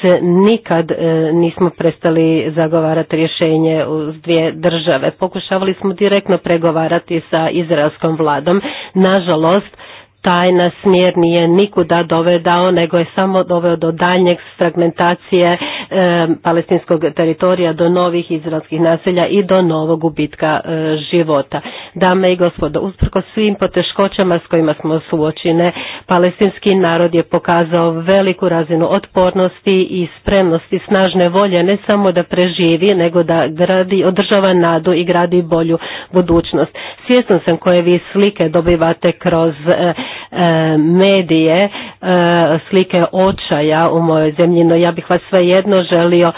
se nikad nismo prestali zagovarati rješenje uz dvije države. Pokušavali smo direktno pregovarati sa izraelskom vladom. Nažalost, taj nas smjer nije nikuda dovedao, nego je samo doveo do daljnjeg fragmentacije eh, palestinskog teritorija, do novih izraelskih naselja i do novog gubitka eh, života. Dame i gospodo, usprko svim poteškoćama s kojima smo suočine, palestinski narod je pokazao veliku razinu otpornosti i spremnosti, snažne volje, ne samo da preživi, nego da gradi, održava nadu i gradi bolju budućnost. Svjesno sam koje vi slike dobivate kroz eh, E, medije e, slike očaja u mojoj zemlji, no ja bih vas svejedno želio e,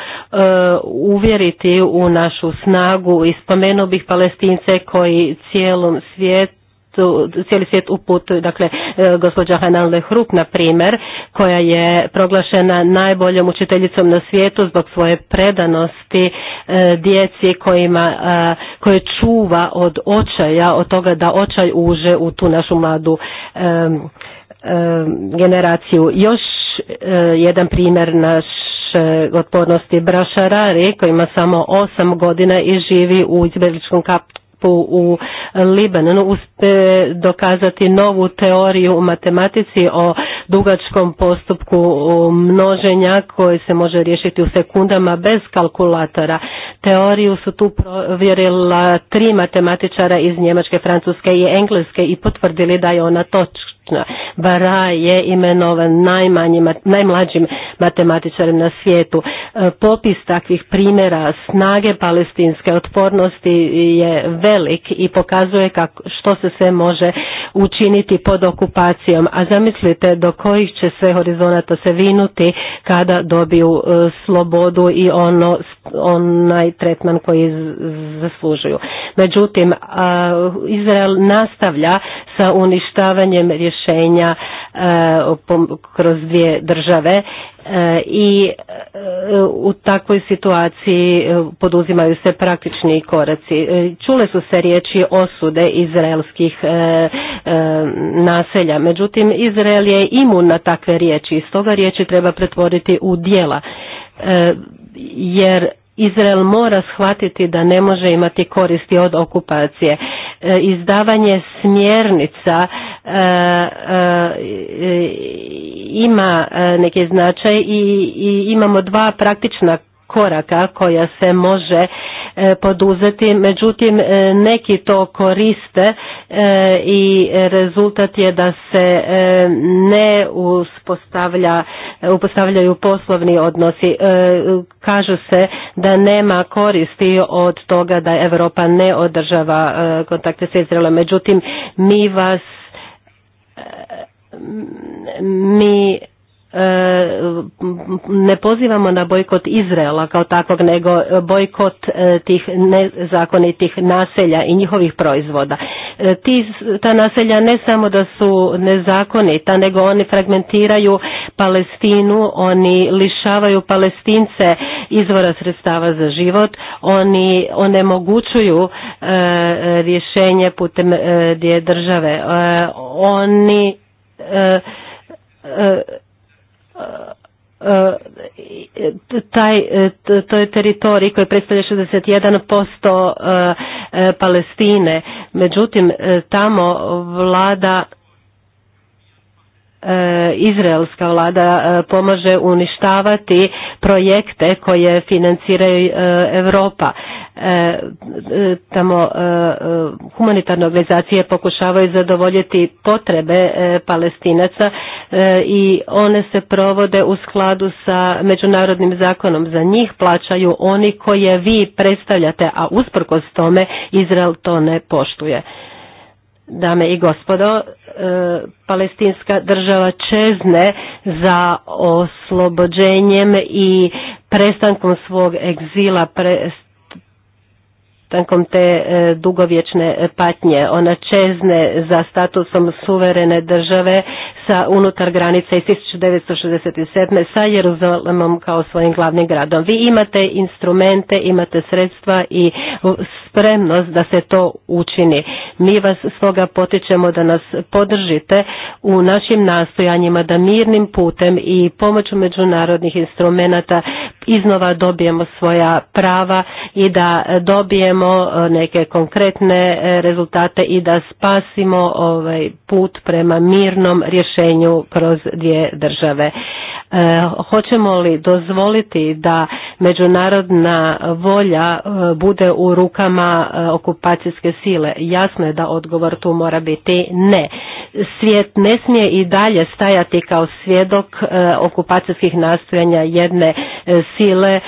uvjeriti u našu snagu i spomenuo bih palestince koji cijelom svijetu cijeli svijet uput, dakle e, gospođa Hanan Lehrup na primjer, koja je proglašena najboljom učiteljicom na svijetu zbog svoje predanosti e, djeci kojima, e, koje čuva od očaja, od toga da očaj uže u tu našu mladu generaciju. Još jedan primjer naš otpornosti Brašarari koji ima samo osam godina i živi u izbjegličkom u e, Libanonu uspe dokazati novu teoriju u matematici o dugačkom postupku množenja koji se može riješiti u sekundama bez kalkulatora. Teoriju su tu provjerila tri matematičara iz Njemačke, Francuske i Engleske i potvrdili da je ona točka. Bara je imenovan najmanjim, najmlađim matematičarem na svijetu. E, popis takvih primjera snage palestinske otpornosti je velik i pokazuje kako, što se sve može učiniti pod okupacijom. A zamislite do kojih će sve horizonata se vinuti kada dobiju e, slobodu i ono, onaj tretman koji zaslužuju. Međutim, Izrael nastavlja sa uništavanjem rješenja rješenja e, kroz dvije države e, i e, u takvoj situaciji poduzimaju se praktični koraci. Čule su se riječi osude izraelskih naselja, međutim Izrael je imun na takve riječi i stoga riječi treba pretvoriti u dijela jer Izrael mora shvatiti da ne može imati koristi od okupacije. E, izdavanje smjernica e, e, ima neki značaj i imamo dva praktična koraka koja se može e, poduzeti, međutim e, neki to koriste e, i rezultat je da se ne uspostavlja, upostavljaju poslovni odnosi. Kaže se da nema koristi od toga da Europa ne održava kontakte sa Izraelom, međutim mi vas mi ne pozivamo na bojkot Izraela kao takvog, nego e, bojkot e, tih nezakonitih naselja i njihovih proizvoda. E, ti, ta naselja ne samo da su nezakonita, nego oni fragmentiraju Palestinu, oni lišavaju Palestince izvora sredstava za život, oni onemogućuju rješenje putem dje države. Oni E, e, taj, e, to je teritorij koji predstavlja 61% Palestine. Međutim, tamo vlada E, izraelska vlada e, pomaže uništavati projekte koje financiraju e, Europa. Tamo humanitarne organizacije pokušavaju zadovoljiti potrebe palestinaca i one se provode u skladu sa međunarodnim zakonom. Za njih plaćaju oni koje vi predstavljate, a usprkos tome Izrael to ne poštuje. Dame i gospodo, e, palestinska država čezne za oslobođenjem i prestankom svog egzila, nestankom te e, dugovječne patnje. Ona čezne za statusom suverene države sa unutar granice iz 1967. sa Jeruzalemom kao svojim glavnim gradom. Vi imate instrumente, imate sredstva i spremnost da se to učini. Mi vas stoga potičemo da nas podržite u našim nastojanjima da mirnim putem i pomoću međunarodnih instrumenata iznova dobijemo svoja prava i da e, dobijemo e, neke konkretne e, rezultate i da spasimo ovaj put prema mirnom rješenju kroz dvije države. Hoćemo li dozvoliti da međunarodna volja bude u rukama okupacijske sile? Jasno je da odgovor tu mora biti ne. Svijet ne smije i dalje stajati kao svjedok e, okupacijskih nastojanja jedne e, sile e,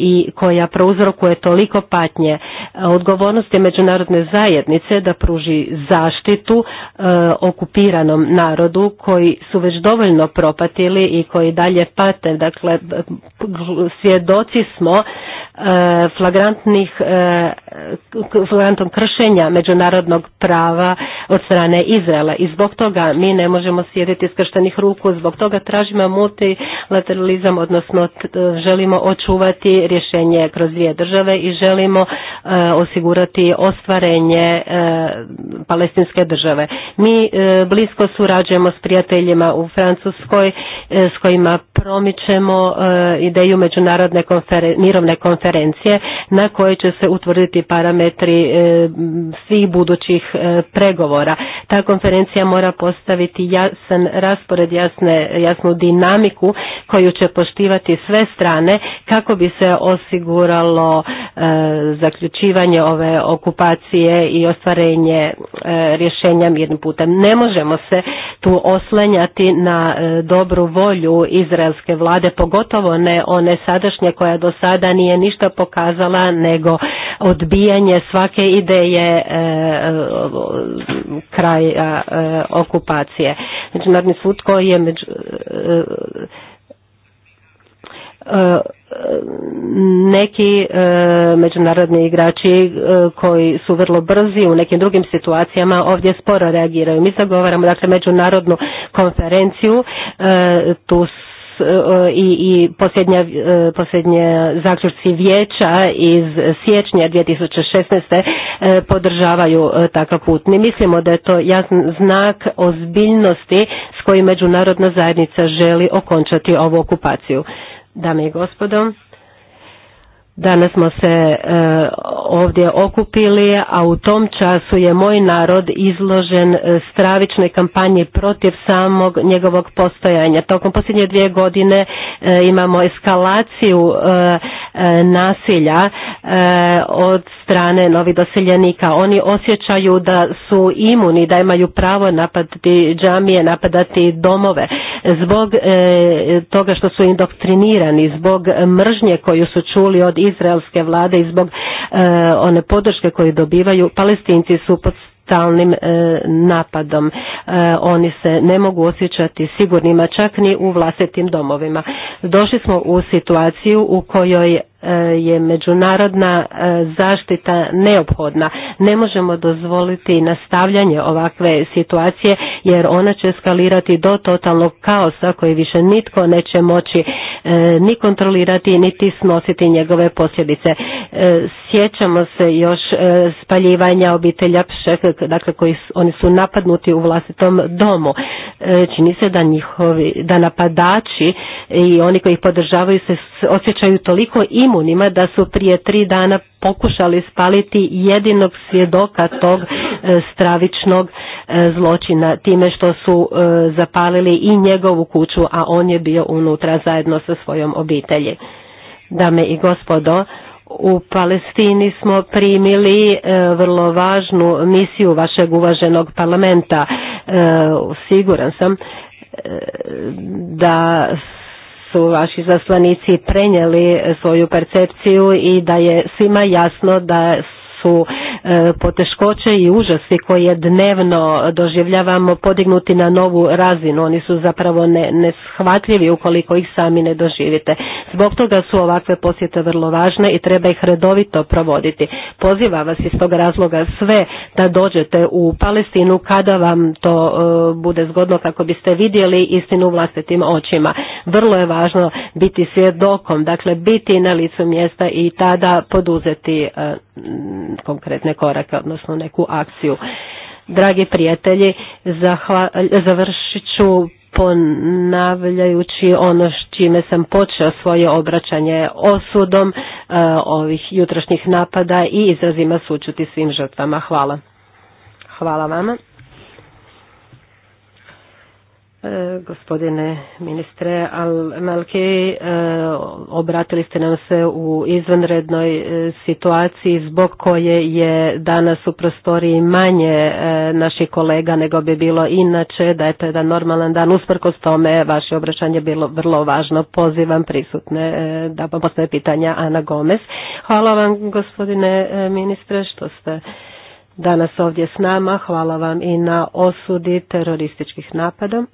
i koja prouzrokuje toliko patnje. Odgovornost je međunarodne zajednice da pruži zaštitu okupiranom narodu koji su već dovoljno propatili i koji dalje pate. Dakle, svjedoci smo flagrantnih flagrantom kršenja međunarodnog prava od strane Izraela i zbog toga mi ne možemo sjediti skrštenih ruku, zbog toga tražimo multilateralizam, odnosno želimo očuvati rješenje kroz dvije države i želimo e, osigurati ostvarenje e, palestinske države. Mi e, blisko surađujemo s prijateljima u Francuskoj s kojima promičemo ideju međunarodne mirovne konferencije na kojoj će se utvrditi parametri svih budućih pregovora. Ta konferencija agencija mora postaviti jasan raspored, jasne, jasnu dinamiku koju će poštivati sve strane kako bi se osiguralo e, zaključivanje ove okupacije i ostvarenje e, rješenja mirnim putem. Ne možemo se tu oslanjati na e, dobru volju izraelske vlade, pogotovo ne one sadašnje koja do sada nije ništa pokazala nego odbijanje svake ideje kraja. Eh, okupacije. Međunarodni sud koji je eh, eh, neki međunarodni igrači koji su vrlo brzi u nekim drugim situacijama ovdje sporo reagiraju. Mi zagovaramo dakle međunarodnu konferenciju, tu E, i, i posljednja, e, posljednje zaključci vijeća iz siječnja 2016. E, podržavaju takav put. Mi mislimo da je to jasan znak ozbiljnosti s kojim međunarodna zajednica želi okončati ovu okupaciju. Dame i gospodo, Danas smo se e, ovdje okupili, a u tom času je moj narod izložen e, stravičnoj kampanji protiv samog njegovog postojanja. Tokom posljednje dvije godine e, imamo eskalaciju nasilja od strane novih doseljenika. Oni osjećaju da su imuni, da imaju pravo napadati džamije, napadati domove zbog toga što su indoktrinirani, zbog mržnje koju su čuli od izraelske vlade i zbog e, one podrške koju dobivaju, palestinci su pod stalnim e, napadom. E, oni se ne mogu osjećati sigurnima čak ni u vlastitim domovima. Došli smo u situaciju u kojoj E, je međunarodna e, zaštita neophodna. Ne možemo dozvoliti nastavljanje ovakve situacije jer ona će eskalirati do totalnog kaosa koji više nitko neće moći e, ni kontrolirati niti snositi njegove posljedice. Sjećamo se još spaljivanja obitelja Pšek, dakle koji oni su napadnuti u vlastitom domu. Čini se da njihovi, da napadači i oni koji ih podržavaju se osjećaju toliko imu Rumunima da su prije tri dana pokušali spaliti jedinog svjedoka tog e, stravičnog e, zločina time što su e, zapalili i njegovu kuću, a on je bio unutra zajedno sa svojom obitelji. Dame i gospodo, u Palestini smo primili vrlo važnu misiju vašeg uvaženog parlamenta. Siguran sam da su vaši zaslanici prenijeli svoju percepciju i da je svima jasno da su e, poteškoće i užasi koje dnevno doživljavamo podignuti na novu razinu. Oni su zapravo ne, neshvatljivi ukoliko ih sami ne doživite. Zbog toga su ovakve posjete vrlo važne i treba ih redovito provoditi. Poziva vas iz tog razloga sve da dođete u Palestinu kada vam to e, bude zgodno kako biste vidjeli istinu vlastitim očima. Vrlo je važno biti svjedokom, dakle biti na licu mjesta i tada poduzeti e, konkretne korake, odnosno neku akciju. Dragi prijatelji, završit ću ponavljajući ono s čime sam počeo svoje obraćanje osudom e, ovih jutrošnjih napada i izrazima sučuti svim žrtvama. Hvala. Hvala vama. E, gospodine ministre Al Malki, e, obratili ste nam se u izvanrednoj e, situaciji zbog koje je danas u prostoriji manje naših kolega nego bi bilo inače, da je to jedan normalan dan. Usprkos tome, vaše obraćanje bilo vrlo važno. Pozivam prisutne da postoje pitanja Ana Gomez. Hvala vam gospodine ministre što ste danas ovdje s nama. Hvala vam i na osudi terorističkih napada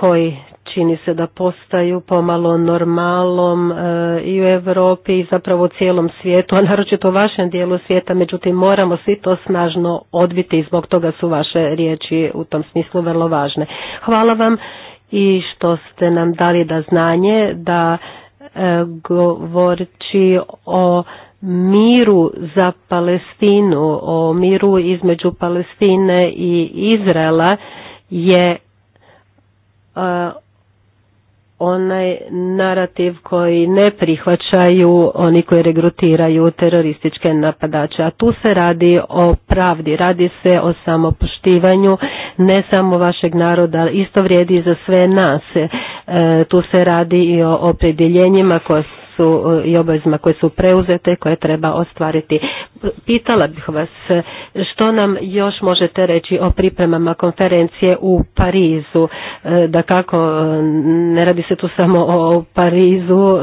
koji čini se da postaju pomalo normalom e, i u Europi i zapravo u cijelom svijetu, a naročito u vašem dijelu svijeta, međutim moramo svi to snažno odbiti i zbog toga su vaše riječi u tom smislu vrlo važne. Hvala vam i što ste nam dali da znanje da e, o miru za Palestinu, o miru između Palestine i Izraela je onaj narativ koji ne prihvaćaju oni koji regrutiraju terorističke napadače. A tu se radi o pravdi, radi se o samopoštivanju ne samo vašeg naroda, isto vrijedi i za sve nas. E, tu se radi i o opredjeljenjima koje su e, i obavezima koje su preuzete i koje treba ostvariti. Pitala bih vas što nam još možete reći o pripremama konferencije u Parizu. E, da kako e, ne radi se tu samo o Parizu,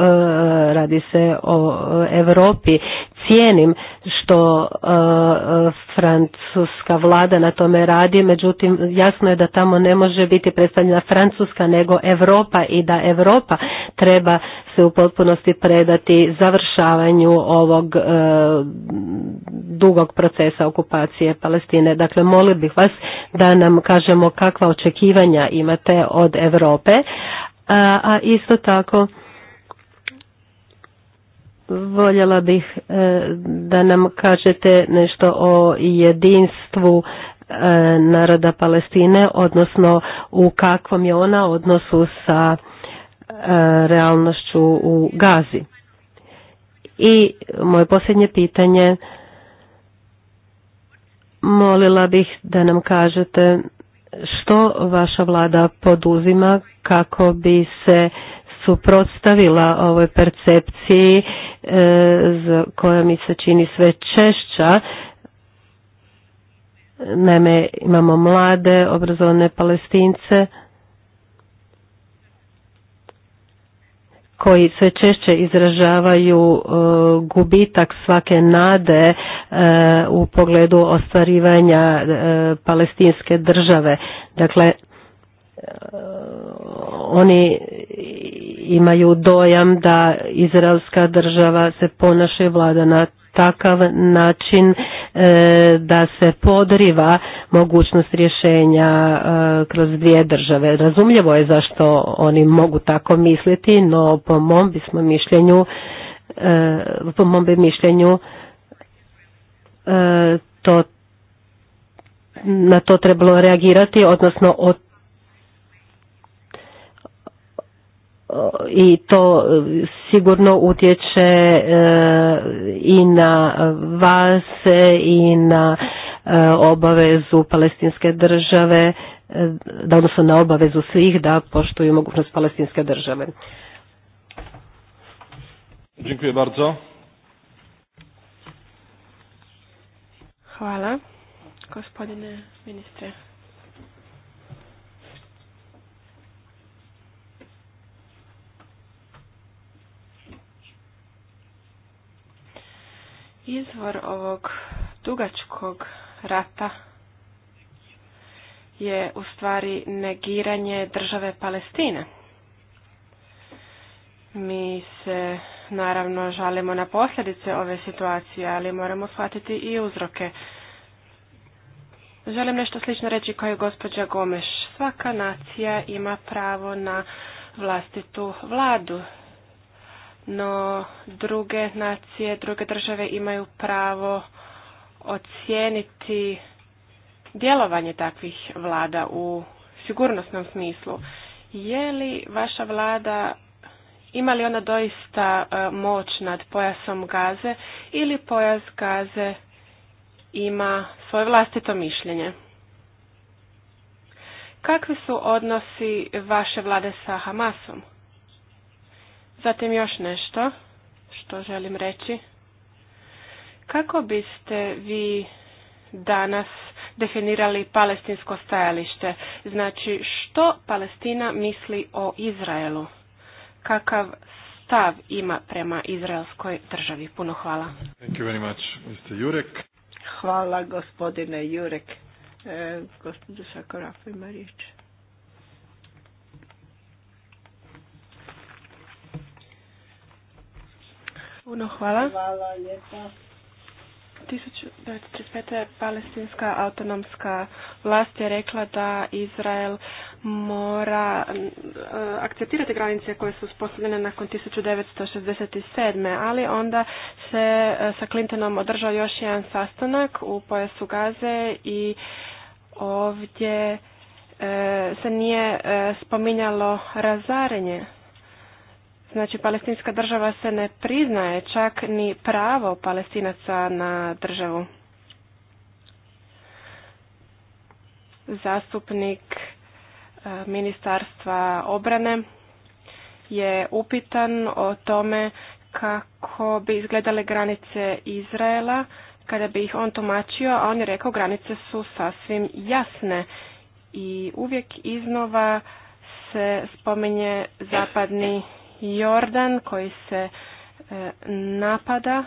radi se o Europi cijenim što e, e, francuska vlada na tome radi, međutim jasno je da tamo ne može biti predstavljena Francuska nego Europa i da Europa treba se u potpunosti predati završavanju ovog e, dugog procesa okupacije Palestine. Dakle, molim bih vas da nam kažemo kakva očekivanja imate od Europe, a isto tako voljela bih e, da nam kažete nešto o jedinstvu e, naroda Palestine, odnosno u kakvom je ona odnosu sa e, realnošću u Gazi. I moje posljednje pitanje, molila bih da nam kažete što vaša vlada poduzima kako bi se suprotstavila ovoj percepciji e, koja mi se čini sve češća. Naime, imamo mlade, obrazovane palestince koji sve češće izražavaju e, gubitak svake nade e, u pogledu ostvarivanja palestinske države. Dakle, oni imaju dojam da izraelska država se ponaše vlada na takav način e, da se podriva mogućnost rješenja e, kroz dvije države. Razumljivo je zašto oni mogu tako misliti, no po mom bismo mišljenju e, po mom bi mišljenju to na to trebalo reagirati, odnosno od i to e, sigurno utječe e, i na vas i na e, obavezu palestinske države, da odnosno na obavezu svih da poštuju mogućnost palestinske države. Dziękuję bardzo. Hvala, gospodine ministre. Izvor ovog dugačkog rata je u stvari negiranje države Palestine. Mi se naravno žalimo na posljedice ove situacije, ali moramo shvatiti i uzroke. Želim nešto slično reći kao je gospođa Gomeš. Svaka nacija ima pravo na vlastitu vladu no druge nacije, druge države imaju pravo ocijeniti djelovanje takvih vlada u sigurnosnom smislu. Je li vaša vlada, ima li ona doista e, moć nad pojasom gaze ili pojas gaze ima svoje vlastito mišljenje? Kakvi su odnosi vaše vlade sa Hamasom? Zatim još nešto što želim reći. Kako biste vi danas definirali palestinsko stajalište? Znači, što Palestina misli o Izraelu? Kakav stav ima prema izraelskoj državi? Puno hvala. Thank you very much, Mr. Jurek. Hvala, gospodine Jurek. E, Gospodin Sakorafa Puno hvala. Hvala lijepa. 1935. palestinska autonomska vlast je rekla da Izrael mora eh, akceptirati granice koje su uspostavljene nakon 1967. Ali onda se eh, sa Clintonom održao još jedan sastanak u pojasu Gaze i ovdje eh, se nije spominjalo razarenje Znači, palestinska država se ne priznaje čak ni pravo palestinaca na državu. Zastupnik e, ministarstva obrane je upitan o tome kako bi izgledale granice Izraela kada bi ih on tumačio, a on je rekao granice su sasvim jasne i uvijek iznova se spominje zapadni Jordan koji se e, napada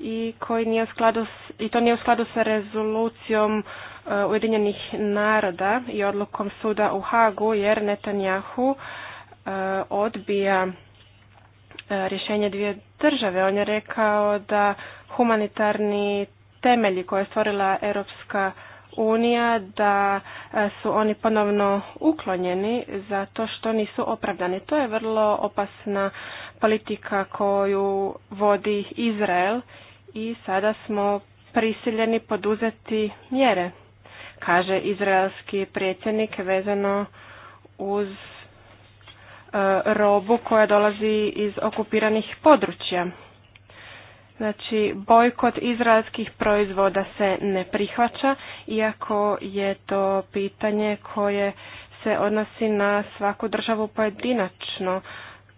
i koji nije u skladu i to nije u skladu sa rezolucijom e, Ujedinjenih naroda i odlukom suda u Hagu jer Netanjahu e, odbija rješenje dvije države. On je rekao da humanitarni temelji koje je stvorila Europska unija da e, su oni ponovno uklonjeni zato što nisu opravdani. To je vrlo opasna politika koju vodi Izrael i sada smo prisiljeni poduzeti mjere, kaže izraelski predsjednik vezano uz e, robu koja dolazi iz okupiranih područja. Znači, bojkot izraelskih proizvoda se ne prihvaća, iako je to pitanje koje se odnosi na svaku državu pojedinačno.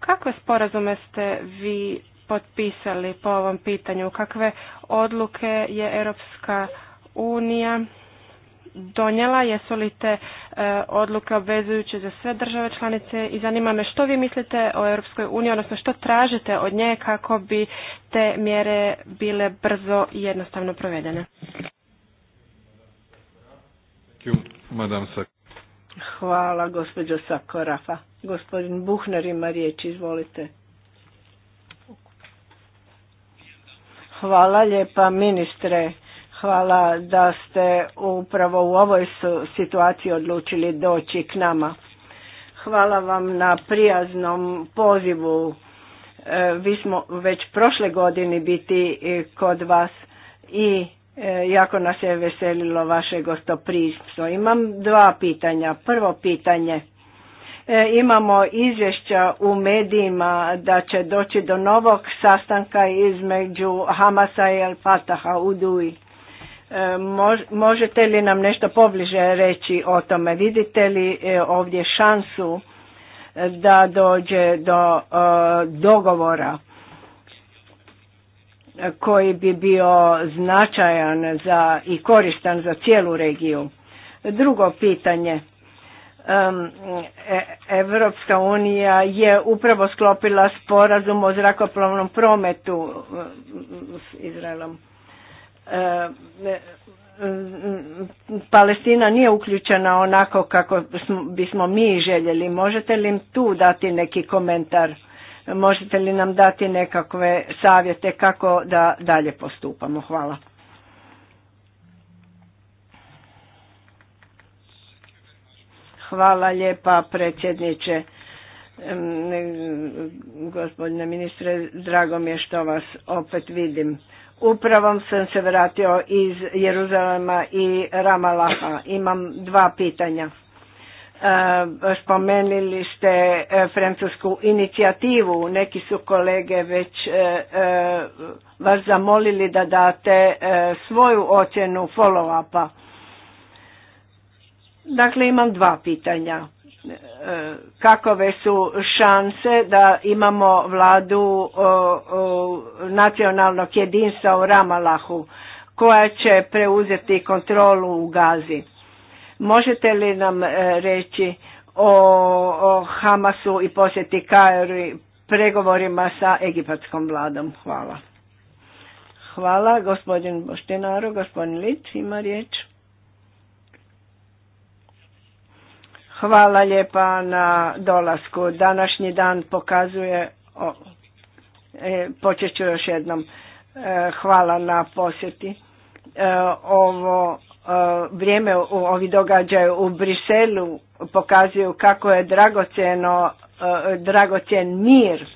Kakve sporazume ste vi potpisali po ovom pitanju? Kakve odluke je Europska unija donijela, jesu li te e, odluke obvezujuće za sve države članice i zanima me što vi mislite o Europskoj uniji, odnosno što tražite od nje kako bi te mjere bile brzo i jednostavno provedene. Hvala gospođo Sakorafa. Gospodin Buhner ima riječ, izvolite. Hvala lijepa ministre Hvala da ste upravo u ovoj situaciji odlučili doći k nama. Hvala vam na prijaznom pozivu. E, vi smo već prošle godine biti e, kod vas i e, jako nas je veselilo vaše gostoprimstvo. Imam dva pitanja. Prvo pitanje. Imamo izvješća u medijima da će doći do novog sastanka između Hamasa i El Fataha u Duji E, možete li nam nešto pobliže reći o tome? Vidite li e, ovdje šansu e, da dođe do dogovora koji bi bio značajan za i koristan za cijelu regiju? Drugo pitanje. Evropska unija je upravo sklopila sporazum o zrakoplovnom prometu s Izraelom. Palestina nije uključena onako kako bismo mi željeli. Možete li tu dati neki komentar? Možete li nam dati nekakve savjete kako da dalje postupamo? Hvala. Hvala lijepa predsjedniče. Gospodine ministre, drago mi je što vas opet vidim. Upravom sam se vratio iz Jeruzalema i Ramalaha. Imam dva pitanja. E, spomenili ste e, francusku inicijativu. Neki su kolege već e, vas zamolili da date svoju ocjenu follow-upa. Dakle, imam dva pitanja. E, kakove su šanse da imamo vladu nacionalnog jedinstva u Ramalahu koja će preuzeti kontrolu u Gazi. Možete li nam e, reći o Hamasu i posjeti i pregovorima sa egipatskom vladom? Hvala. Hvala gospodin Boštenaro, gospodin Lic ima riječ. Hvala lijepa na dolasku. Današnji dan pokazuje, e, počet ću još jednom, e, hvala na posjeti. E, ovo vrijeme, u, ovi događaju u Briselu pokazuju kako je dragocjeno, dragocjen mir.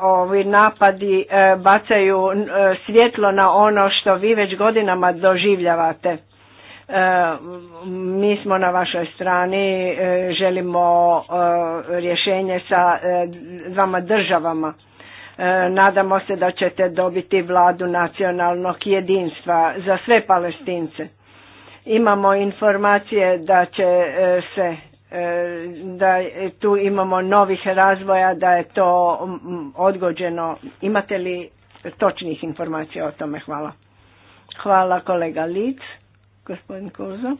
Ovi napadi bacaju svjetlo na ono što vi već godinama doživljavate mi smo na vašoj strani, e, želimo e, rješenje sa e, dvama državama. Nadamo se da ćete dobiti vladu nacionalnog jedinstva za sve palestince. Imamo informacije da će se da tu imamo novih razvoja, da je to odgođeno. Imate li točnih informacija o tome? Hvala. Hvala kolega Lidz. Gospodin Kozo.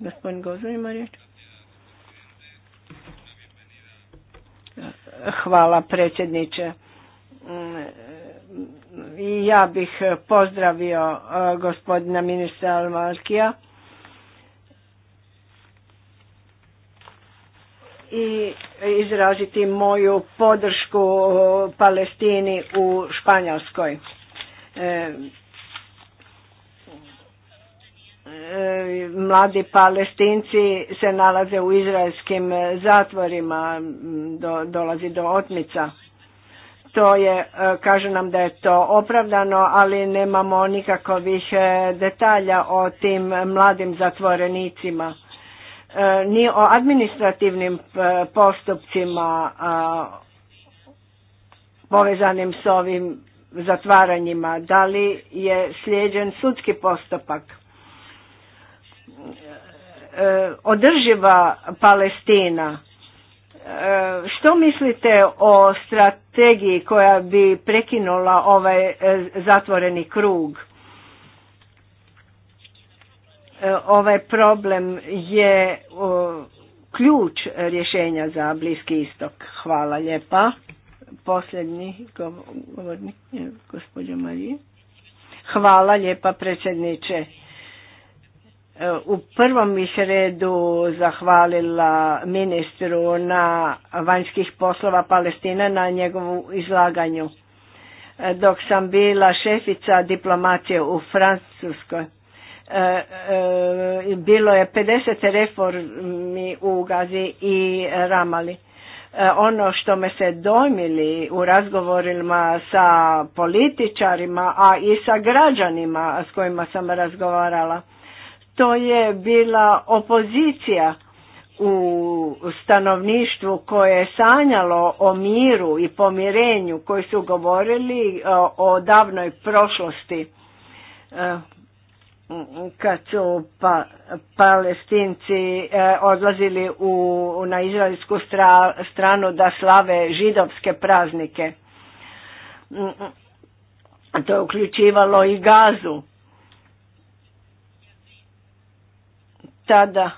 Gospodin Gozo ima riječ. Hvala predsjedniče. I ja bih pozdravio e, gospodina ministra Almarkija. i izraziti moju podršku e, Palestini u Španjolskoj. E, E, mladi palestinci se nalaze u izraelskim zatvorima, do, dolazi do otmica. To je, e, kaže nam da je to opravdano, ali nemamo nikakvih e, detalja o tim mladim zatvorenicima. Ni o administrativnim postupcima povezanim s ovim zatvaranjima. Da li je slijeđen sudski postupak? E, održiva Palestina. E, što mislite o strategiji koja bi prekinula ovaj e, zatvoreni krug? Ovaj problem je ključ rješenja za Bliski istok. Hvala lijepa. Posljednji govornik, Marije. Hvala lijepa predsjedniče. E, u prvom bih redu zahvalila ministru na vanjskih poslova Palestina na njegovu izlaganju. E, dok sam bila šefica diplomacije u Francuskoj, e, bilo je 50 reformi u Gazi i Ramali. Ono što me se dojmili u razgovorima sa političarima, a i sa građanima s kojima sam razgovarala, to je bila opozicija u stanovništvu koje je sanjalo o miru i pomirenju koji su govorili e, o davnoj prošlosti e, kad su pa, palestinci e, odlazili u, na izraelsku stranu da slave židovske praznike. Mm, mm. To je uključivalo i gazu tada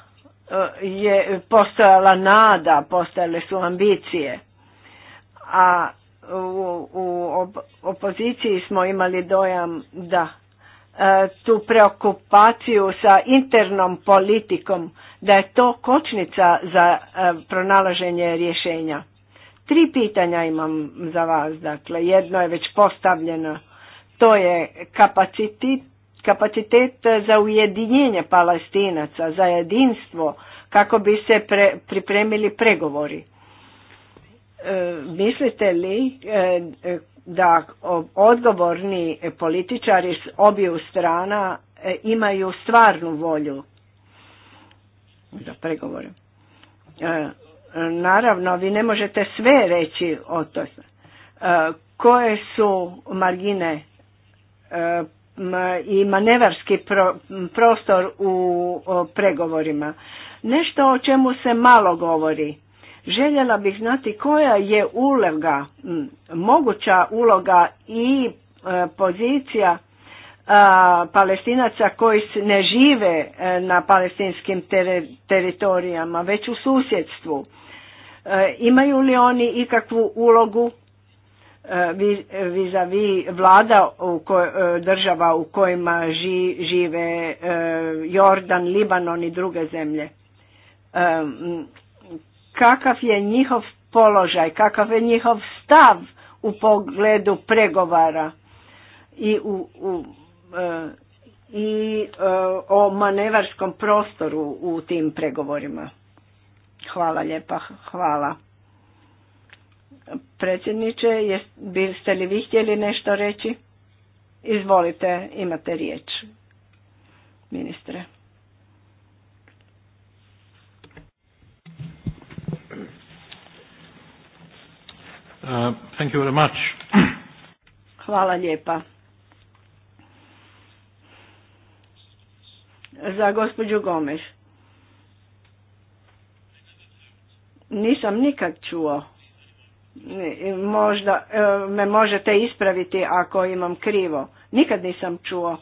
e, je postojala nada, postojale su ambicije, a u, u opoziciji smo imali dojam da e, tu preokupaciju sa internom politikom, da je to kočnica za e, pronalaženje rješenja. Tri pitanja imam za vas, dakle, jedno je već postavljeno, to je kapacitet kapacitet eh, za ujedinjenje palestinaca, za jedinstvo, kako bi se pripremili pregovori. Eh, mislite li eh, da odgovorni političari s obiju strana imaju stvarnu volju za pregovore? Naravno, vi ne možete sve reći o to. Koje su margine i manevarski prostor u pregovorima. Nešto o čemu se malo govori. Željela bih znati koja je uloga, moguća uloga i e, pozicija e, palestinaca koji ne žive e, na palestinskim teritorijama, već u susjedstvu. Imaju li oni ikakvu ulogu E, vis vlada u e, država u kojima žive e, Jordan, Libanon i druge zemlje. Kakav je njihov položaj, kakav je njihov stav u pogledu pregovara i u, u i o manevarskom prostoru u tim pregovorima. Hvala lijepa, hvala. Predsjedniče, biste li vi htjeli nešto reći? Izvolite, imate riječ, ministre. Uh, Hvala lijepa. Za gospođu Gomez. Nisam nikad čuo E, možda e, me možete ispraviti ako imam krivo. Nikad nisam čuo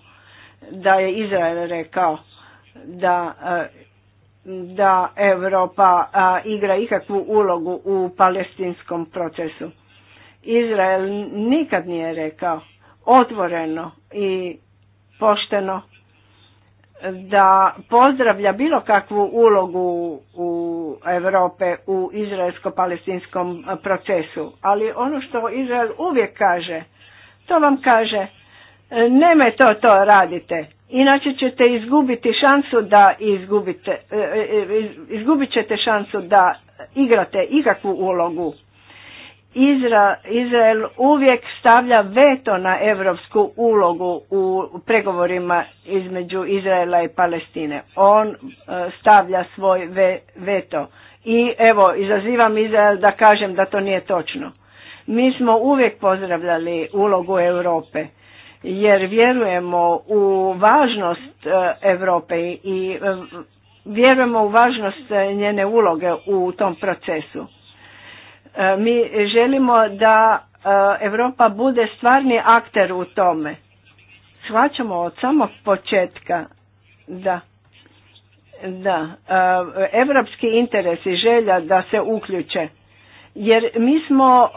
da je Izrael rekao da e, da Europa igra ikakvu ulogu u palestinskom procesu. Izrael nikad nije rekao otvoreno i pošteno da pozdravlja bilo kakvu ulogu u Europe u izraelsko-palestinskom procesu. Ali ono što Izrael uvijek kaže, to vam kaže, neme to, to radite. Inače ćete izgubiti šansu da izgubite, e, e, e, izgubit ćete šansu da igrate ikakvu ulogu. Izra, Izrael uvijek stavlja veto na evropsku ulogu u pregovorima između Izraela i Palestine. On e, stavlja svoj veto. I evo, izazivam Izrael da kažem da to nije točno. Mi smo uvijek pozdravljali ulogu Europe jer vjerujemo u važnost e, Europe i e, vjerujemo u važnost njene uloge u tom procesu E, mi želimo da e, Europa bude stvarni akter u tome. Shvaćamo od samog početka da da e, evropski interes i želja da se uključe jer mi smo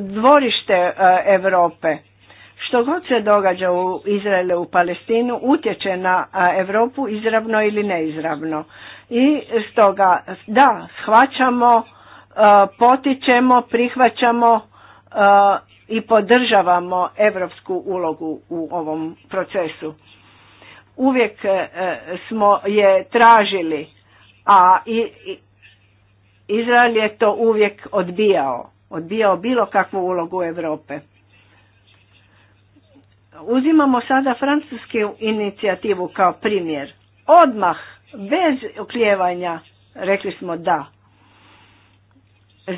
dvorište Europe što god se događa u Izraelu u Palestinu utječe na Europu izravno ili neizravno i stoga da shvaćamo potičemo, prihvaćamo i podržavamo evropsku ulogu u ovom procesu. Uvijek e, smo je tražili, a Izrael je to uvijek odbijao, odbijao bilo kakvu ulogu Europe. Uzimamo sada francusku inicijativu kao primjer. Odmah, bez oklijevanja, rekli smo da.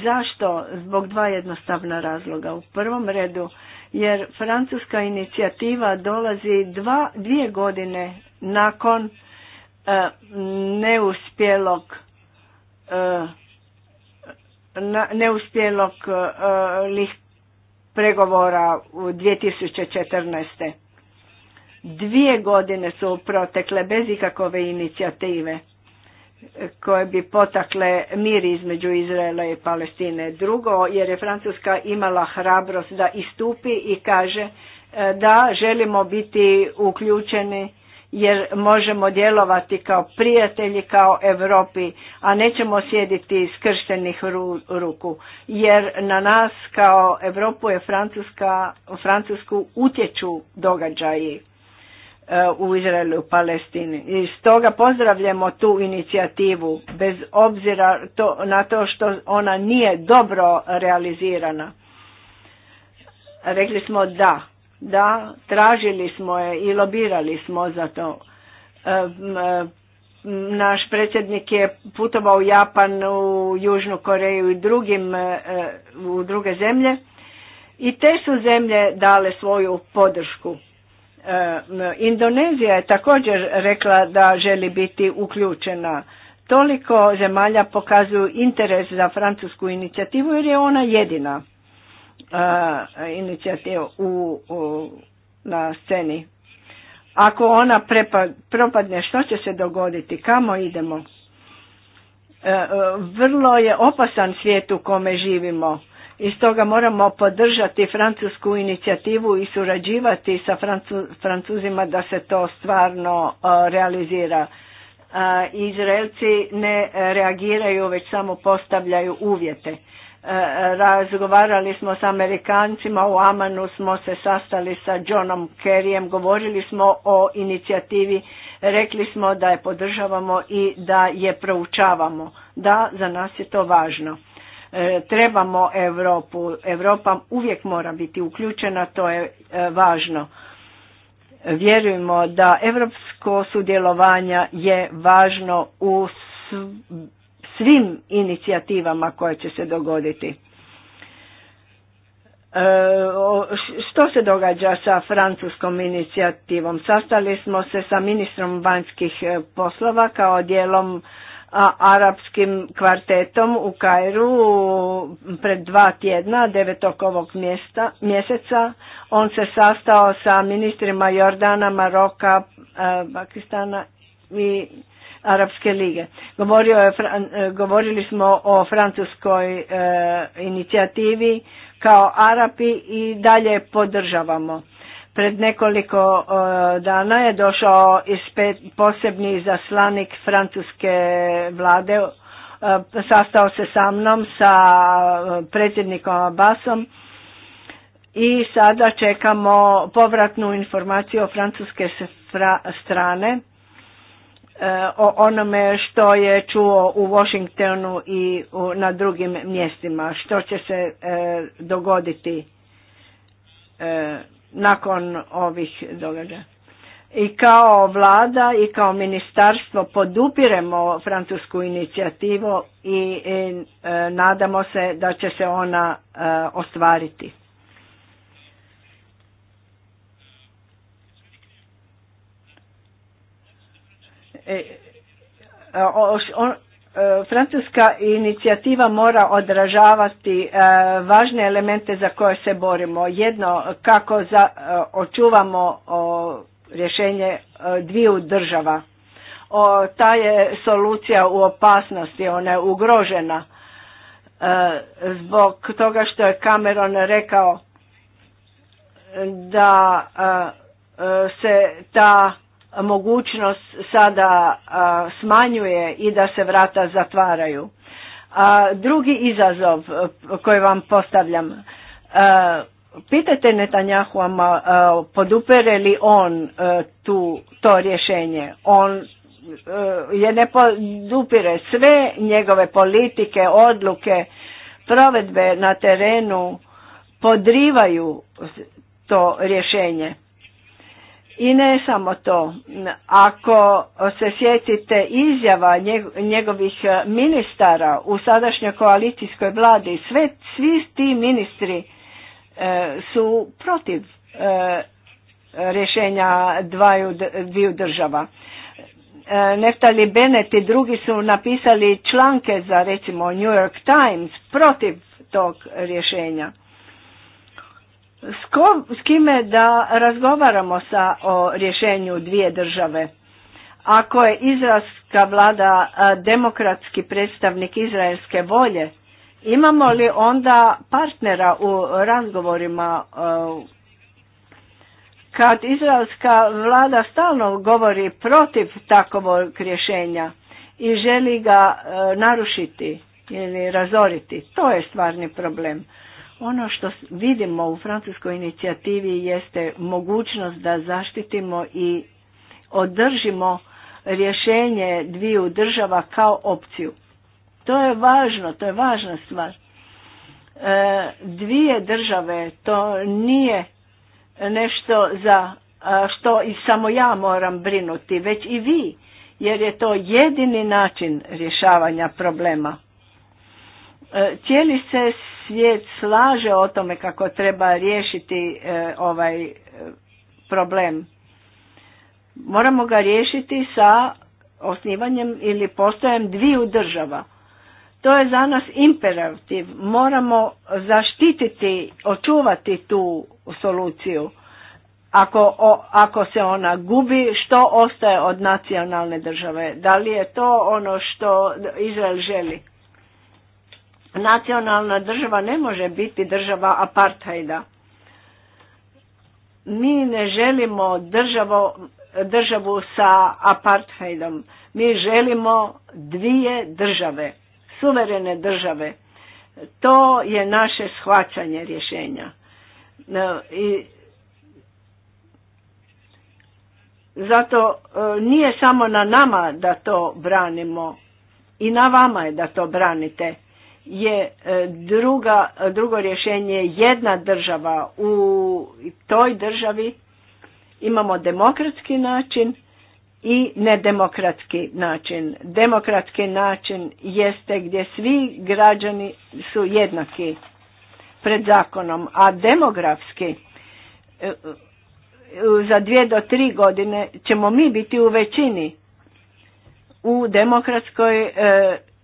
Zašto? Zbog dva jednostavna razloga. U prvom redu jer francuska inicijativa dolazi dva, dvije godine nakon e, neuspjelog e, na, neuspjelog e, lih pregovora u 2014. Dvije godine su protekle bez ikakove inicijative koje bi potakle mir između Izraela i Palestine. Drugo, jer je Francuska imala hrabrost da istupi i kaže e, da želimo biti uključeni jer možemo djelovati kao prijatelji, kao Europi, a nećemo sjediti skrštenih ruku. Jer na nas kao Evropu je Francuska, Francusku utječu događaji u Izraelu i Palestini. I stoga pozdravljamo tu inicijativu bez obzira to, na to što ona nije dobro realizirana. Rekli smo da, da, tražili smo je i lobirali smo za to. E, e, naš predsjednik je putovao u Japan, u Južnu Koreju i drugim, e, u druge zemlje i te su zemlje dale svoju podršku Indonezija je također rekla da želi biti uključena. Toliko zemalja pokazuju interes za francusku inicijativu jer je ona jedina eh, inicijativa u, u, na sceni. Ako ona propadne, što će se dogoditi? Kamo idemo? Eh, eh, vrlo je opasan svijet u kome živimo i stoga moramo podržati francusku inicijativu i surađivati sa francuzima da se to stvarno realizira. Izraelci ne reagiraju, već samo postavljaju uvjete. E, razgovarali smo s Amerikancima, u Amanu smo se sastali sa Johnom Kerryjem, govorili smo o inicijativi, rekli smo da je podržavamo i da je proučavamo. Da, za nas je to važno. E, trebamo Europu. Europa uvijek mora biti uključena, to je e, važno. Vjerujemo da europsko sudjelovanje je važno u svim inicijativama koje će se dogoditi. E, što se događa sa francuskom inicijativom? Sastali smo se sa ministrom vanjskih poslova kao dijelom arapskim kvartetom u Kairu pred dva tjedna, devetog ovog mjesta, mjeseca. On se sastao sa ministrima Jordana, Maroka, e, Pakistana i Arapske lige. Govorio je, e, govorili smo o francuskoj e, inicijativi kao Arapi i dalje podržavamo. Pred nekoliko e, dana je došao posebni zaslanik francuske vlade, e, sastao se sa mnom, sa e, predsjednikom Abbasom i sada čekamo povratnu informaciju o francuske strane o onome što je čuo u Washingtonu i na drugim mjestima, što će se dogoditi nakon ovih događaja. I kao vlada i kao ministarstvo podupiremo francusku inicijativu i e, nadamo se da će se ona e, ostvariti. E, E, francuska inicijativa mora odražavati e, važne elemente za koje se borimo. Jedno, kako za, e, očuvamo rješenje dviju država. ta je solucija u opasnosti, ona je ugrožena zbog toga što je Cameron rekao da se ta mogućnost sada smanjuje i da se vrata zatvaraju. A drugi izazov e, koji vam postavljam, e, pitajte Netanjahuama e, podupere li on tu, to rješenje. On je ne podupire sve njegove politike, odluke, provedbe na terenu podrivaju to rješenje. I ne samo to, ako se sjetite izjava njegovih e, ministara u sadašnjoj koalicijskoj vladi, svi ti ministri e, su protiv e, rješenja dviju država. E, Neftali Bennett i drugi su napisali članke za recimo New York Times protiv tog rješenja s, ko, s kime da razgovaramo sa o rješenju dvije države. Ako je izraelska vlada demokratski predstavnik izraelske volje, imamo li onda partnera u razgovorima kad izraelska vlada stalno govori protiv takovog rješenja i želi ga narušiti ili razoriti, to je stvarni problem. Ono što vidimo u francuskoj inicijativi jeste mogućnost da zaštitimo i održimo rješenje dviju država kao opciju. To je važno, to je važna stvar. E, dvije države to nije nešto za što i samo ja moram brinuti, već i vi, jer je to jedini način rješavanja problema. E, cijeli se svijet slaže o tome kako treba riješiti e, ovaj e, problem. Moramo ga riješiti sa osnivanjem ili postojem dviju država. To je za nas imperativ. Moramo zaštititi, očuvati tu soluciju. Ako, ako se ona gubi, što ostaje od nacionalne države? Da li je to ono što Izrael želi? Nacionalna država ne može biti država apartheida. Mi ne želimo državo, državu sa apartheidom. Mi želimo dvije države, suverene države. To je naše shvaćanje rješenja. E, I zato e, nije samo na nama da to branimo i na vama je da to branite je e, druga, drugo rješenje jedna država u toj državi imamo demokratski način i nedemokratski način. Demokratski način jeste gdje svi građani su jednaki pred zakonom, a demografski e, e, za dvije do tri godine ćemo mi biti u većini u demokratskoj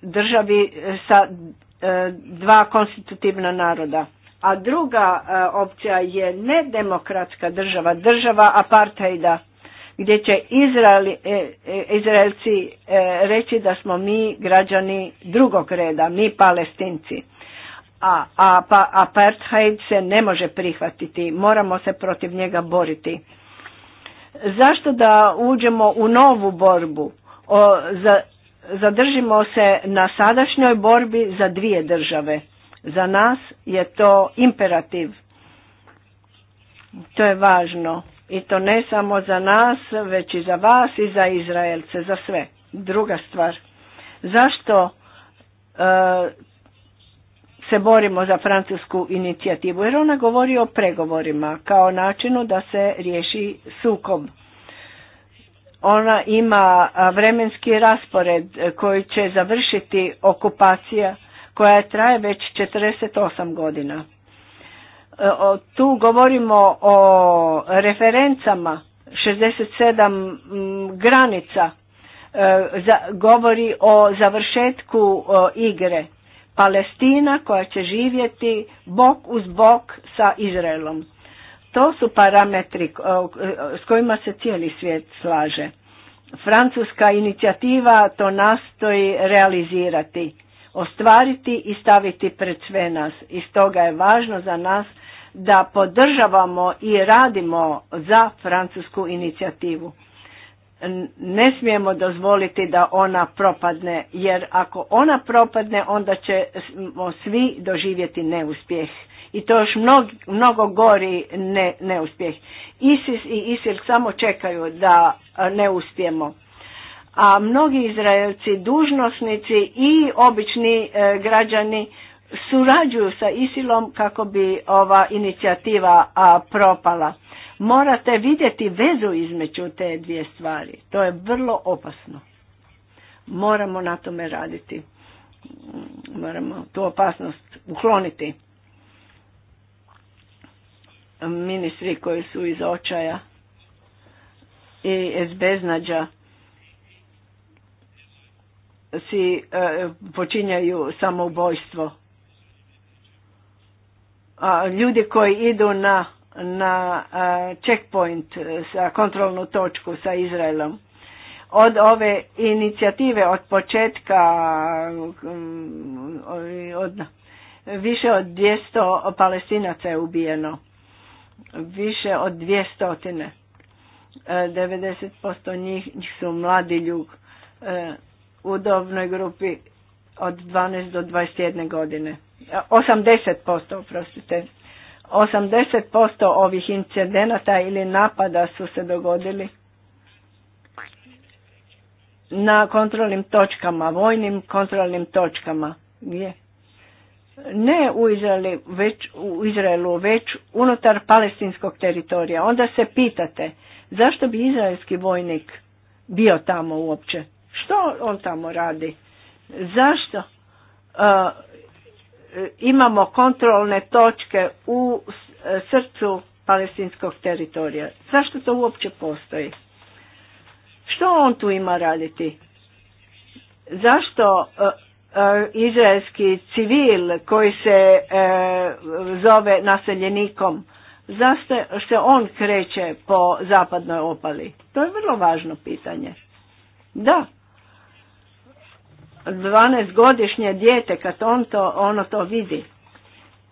državi sa E, dva konstitutivna naroda. A druga e, opcija je nedemokratska država, država apartheida, gdje će e, Izraelci reći da smo mi građani drugog reda, mi palestinci. A, a pa, apartheid se ne može prihvatiti, moramo se protiv njega boriti. Zašto da uđemo u novu borbu o, za zadržimo se na sadašnjoj borbi za dvije države. Za nas je to imperativ. To je važno. I to ne samo za nas, već i za vas i za Izraelce, za sve. Druga stvar. Zašto e, se borimo za francusku inicijativu? Jer ona govori o pregovorima kao načinu da se riješi sukob ona ima vremenski raspored e, koji će završiti okupacija koja traje već 48 godina. E, tu govorimo o referencama 67 granica e, govori o završetku igre Palestina koja će živjeti bok uz bok sa Izraelom. To su parametri eh, s kojima se cijeli svijet slaže. Francuska inicijativa to nastoji realizirati, ostvariti i staviti pred sve nas. I stoga je važno za nas da podržavamo i radimo za francusku inicijativu. Ne smijemo dozvoliti da ona propadne, jer ako ona propadne, onda ćemo svi doživjeti neuspjeh i to još mnogo gori ne, neuspjeh. ISIS i ISIL samo čekaju da ne uspijemo. A mnogi Izraelci, dužnosnici i obični e, građani surađuju sa Isilom kako bi ova inicijativa a, propala. Morate vidjeti vezu između te dvije stvari. To je vrlo opasno. Moramo na tome raditi. Moramo tu opasnost ukloniti ministri koji su iz očaja i iz beznađa si e, počinjaju samoubojstvo. A ljudi koji idu na, na e, checkpoint e, sa kontrolnu točku sa Izraelom. Od ove inicijative od početka mm, od, više od 200 palestinaca je ubijeno više od e, Devedeset 90% njih su mladi ljug e, u dobnoj grupi od 12 do 21 godine. 80%, e, oprostite. 80% ovih incidenata ili napada su se dogodili na kontrolnim točkama, vojnim kontrolnim točkama. Gdje? ne u Izraelu, već u Izraelu, već unutar palestinskog teritorija. Onda se pitate zašto bi izraelski vojnik bio tamo uopće? Što on tamo radi? Zašto uh, imamo kontrolne točke u srcu palestinskog teritorija? Zašto to uopće postoji? Što on tu ima raditi? Zašto uh, Eh, izraelski civil koji se eh, zove naseljenikom, zašto se on kreće po zapadnoj opali? To je vrlo važno pitanje. Da, 12-godišnje dijete, kad on to, ono to vidi,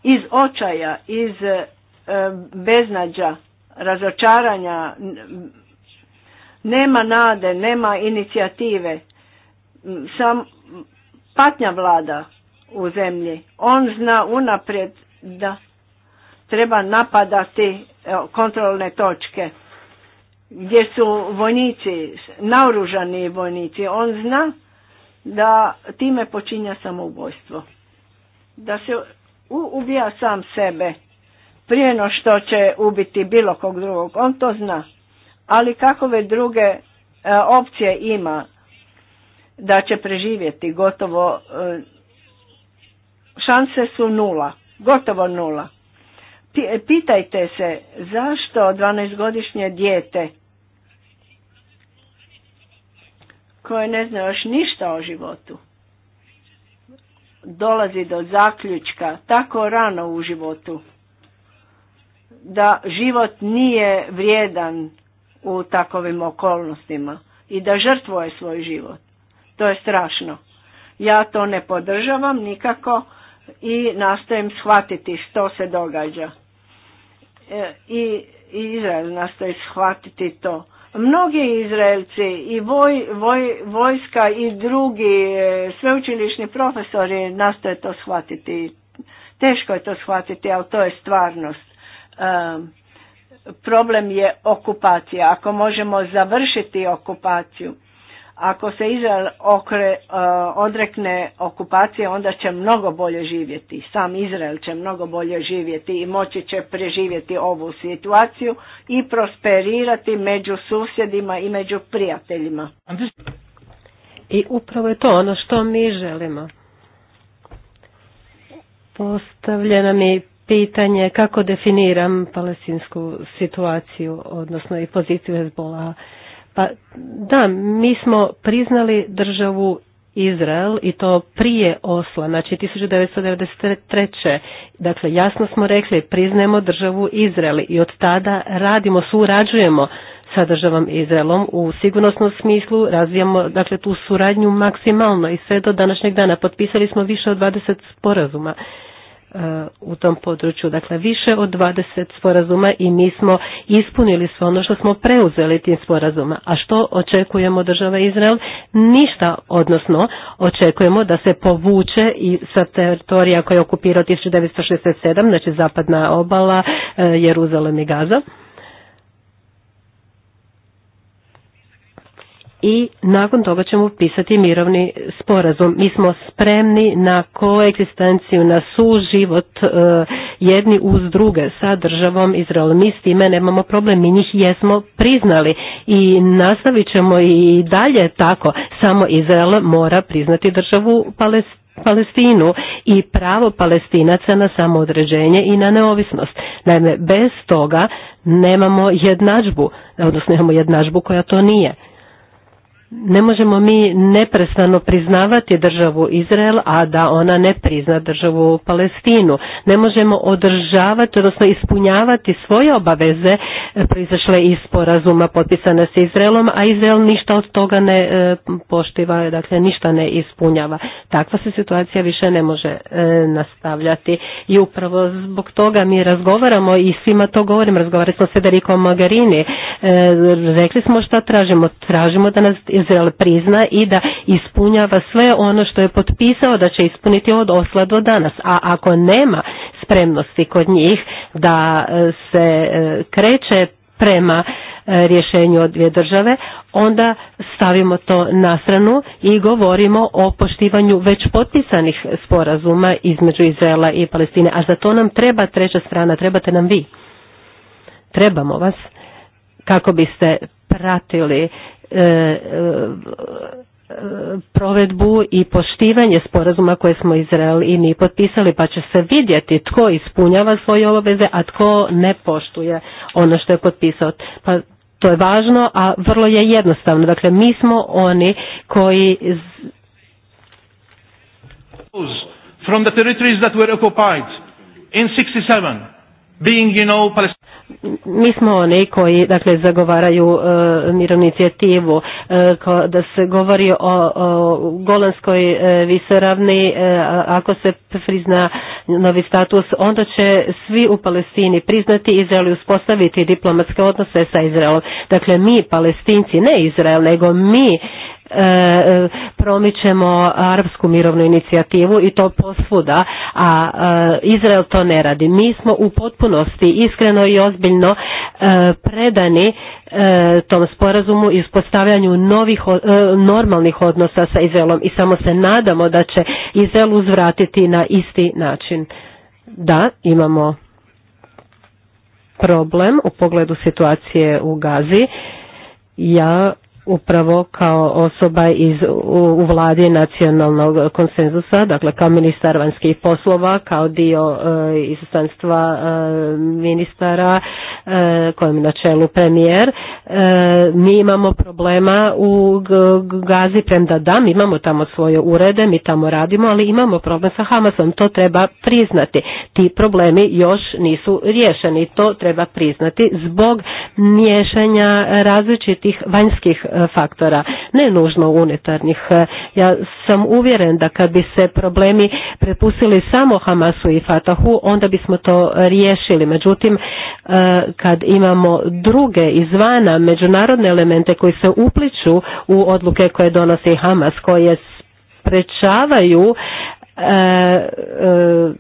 iz očaja, iz eh, beznađa, razočaranja, nema nade, nema inicijative, sam patnja vlada u zemlji. On zna unaprijed da treba napadati e, kontrolne točke gdje su vojnici, naoružani vojnici. On zna da time počinja samoubojstvo. Da se ubija sam sebe prije no što će ubiti bilo kog drugog. On to zna. Ali kakove druge e, opcije ima da će preživjeti gotovo e, šanse su nula, gotovo nula. Pitajte se zašto 12-godišnje dijete koje ne zna još ništa o životu dolazi do zaključka tako rano u životu da život nije vrijedan u takovim okolnostima i da žrtvuje svoj život. To je strašno. Ja to ne podržavam nikako i nastojim shvatiti što se događa. E, I Izrael nastoji shvatiti to. Mnogi Izraelci i voj, vojska i drugi e, sveučilišni profesori nastoje to shvatiti. Teško je to shvatiti, ali to je stvarnost. E, problem je okupacija. Ako možemo završiti okupaciju, ako se Izrael okre, e, odrekne okupacije, onda će mnogo bolje živjeti. Sam Izrael će mnogo bolje živjeti i moći će preživjeti ovu situaciju i prosperirati među susjedima i među prijateljima. I upravo je to ono što mi želimo. Postavljeno mi pitanje kako definiram palestinsku situaciju, odnosno i poziciju Hezbollah. Pa da, mi smo priznali državu Izrael i to prije Osla, znači 1993. Dakle, jasno smo rekli, priznajemo državu Izrael i od tada radimo, surađujemo sa državom Izraelom u sigurnosnom smislu, razvijamo dakle, tu suradnju maksimalno i sve do današnjeg dana. Potpisali smo više od 20 sporazuma u tom području. Dakle, više od 20 sporazuma i mi smo ispunili sve ono što smo preuzeli tim sporazuma. A što očekujemo država Izrael? Ništa, odnosno očekujemo da se povuče i sa teritorija koja je okupirao 1967, znači zapadna obala, e, Jeruzalem i Gaza. i nakon toga ćemo pisati mirovni sporazum. Mi smo spremni na koegzistenciju, na suživot e, jedni uz druge sa državom izrael Mi s time nemamo problem, mi njih jesmo priznali i nastavit ćemo i dalje tako. Samo Izrael mora priznati državu Palestinu. Palestinu i pravo Palestinaca na samoodređenje i na neovisnost. Naime, bez toga nemamo jednadžbu, odnosno imamo jednadžbu koja to nije. Ne možemo mi neprestano priznavati državu Izrael, a da ona ne prizna državu Palestinu. Ne možemo održavati, odnosno ispunjavati svoje obaveze e, proizašle iz sporazuma potpisane s Izraelom, a Izrael ništa od toga ne e, poštiva, dakle ništa ne ispunjava. Takva se situacija više ne može e, nastavljati i upravo zbog toga mi razgovaramo i svima to govorim, razgovarali smo s Federico Magarini, rekli smo šta tražimo, tražimo da nas Izrael prizna i da ispunjava sve ono što je potpisao da će ispuniti od Osla do danas. A ako nema spremnosti kod njih da e, se e, kreće prema e, rješenju od dvije države, onda stavimo to na stranu i govorimo o poštivanju već potpisanih sporazuma između Izraela i Palestine. A za to nam treba treća strana, trebate nam vi. Trebamo vas kako biste pratili E, e, provedbu i poštivanje sporazuma koje smo Izrael i mi potpisali, pa će se vidjeti tko ispunjava svoje obaveze, a tko ne poštuje ono što je potpisao. Pa to je važno, a vrlo je jednostavno. Dakle, mi smo oni koji from the territories that were occupied in 67 being you know mi smo oni koji dakle zagovaraju e, inicijativu e, da se govori o, golanskoj e, visoravni e, ako se prizna novi status onda će svi u Palestini priznati Izrael i uspostaviti diplomatske odnose sa Izraelom dakle mi palestinci ne Izrael nego mi E, e, promičemo arapsku mirovnu inicijativu i to posvuda, a e, Izrael to ne radi. Mi smo u potpunosti iskreno i ozbiljno predani tom sporazumu i uspostavljanju novih normalnih odnosa sa Izraelom i samo se nadamo da će Izrael uzvratiti na isti način. Da, imamo problem u pogledu situacije u Gazi. Ja upravo kao osoba iz, u, vladi nacionalnog konsenzusa, dakle kao ministar vanjskih poslova, kao dio e, e, ministara e, kojem na čelu premijer. E, mi imamo problema u Gazi, premda da, mi imamo tamo svoje urede, mi tamo radimo, ali imamo problem sa Hamasom, to treba priznati. Ti problemi još nisu riješeni, to treba priznati zbog miješanja različitih vanjskih faktora, ne nužno unitarnih. E, ja sam uvjeren da kad bi se problemi prepustili samo Hamasu i Fatahu, onda bismo to riješili. Međutim, e, kad imamo druge izvana međunarodne elemente koji se upliču u odluke koje donosi Hamas, koje sprečavaju E, e,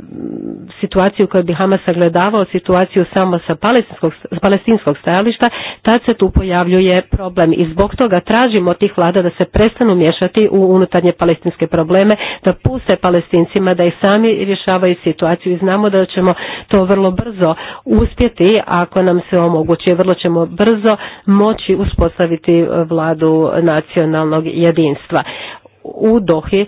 situaciju koju bi Hamas sagledavao, situaciju samo sa palestinskog, palestinskog stajališta, tad se tu pojavljuje problem i zbog toga tražimo tih vlada da se prestanu miješati u unutarnje palestinske probleme, da puste palestincima da i sami rješavaju situaciju i znamo da ćemo to vrlo brzo uspjeti ako nam se omogući, vrlo ćemo brzo moći uspostaviti vladu nacionalnog jedinstva. U Dohi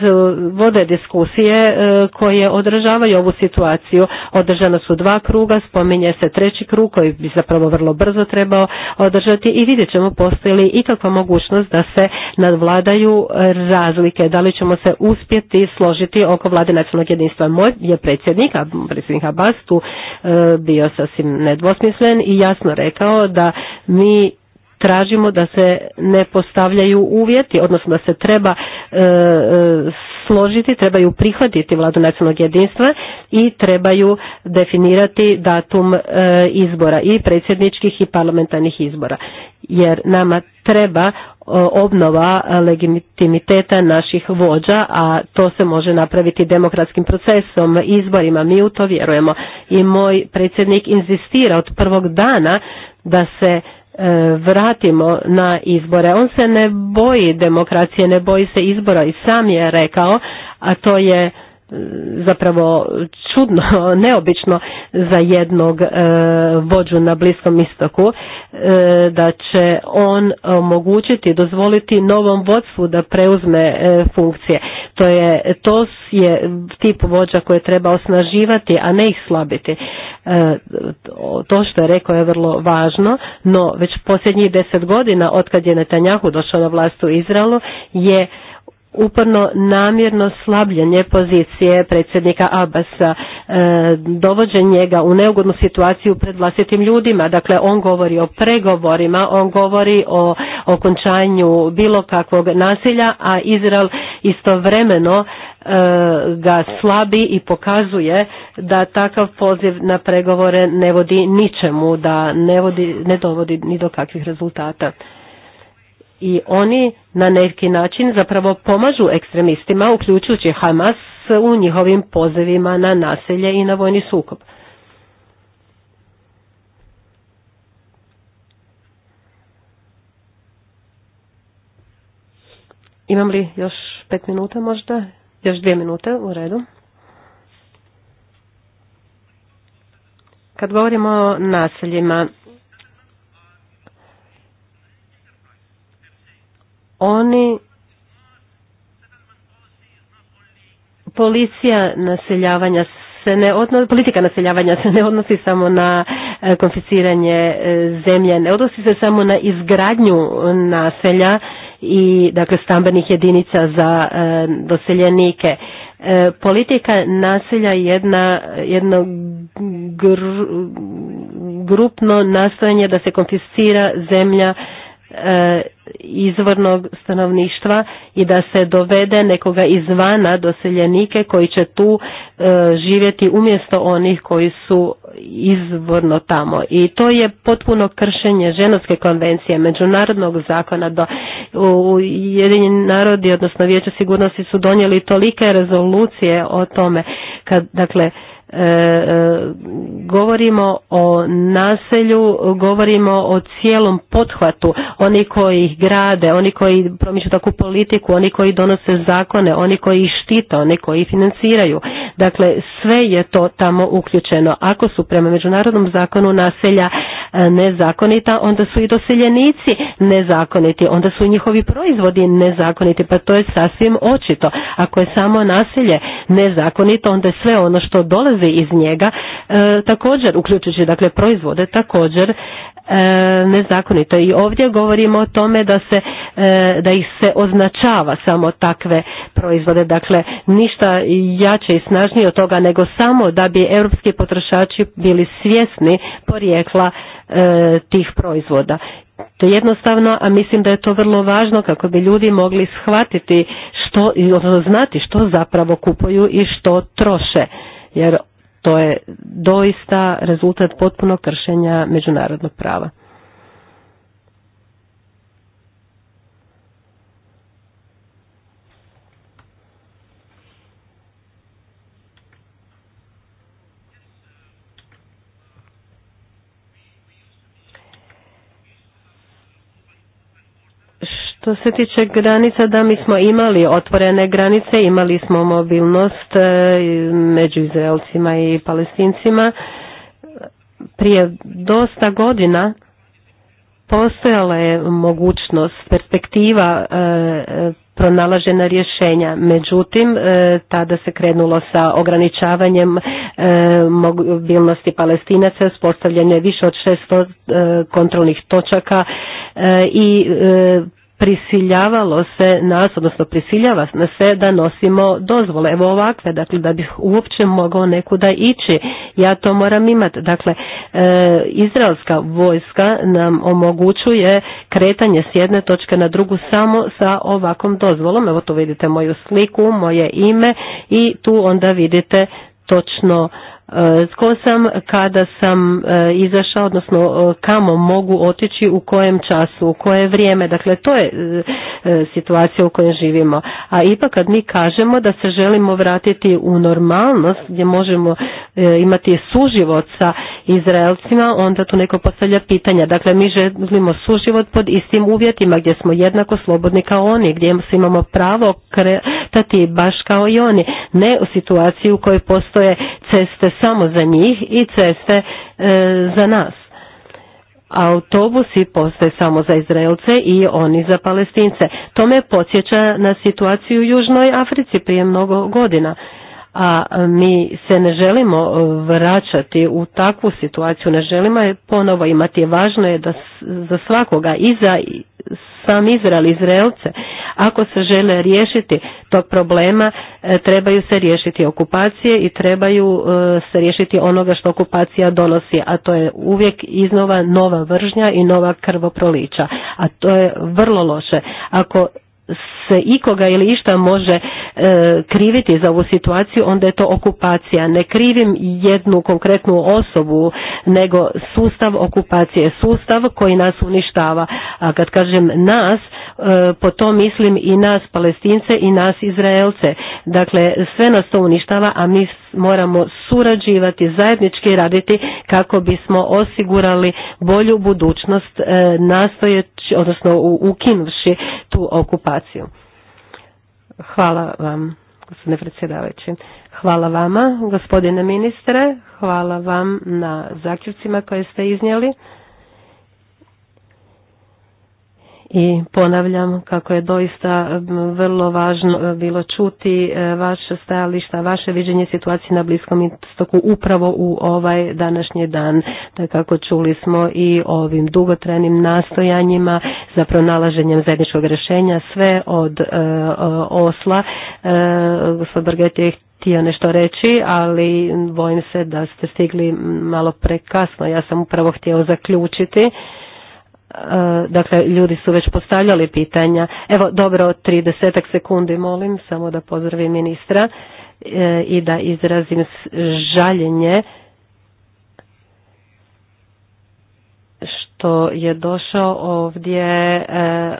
Eh, vode diskusije eh, koje održavaju ovu situaciju. Održana su dva kruga, spominje se treći krug koji bi zapravo vrlo brzo trebao održati i vidjet ćemo postoji li ikakva mogućnost da se nadvladaju razlike. Da li ćemo se uspjeti složiti oko vlade nacionalnog jedinstva. Moj je predsjednik, a predsjednik Abbas tu eh, bio sasvim nedvosmislen i jasno rekao da mi tražimo da se ne postavljaju uvjeti, odnosno da se treba e, e, složiti, trebaju prihvatiti vladu nacionalnog jedinstva i trebaju definirati datum e, izbora i predsjedničkih i parlamentarnih izbora. Jer nama treba obnova legitimiteta naših vođa, a to se može napraviti demokratskim procesom, izborima, mi u to vjerujemo. I moj predsjednik inzistira od prvog dana da se E, vratimo na izbore. On se ne boji demokracije, ne boji se izbora i sam je rekao, a to je zapravo čudno, neobično za jednog e, vođu na Bliskom istoku, e, da će on omogućiti, dozvoliti novom vodstvu da preuzme e, funkcije. To je, to je tip vođa koje treba osnaživati, a ne ih slabiti. To što je rekao je vrlo važno, no već posljednjih deset godina, otkad je Netanjahu došao na vlast u Izraelu, je uporno namjerno slabljenje pozicije predsjednika Abasa, e, dovođenje njega u neugodnu situaciju pred vlastitim ljudima. Dakle, on govori o pregovorima, on govori o okončanju bilo kakvog nasilja, a Izrael istovremeno e, ga slabi i pokazuje da takav poziv na pregovore ne vodi ničemu, da ne, vodi, ne dovodi ni do kakvih rezultata i oni na neki način zapravo pomažu ekstremistima, uključujući Hamas u njihovim pozivima na naselje i na vojni sukob. Imam li još pet minuta možda? Još dvije minute, u redu. Kad govorimo o naseljima, Oni policija naseljavanja se ne odnosi, politika naseljavanja se ne odnosi samo na e, konficiranje e, zemlje, ne odnosi se samo na izgradnju naselja i dakle stambenih jedinica za e, doseljenike. politika naselja je jedna, jedno grupno nastojanje da se konfiscira zemlja E, izvornog stanovništva i da se dovede nekoga izvana doseljenike koji će tu e, živjeti umjesto onih koji su izvorno tamo. I to je potpuno kršenje ženovske konvencije, međunarodnog zakona. Do, u jedini narodi, odnosno Vijeće sigurnosti su donijeli tolike rezolucije o tome. Kad, dakle, E, e, govorimo o naselju, govorimo o cijelom pothvatu, oni koji ih grade, oni koji promiču takvu politiku, oni koji donose zakone, oni koji ih štita, oni koji ih financiraju. Dakle, sve je to tamo uključeno. Ako su prema međunarodnom zakonu naselja E, nezakonita, onda su i doseljenici nezakoniti, onda su i njihovi proizvodi nezakoniti, pa to je sasvim očito. Ako je samo nasilje nezakonito, onda je sve ono što dolazi iz njega e, također, uključujući dakle proizvode, također E, nezakonito. I ovdje govorimo o tome da, se, e, da ih se označava samo takve proizvode. Dakle, ništa jače i snažnije od toga nego samo da bi europski potrošači bili svjesni porijekla e, tih proizvoda. To je jednostavno, a mislim da je to vrlo važno kako bi ljudi mogli shvatiti što, znati što zapravo kupuju i što troše. Jer to je doista rezultat potpunog kršenja međunarodnog prava. Što se tiče granica, da mi smo imali otvorene granice, imali smo mobilnost e, među Izraelcima i Palestincima. Prije dosta godina postojala je mogućnost, perspektiva e, e, pronalažena rješenja. Međutim, tada se krenulo sa ograničavanjem mobilnosti palestinaca, spostavljanje više od 600 kontrolnih točaka i prisiljavalo se nas, odnosno prisiljava na se da nosimo dozvole. Evo ovakve, dakle, da bih uopće mogao nekuda ići. Ja to moram imati. Dakle, e, izraelska vojska nam omogućuje kretanje s jedne točke na drugu samo sa ovakvom dozvolom. Evo tu vidite moju sliku, moje ime i tu onda vidite točno E, tko sam kada sam e, izašao, odnosno e, kamo mogu otići, u kojem času, u koje vrijeme. Dakle, to je situacija u kojoj živimo. A ipak kad mi kažemo da se želimo vratiti u normalnost gdje možemo imati suživot sa Izraelcima, onda tu neko postavlja pitanja. Dakle, mi želimo suživot pod istim uvjetima gdje smo jednako slobodni kao oni, gdje imamo pravo kretati baš kao i oni. Ne u situaciji u kojoj postoje ceste samo za njih i ceste e, za nas. Autobusi postoje samo za Izraelce i oni za Palestince. To me podsjeća na situaciju u Južnoj Africi prije mnogo godina a mi se ne želimo e, vraćati u takvu situaciju, ne želimo je ponovo imati. Važno je da za svakoga i za sam Izrael, Izraelce, ako se žele riješiti tog problema, e, trebaju se riješiti okupacije i trebaju e, se riješiti onoga što okupacija donosi, a to je uvijek iznova nova vržnja i nova krvoprolića, a to je vrlo loše. Ako se ikoga ili išta može e, kriviti za ovu situaciju, onda je to okupacija. Ne krivim jednu konkretnu osobu, nego sustav okupacije, sustav koji nas uništava. A kad kažem nas, e, po to mislim i nas palestince i nas izraelce. Dakle, sve nas to uništava, a mi moramo surađivati, zajednički raditi kako bismo osigurali bolju budućnost e, nastojeći, odnosno ukinuvši tu okupaciju. Hvala vam, gospodine predsjedavajući. Hvala vama, gospodine ministre. Hvala vam na zaključcima koje ste iznijeli. i ponavljam kako je doista vrlo važno e, bilo čuti e, vaše stajališta, vaše viđenje situacije na Bliskom istoku upravo u ovaj današnji dan. Da kako čuli smo i ovim dugotrenim nastojanjima za pronalaženjem zajedničkog rješenja, sve od e, Osla. Gospod Brget je htio nešto reći, ali bojim se da ste stigli malo prekasno. Ja sam upravo htio zaključiti. E, dakle ljudi su već postavljali pitanja. Evo dobro, 30 sekundi molim samo da pozdravim ministra e, i da izrazim žaljenje što je došao ovdje e,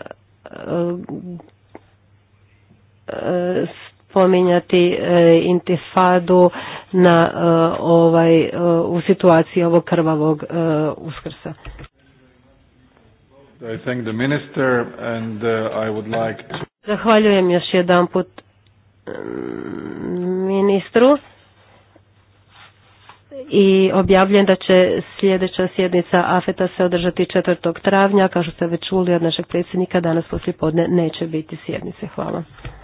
spominjati intifadu na ovaj u situaciji ovog krvavog uskrsa. Zahvaljujem još jedan put ministru i objavljen da će sljedeća sjednica AFETA se održati 4. travnja. Kao što ste već čuli od našeg predsjednika, danas poslije podne neće biti sjednice. Hvala.